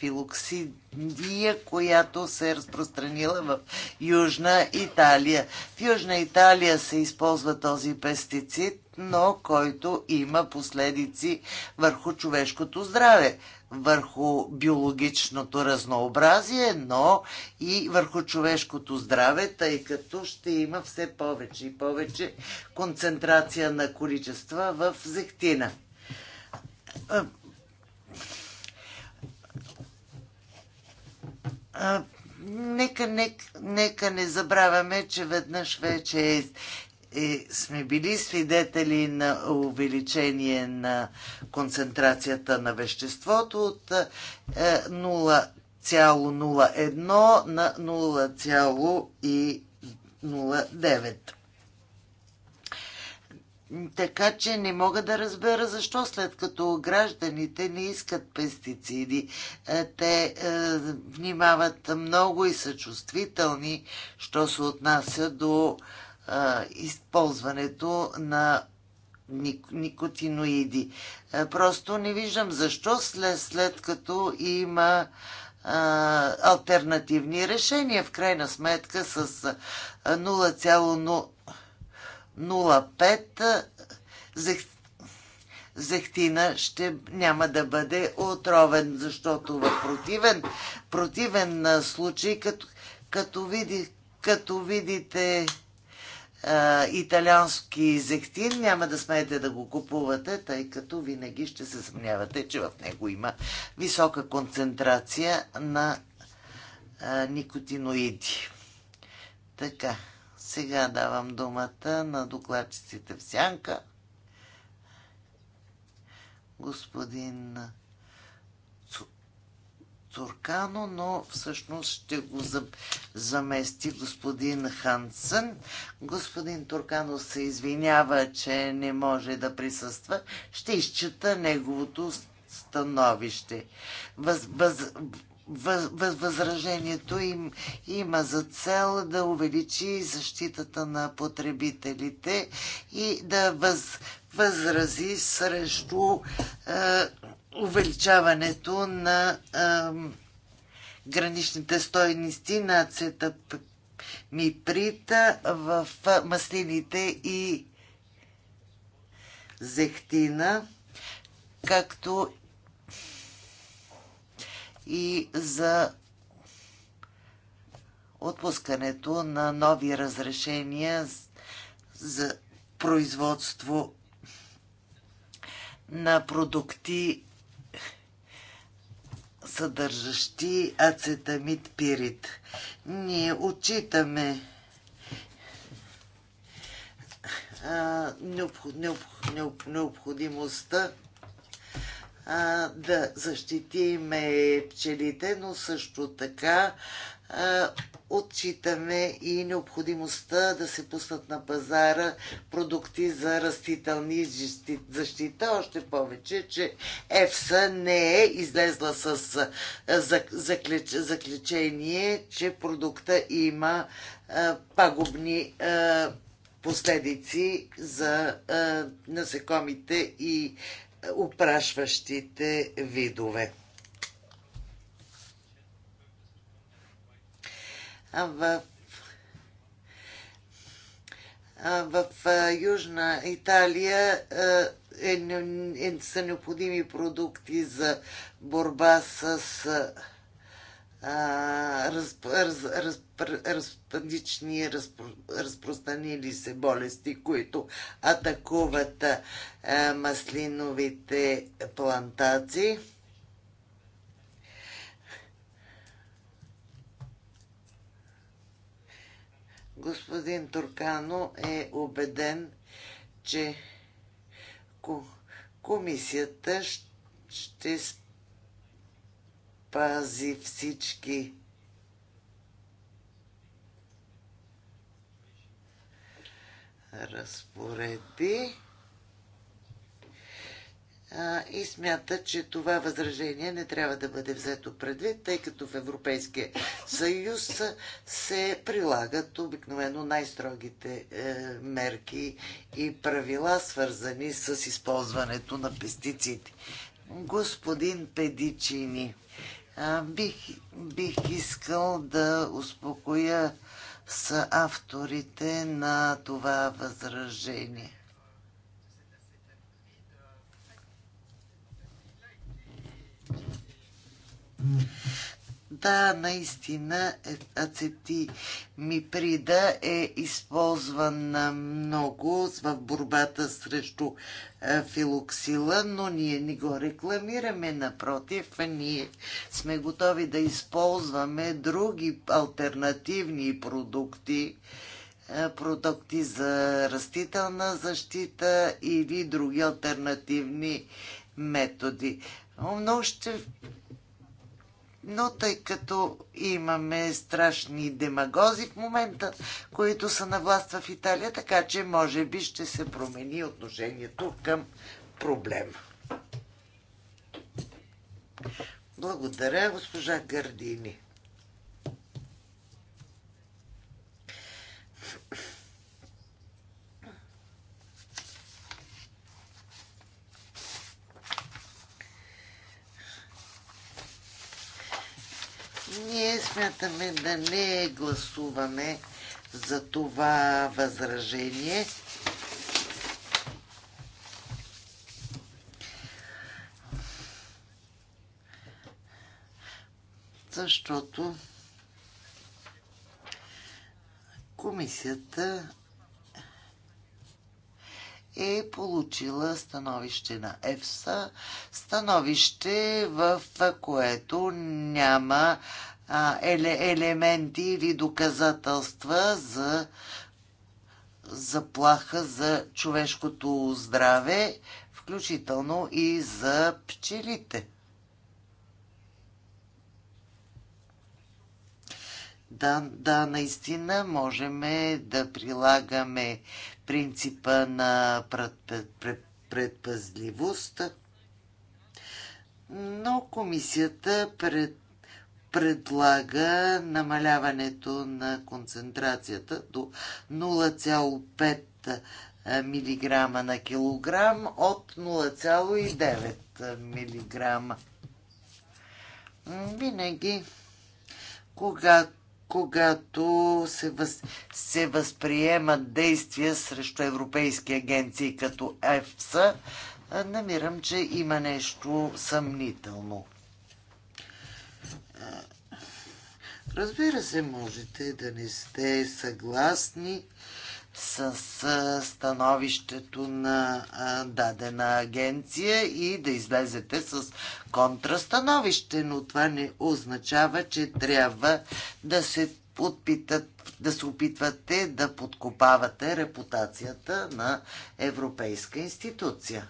филоксидия, която се е разпространила в Южна Италия. В Южна Италия се използва този пестицид, но който има последици върху човешкото здраве, върху биологичното разнообразие, но и върху човешкото здраве, тъй като ще има все повече и повече концентрация на количества в зехтина е, А, нека, нека, нека не забравяме, че веднъж вече е, е, сме били свидетели на увеличение на концентрацията на веществото от е, 0,01 на 0,09. Така че не мога да разбера защо след като гражданите не искат пестициди. Е, те е, внимават много и са чувствителни, що се отнася до е, използването на никотиноиди. Е, просто не виждам защо след, след като има е, альтернативни решения. В крайна сметка с 0,0 е, 0,5 зех... зехтина ще няма да бъде отровен, защото в противен, противен случай, като, като, види, като видите а, италиански зехтин, няма да смеете да го купувате, тъй като винаги ще се съмнявате, че в него има висока концентрация на а, никотиноиди. Така. Сега давам думата на докладчиците в сянка. Господин Туркано, но всъщност ще го замести господин Хансън. Господин Туркано се извинява, че не може да присъства. Ще изчита неговото становище. Въз, въз, въз, възражението им има за цел да увеличи защитата на потребителите и да въз, възрази срещу е, увеличаването на е, граничните стойности на цетамиприта в маслините и зехтина, както и за отпускането на нови разрешения за производство на продукти, съдържащи ацетамид пирит. Ние отчитаме необх... необх... необх... необходимостта а, да защитиме пчелите, но също така а, отчитаме и необходимостта да се пуснат на пазара продукти за растителни защита. Още повече, че ЕФСА не е излезла с заключение, че продукта има пагубни последици за насекомите и опрашващите видове. в, в Южна Италия е, е, са необходими продукти за борба с раз, раз, раз, различни разпро, разпространили се болести, които атакуват а, маслиновите плантации. Господин Туркано е убеден, че комисията ще спи Пази всички Разпореди. и смята, че това възражение не трябва да бъде взето предвид, тъй като в Европейския съюз се прилагат обикновено най-строгите е, мерки и правила, свързани с използването на пестициди. Господин Педичини, Бих, бих искал да успокоя с авторите на това възражение. Да, наистина ацети Миприда е, е използван много в борбата срещу е, филоксила, но ние не го рекламираме. Напротив, ние сме готови да използваме други альтернативни продукти, е, продукти за растителна защита или други альтернативни методи. Но ще но тъй като имаме страшни демагози в момента, които са на власт в Италия, така че може би ще се промени отношението към проблема. Благодаря, госпожа Гърдини. Ние смятаме да не гласуваме за това възражение. Защото комисията е получила становище на ЕФСА, становище в което няма елементи или доказателства за заплаха за човешкото здраве, включително и за пчелите. Да, да, наистина можем да прилагаме принципа на предпазливост, но комисията пред предлага намаляването на концентрацията до 0,5 милиграма на килограм от 0,9 милиграма. Винаги, кога, когато се, въз, се възприемат действия срещу европейски агенции като ЕФСА, намирам, че има нещо съмнително. Разбира се, можете да не сте съгласни с становището на дадена агенция и да излезете с контрастановище, но това не означава, че трябва да се подпитат, да се опитвате да подкопавате репутацията на Европейска институция.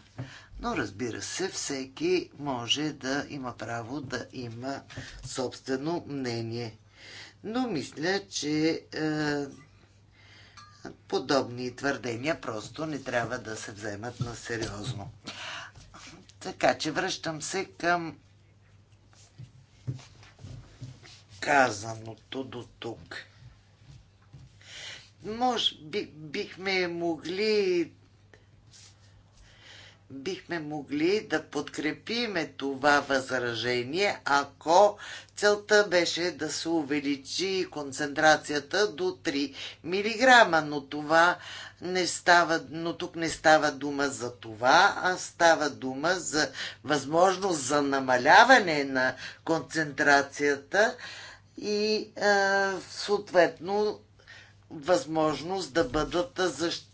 Но разбира се, всеки може да има право да има собствено мнение. Но мисля, че е, подобни твърдения просто не трябва да се вземат на сериозно. Така че връщам се към казаното до тук. Може би, бихме могли бихме могли да подкрепиме това възражение, ако целта беше да се увеличи концентрацията до 3 мг, но това не става, но тук не става дума за това, а става дума за възможност за намаляване на концентрацията и е, съответно възможност да бъдат защитени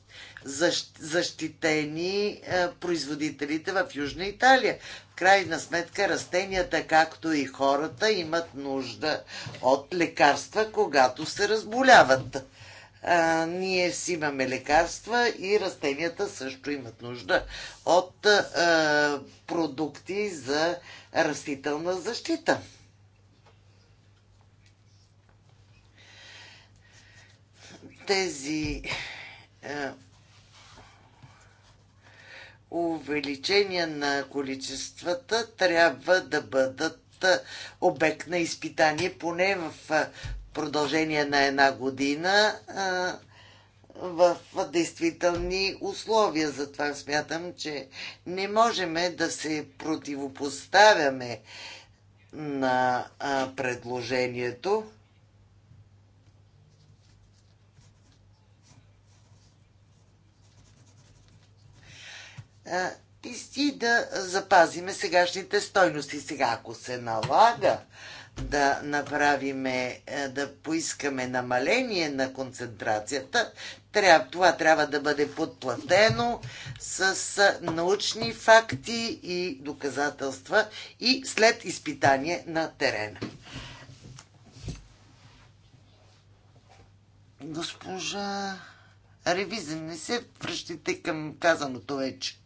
защитени е, производителите в Южна Италия. В крайна сметка растенията, както и хората, имат нужда от лекарства, когато се разболяват. А, е, ние си имаме лекарства и растенията също имат нужда от а, е, продукти за растителна защита. Тези а, Увеличение на количествата трябва да бъдат обект на изпитание поне в продължение на една година в действителни условия. Затова смятам, че не можем да се противопоставяме на предложението и да запазиме сегашните стойности. Сега, ако се налага да направиме, е, да поискаме намаление на концентрацията, трябва, това трябва да бъде подплатено с е, научни факти и доказателства и след изпитание на терена. Госпожа Ревизен, не се връщите към казаното вече.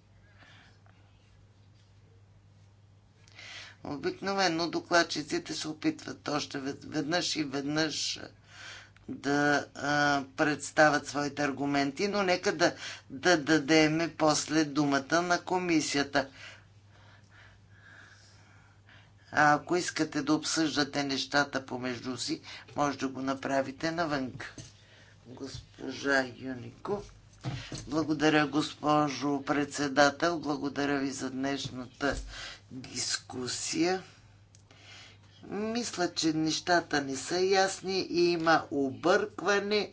Обикновено докладчиците се опитват още веднъж и веднъж да а, представят своите аргументи, но нека да, да дадеме после думата на комисията. А ако искате да обсъждате нещата помежду си, може да го направите навън. Госпожа Юнико. Благодаря, госпожо председател. Благодаря ви за днешната дискусия. Мисля, че нещата не са ясни и има объркване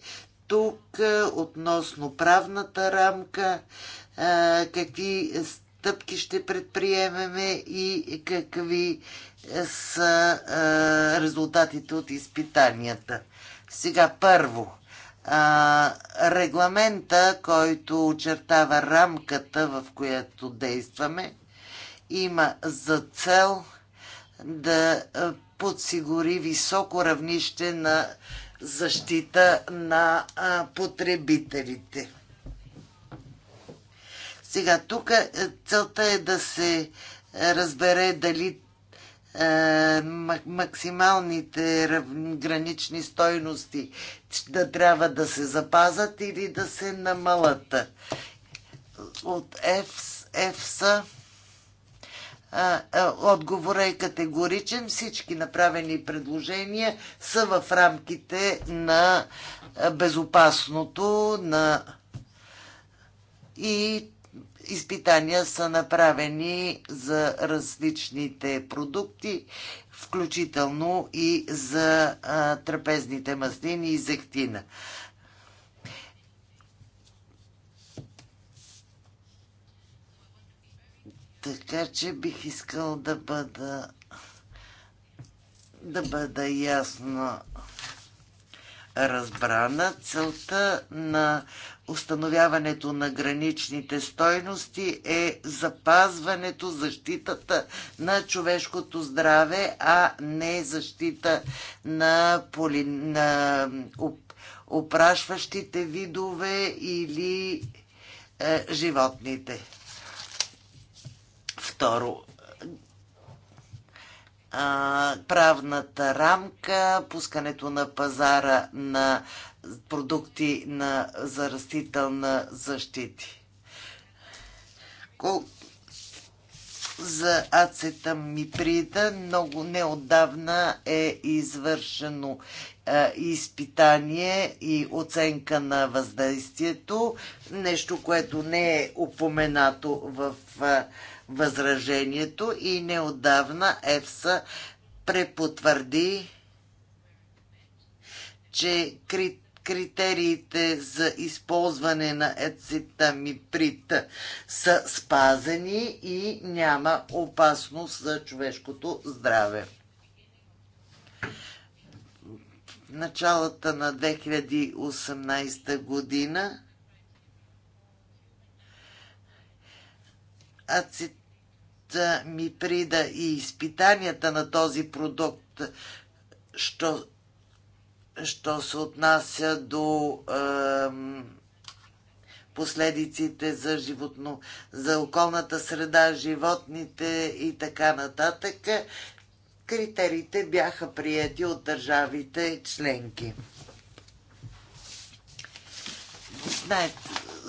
тук е, относно правната рамка, е, какви стъпки ще предприемеме и какви са е, резултатите от изпитанията. Сега първо, регламента, който очертава рамката, в която действаме, има за цел да подсигури високо равнище на защита на потребителите. Сега, тук е, целта е да се е, разбере дали е, максималните гранични стойности да трябва да се запазат или да се намалят. От F са Отговорът е категоричен. Всички направени предложения са в рамките на безопасното на и изпитания са направени за различните продукти, включително и за а, трапезните маслини и зехтина. Така че бих искал да бъда да бъда ясно разбрана. Целта на установяването на граничните стойности е запазването, защитата на човешкото здраве, а не защита на, поли... на опрашващите видове или е, животните. Второ, правната рамка, пускането на пазара на продукти на, за растителна защити. Кол... За миприда много неодавна е извършено изпитание и оценка на въздействието, нещо, което не е упоменато в а, възражението и неодавна ЕФСА препотвърди, че крит критериите за използване на ецитамиприт са спазени и няма опасност за човешкото здраве. В началата на 2018 година ацит ми прида и изпитанията на този продукт, що, що се отнася до е, последиците за животно, за околната среда, животните и така нататък, критериите бяха прияти от държавите членки. Знаете,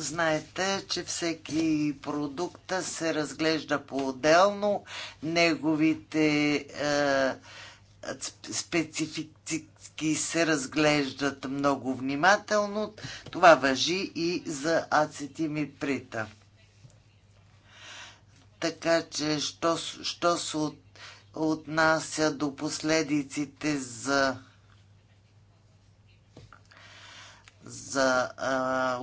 знаете, че всеки продукт се разглежда по-отделно, неговите е, специфики се разглеждат много внимателно. Това въжи и за ацетимиприта. Така че, що, що се от, отнася до последиците за за а, е,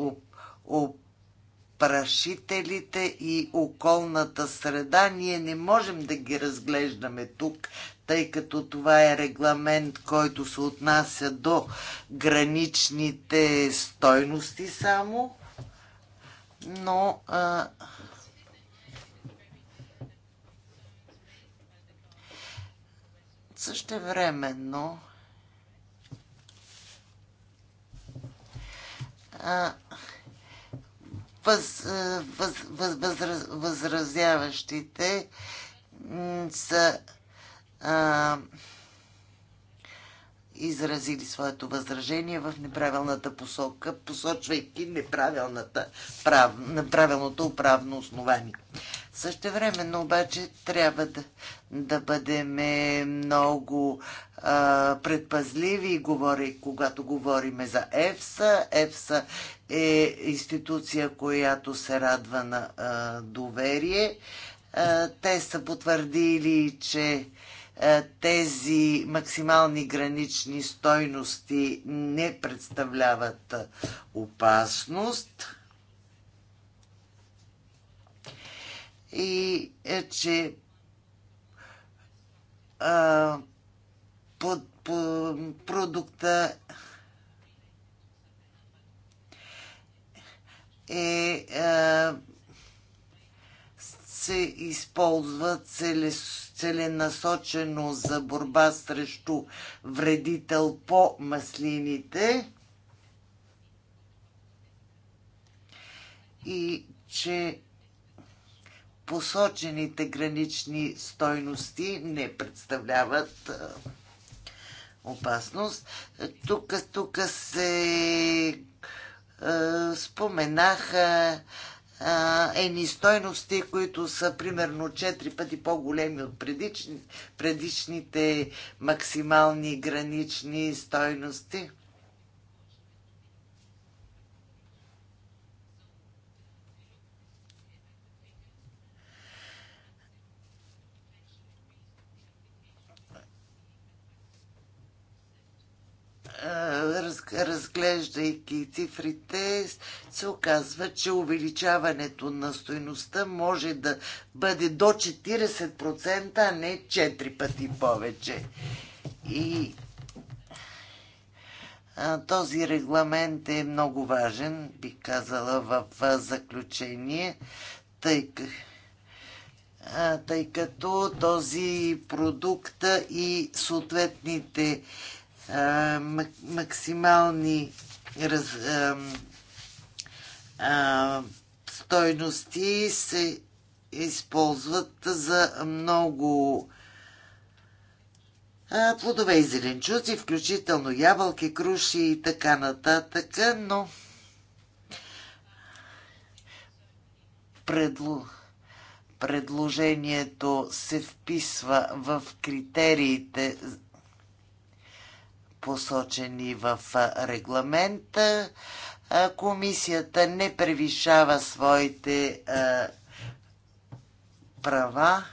опрашителите и околната среда. Ние не можем да ги разглеждаме тук, тъй като това е регламент, който се отнася до граничните стойности само. Но а, същевременно а, въз, въз, въз, възразяващите са а, изразили своето възражение в неправилната посока, посочвайки неправилната, прав, неправилното правно основание. Същевременно обаче трябва да, да бъдем е, много а, предпазливи, говори, когато говориме за ЕФСА. ЕФСА е институция, която се радва на а, доверие. А, те са потвърдили, че тези максимални гранични стойности не представляват опасност и е, че а, по, по, продукта е а, се използва целес, целенасочено за борба срещу вредител по маслините и че посочените гранични стойности не представляват опасност. Тук, тук се споменаха едни стойности, които са примерно 4 пъти по-големи от предични, предишните максимални гранични стойности. разглеждайки цифрите, се оказва, че увеличаването на стоеността може да бъде до 40%, а не 4 пъти повече. И този регламент е много важен, би казала в заключение, тъй, тъй като този продукт и съответните максимални раз, а, а, стойности се използват за много плодове и зеленчуци, включително ябълки, круши и така нататък, но предло... предложението се вписва в критериите посочени в регламента. Комисията не превишава своите права.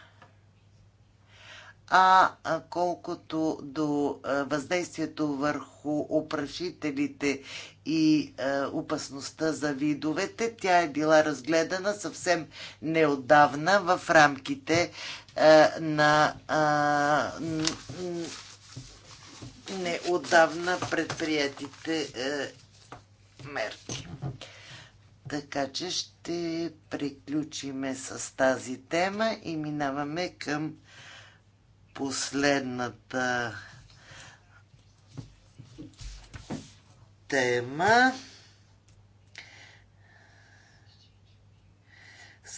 А колкото до въздействието върху опрашителите и опасността за видовете, тя е била разгледана съвсем неодавна в рамките на неодавна предприятите е, мерки. Така че ще приключиме с тази тема и минаваме към последната тема.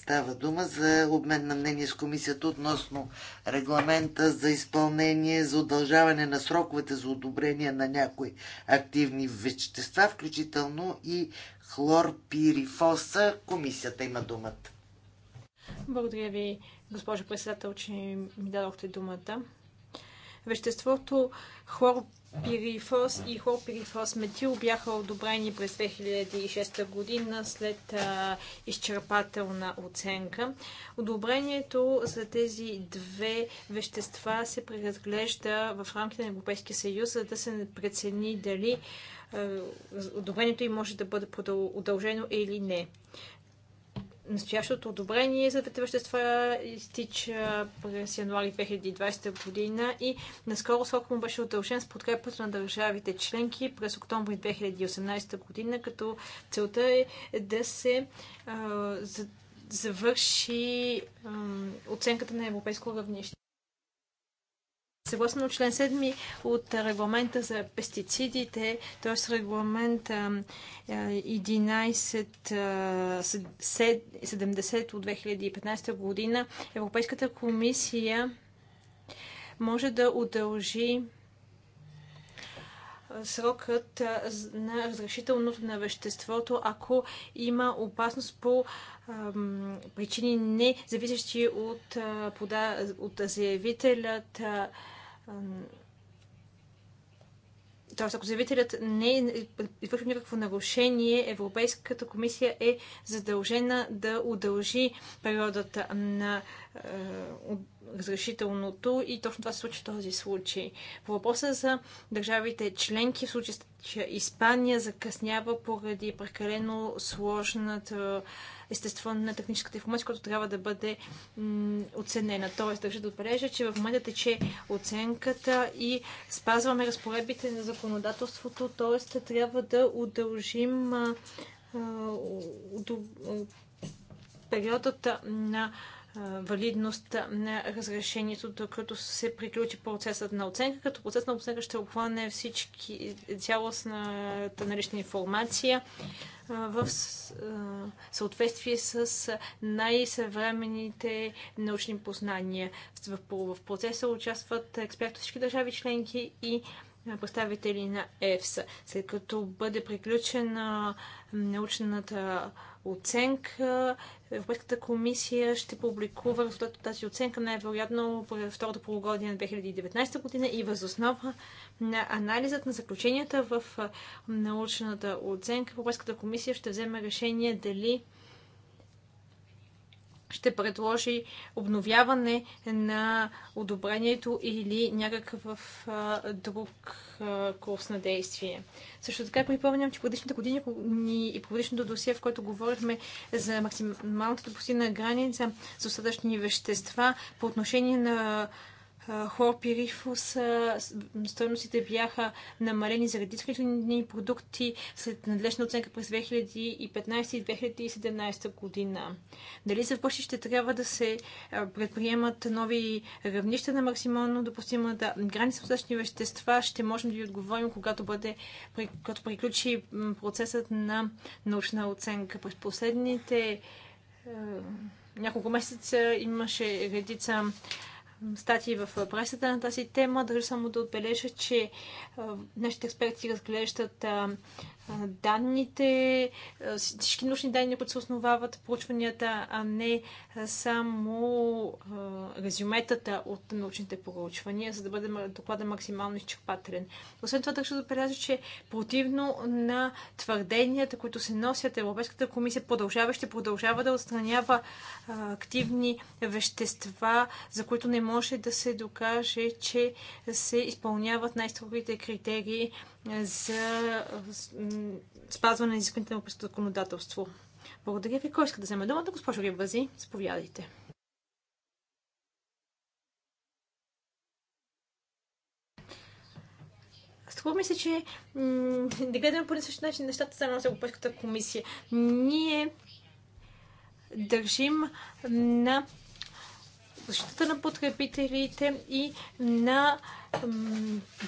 Става дума за обмен на мнение с комисията относно регламента за изпълнение за удължаване на сроковете за одобрение на някои активни вещества, включително и хлорпирифоса. Комисията има думата. Благодаря ви, госпожо председател, че ми дадохте думата. Веществото хлор пирифос и хлорпирифос метил бяха одобрени през 2006 година след а, изчерпателна оценка. Одобрението за тези две вещества се преразглежда в рамките на Европейския съюз, за да се прецени дали а, одобрението им може да бъде удължено или не. Настоящото одобрение за двете вещества изтича през януари 2020 година и наскоро срокът му беше удължен с подкрепата на държавите членки през октомври 2018 година, като целта е да се а, завърши а, оценката на европейско равнище. Съгласно член 7 от регламента за пестицидите, т.е. регламент 1170 от 2015 година, Европейската комисия може да удължи срокът на разрешителност на веществото, ако има опасност по причини не зависещи от, от заявителят. Тоест, ако заявителят не е извършил никакво нарушение, Европейската комисия е задължена да удължи периодата на е, разрешителното и точно това се случи в този случай. По въпроса за държавите членки, в случай, че Испания закъснява поради прекалено сложната естество на техническата информация, която трябва да бъде оценена. Тоест, държа да отбележа, че в момента тече оценката и спазваме разпоредбите на законодателството, т.е. трябва да удължим а, удъл... на валидност на разрешението, докато се приключи процесът на оценка, като процес на оценка ще обхване всички цялостната налична информация, в съответствие с най-съвременните научни познания. В процеса участват експерти от всички държави членки и представители на ЕФСА. След като бъде приключена научната оценка, Европейската комисия ще публикува резултат от тази оценка най-вероятно през второто полугодие на 2019 година и възоснова на анализът на заключенията в научната оценка Европейската комисия ще вземе решение дали ще предложи обновяване на одобрението или някакъв друг курс на действие. Също така припомням, че годишната година и предишното досие, в което говорихме за максималната допустима граница за остатъчни вещества по отношение на и Рифус Стоеностите бяха намалени заради хранителни продукти след надлежна оценка през 2015 и 2017 година. Дали за бъдеще ще трябва да се предприемат нови равнища на максимално допустимата да, граница на същи вещества, ще можем да ви отговорим, когато, бъде, когато приключи процесът на научна оценка. През последните няколко месеца имаше редица статии в пресата на тази тема. Държа само да отбележа, че нашите експерти разглеждат данните, всички научни данни, които се основават проучванията, а не само резюметата от научните проучвания, за да бъде доклада максимално изчерпателен. Освен това, държа да отбележа, че противно на твърденията, които се носят, Европейската комисия продължава ще продължава да отстранява активни вещества, за които не може да се докаже, че се изпълняват най-строгите критерии за спазване на изискването на законодателство. Благодаря ви. Кой иска да вземе думата? Госпожо Рибази, заповядайте. Струва ми се, че да гледаме по един начин нещата само с Европейската комисия. Ние държим на защитата на потребителите и на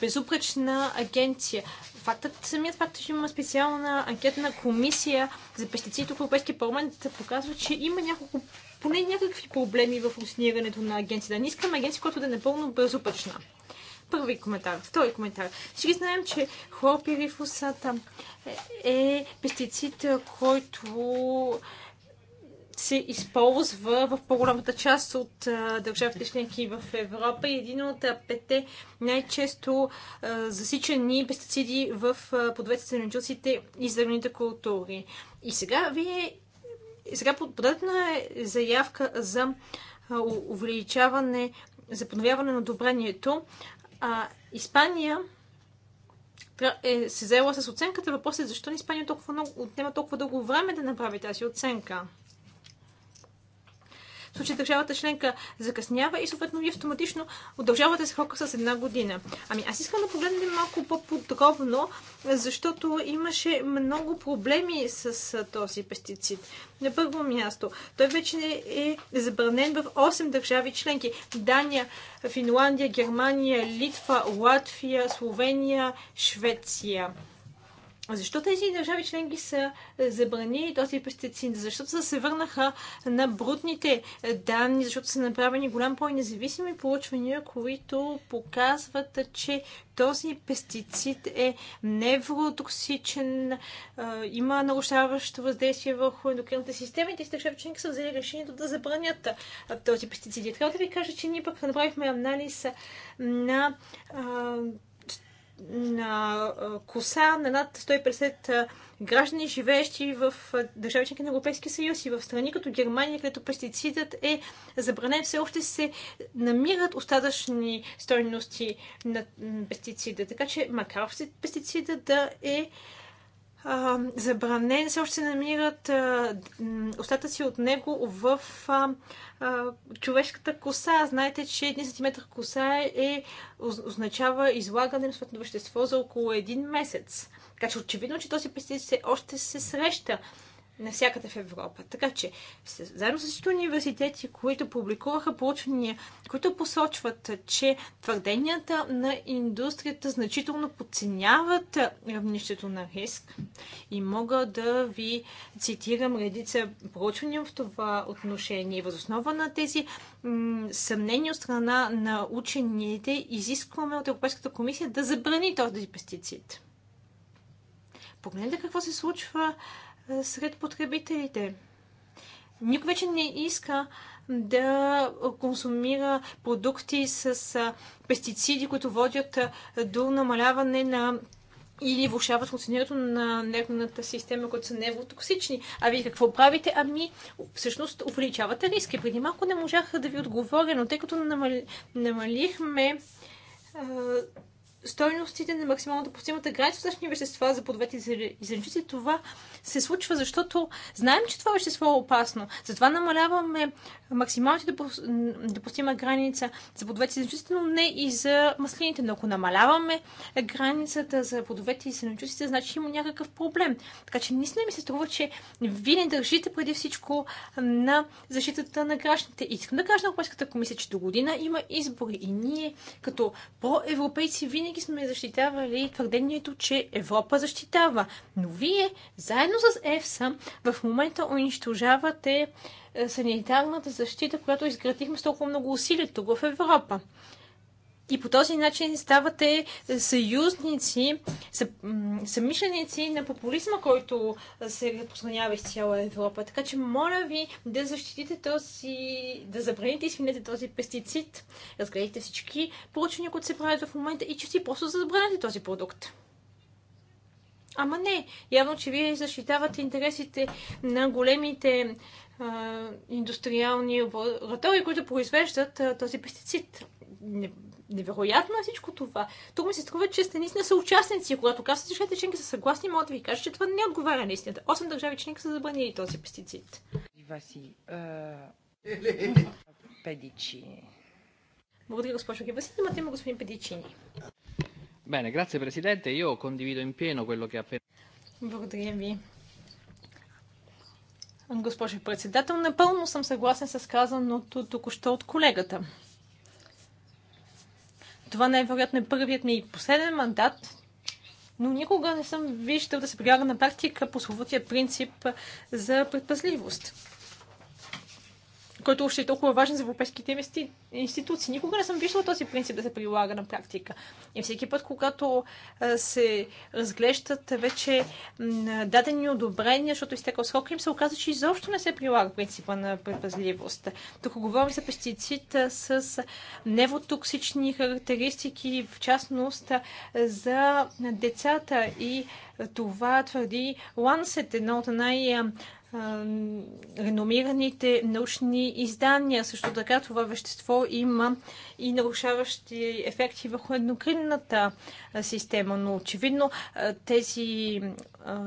безупречна агенция. Фактът, самият факт, че има специална анкетна комисия за пестициди в Европейския парламент показва, че има няколко поне някакви проблеми в функционирането на агенцията. Да не искаме агенция, която да е напълно безупречна. Първи коментар. Втори коментар. Всички знаем, че хлорпирифосата е, е пестицид, който се използва в по-голямата част от държавите членки в Европа и един от пете най-често засичани пестициди в подвесите на джусите и зърните култури. И сега вие сега подадена е заявка за увеличаване, за подновяване на одобрението. А Испания е, се заела с оценката. Въпросът е защо на Испания толкова много, отнема толкова дълго време да направи тази оценка случай държавата членка закъснява и съответно вие автоматично удължавате срока с една година. Ами аз искам да погледнем малко по-подробно, защото имаше много проблеми с този пестицид. На първо място, той вече е забранен в 8 държави членки. Дания, Финландия, Германия, Литва, Латвия, Словения, Швеция. Защо тези държави членки са е, забранили този пестицид? Защото се върнаха на брутните е, данни, защото са направени голям по независими получвания, които показват, че този пестицид е невротоксичен, е, има нарушаващо въздействие върху ендокринната система и тези държави членки са взели решението да забранят този пестицид. трябва да ви кажа, че ние пък направихме анализ на на коса на над 150 граждани, живеещи в държавите на Европейския съюз и в страни като Германия, където пестицидът е забранен, все още се намират остатъчни стойности на пестицида. Така че, макар пестицида да е а, забранен, все още се намират а, остатъци от него в а, човешката коса. Знаете, че 1 см коса е, означава излагане на съответно вещество за около един месец. Така че очевидно, че този пестицид още се среща навсякъде в Европа. Така че, заедно с всички университети, които публикуваха проучвания, които посочват, че твърденията на индустрията значително подценяват равнището на риск. И мога да ви цитирам редица проучвания в това отношение. Възоснова на тези съмнения от страна на учените, изискваме от Европейската комисия да забрани този пестицид. Погледнете какво се случва сред потребителите. Никой вече не иска да консумира продукти с пестициди, които водят до намаляване на или влушават функционирането на нервната система, които са невротоксични. А вие какво правите? Ами, всъщност увеличавате риски. Преди малко не можах да ви отговоря, но тъй като намали, намалихме стойностите на максималната постигната граница същни вещества за плодовете и зеленчуци. Това се случва, защото знаем, че това вещество е опасно. Затова намаляваме максималната допустима граница за плодовете и зеленчуците, но не и за маслините. Но ако намаляваме границата за плодовете и зеленчуците, значи има някакъв проблем. Така че наистина ми се струва, че вие не държите преди всичко на защитата на гражданите. искам да кажа на Европейската комисия, че до година има избори и ние като проевропейци винаги винаги сме защитавали твърдението, че Европа защитава. Но вие, заедно с ЕФСА, в момента унищожавате е, санитарната защита, която изградихме с толкова много усилия тук в Европа. И по този начин ставате съюзници, съмишленици на популизма, който се разпространява из цяла Европа. Така че моля ви да защитите този, да забраните и свинете този пестицид, разгледайте всички поручения, които се правят в момента и че си просто забраните този продукт. Ама не, явно, че вие защитавате интересите на големите а, индустриални лаборатории, които произвеждат а, този пестицид. Не, невероятно е всичко това. Тук ми се струва, че сте наистина са участници. Когато казвате, че държавите членки са съгласни, мога да ви кажа, че това не отговаря на истината. Осем държави членки са забранили този пестицид. Васи, Педичи. Благодаря, госпожо Гиваси. Имате има господин Педичини. Bene, grazie Presidente, io condivido in pieno quello che ha appena... Благодаря ви. Госпожо председател, напълно съм съгласен с казаното току-що от колегата. Това най-вероятно е първият ми и последен мандат, но никога не съм виждал да се прилага на практика прословутия принцип за предпазливост който още е толкова важен за европейските институции. Никога не съм виждала този принцип да се прилага на практика. И всеки път, когато се разглеждат вече дадени одобрения, защото изтекал срок, им се оказа, че изобщо не се прилага принципа на предпазливост. Тук говорим за пестицид с невотоксични характеристики, в частност за децата и това твърди Лансет, едно от най- реномираните научни издания. Също така това вещество има и нарушаващи ефекти върху еднокринната система. Но очевидно тези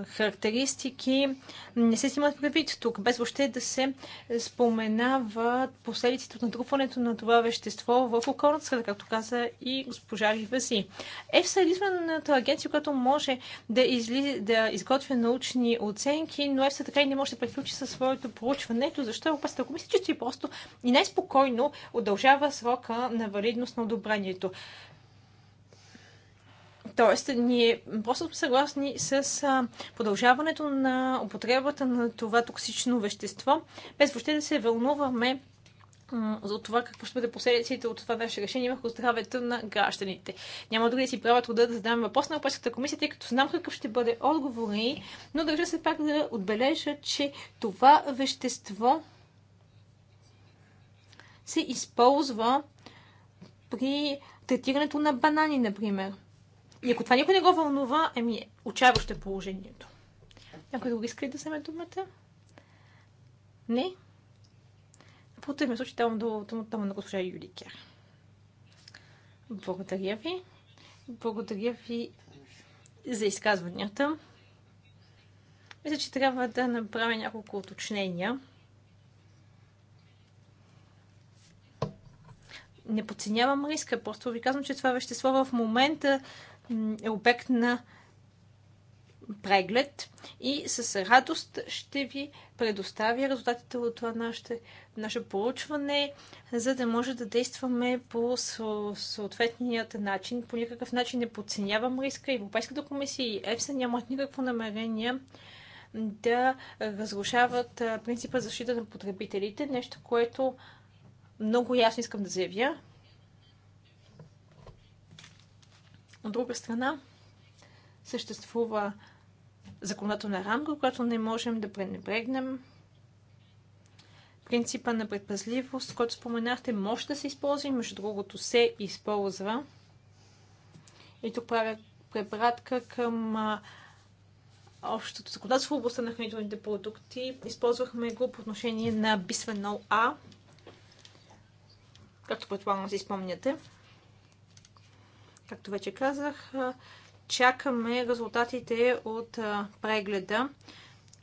характеристики не се снимат предвид тук, без въобще да се споменават последиците от натрупването на това вещество в околната среда, както каза и госпожа Ривази. ЕФСА е единствената агенция, която може да, изли... да изготвя научни оценки, но ЕФСА така и не може да приключи със своето проучване. Ето защо Европейската комисия че просто и най-спокойно удължава срока на на валидност на одобрението. Тоест, ние просто сме съгласни с продължаването на употребата на това токсично вещество, без въобще да се вълнуваме за това какво ще бъде последиците от това наше решение върху здравето на гражданите. Няма дори да си правя труда да задам въпрос на Европейската комисия, тъй като знам какъв ще бъде отговор и, но държа се пак да отбележа, че това вещество се използва при третирането на банани, например. И ако това никой не го вълнува, еми, отчаяващо е положението. Някой друг иска ли да вземе думата? Не? В противен случай давам думата на госпожа Юликер. Благодаря ви. Благодаря ви за изказванията. Мисля, че трябва да направя няколко уточнения. не подценявам риска, просто ви казвам, че това вещество в момента е обект на преглед и с радост ще ви предоставя резултатите от това наше, наше поручване, за да може да действаме по съответният начин. По никакъв начин не подценявам риска. Европейската комисия и ЕФСА нямат никакво намерение да разрушават принципа защита на потребителите, нещо, което много ясно искам да заявя. От друга страна, съществува законодателна рамка, която не можем да пренебрегнем. Принципа на предпазливост, който споменахте, може да се използва и между другото се използва. И тук правя препратка към общото законодателство в областта на хранителните продукти. Използвахме го по отношение на бисфенол А, както предполагам си спомняте. Както вече казах, чакаме резултатите от прегледа,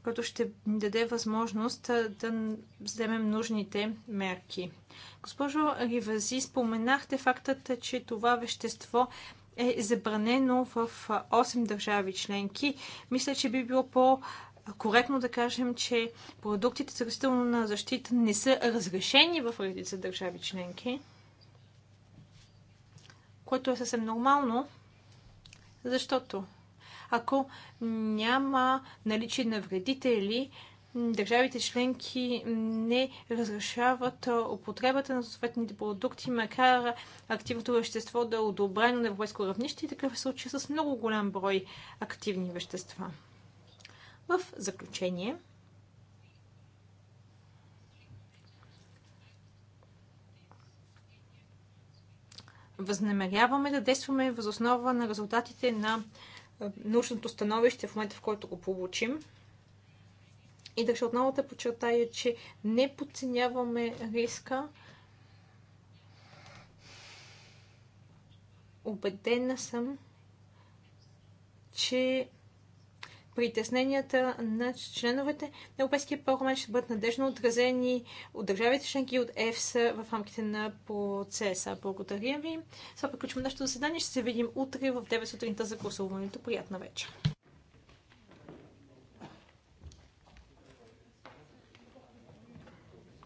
който ще ни даде възможност да вземем нужните мерки. Госпожо Ривази, споменахте фактът, че това вещество е забранено в 8 държави членки. Мисля, че би било по- коректно да кажем, че продуктите с растителна защита не са разрешени в редица държави членки, което е съвсем нормално, защото ако няма наличие на вредители, държавите членки не разрешават употребата на съответните продукти, макар активното вещество да е одобрено на европейско равнище и такъв е случай с много голям брой активни вещества. В заключение, възнамеряваме да действаме възоснова на резултатите на научното становище в момента, в който го получим. И държа отново да подчертая, че не подценяваме риска. Обедена съм, че притесненията на членовете на Европейския парламент ще бъдат надежно отразени от държавите членки от ЕФСА в рамките на процеса. Благодаря ви. Сега приключваме нашето заседание. Ще се видим утре в 9 сутринта за гласуването. Приятна вечер!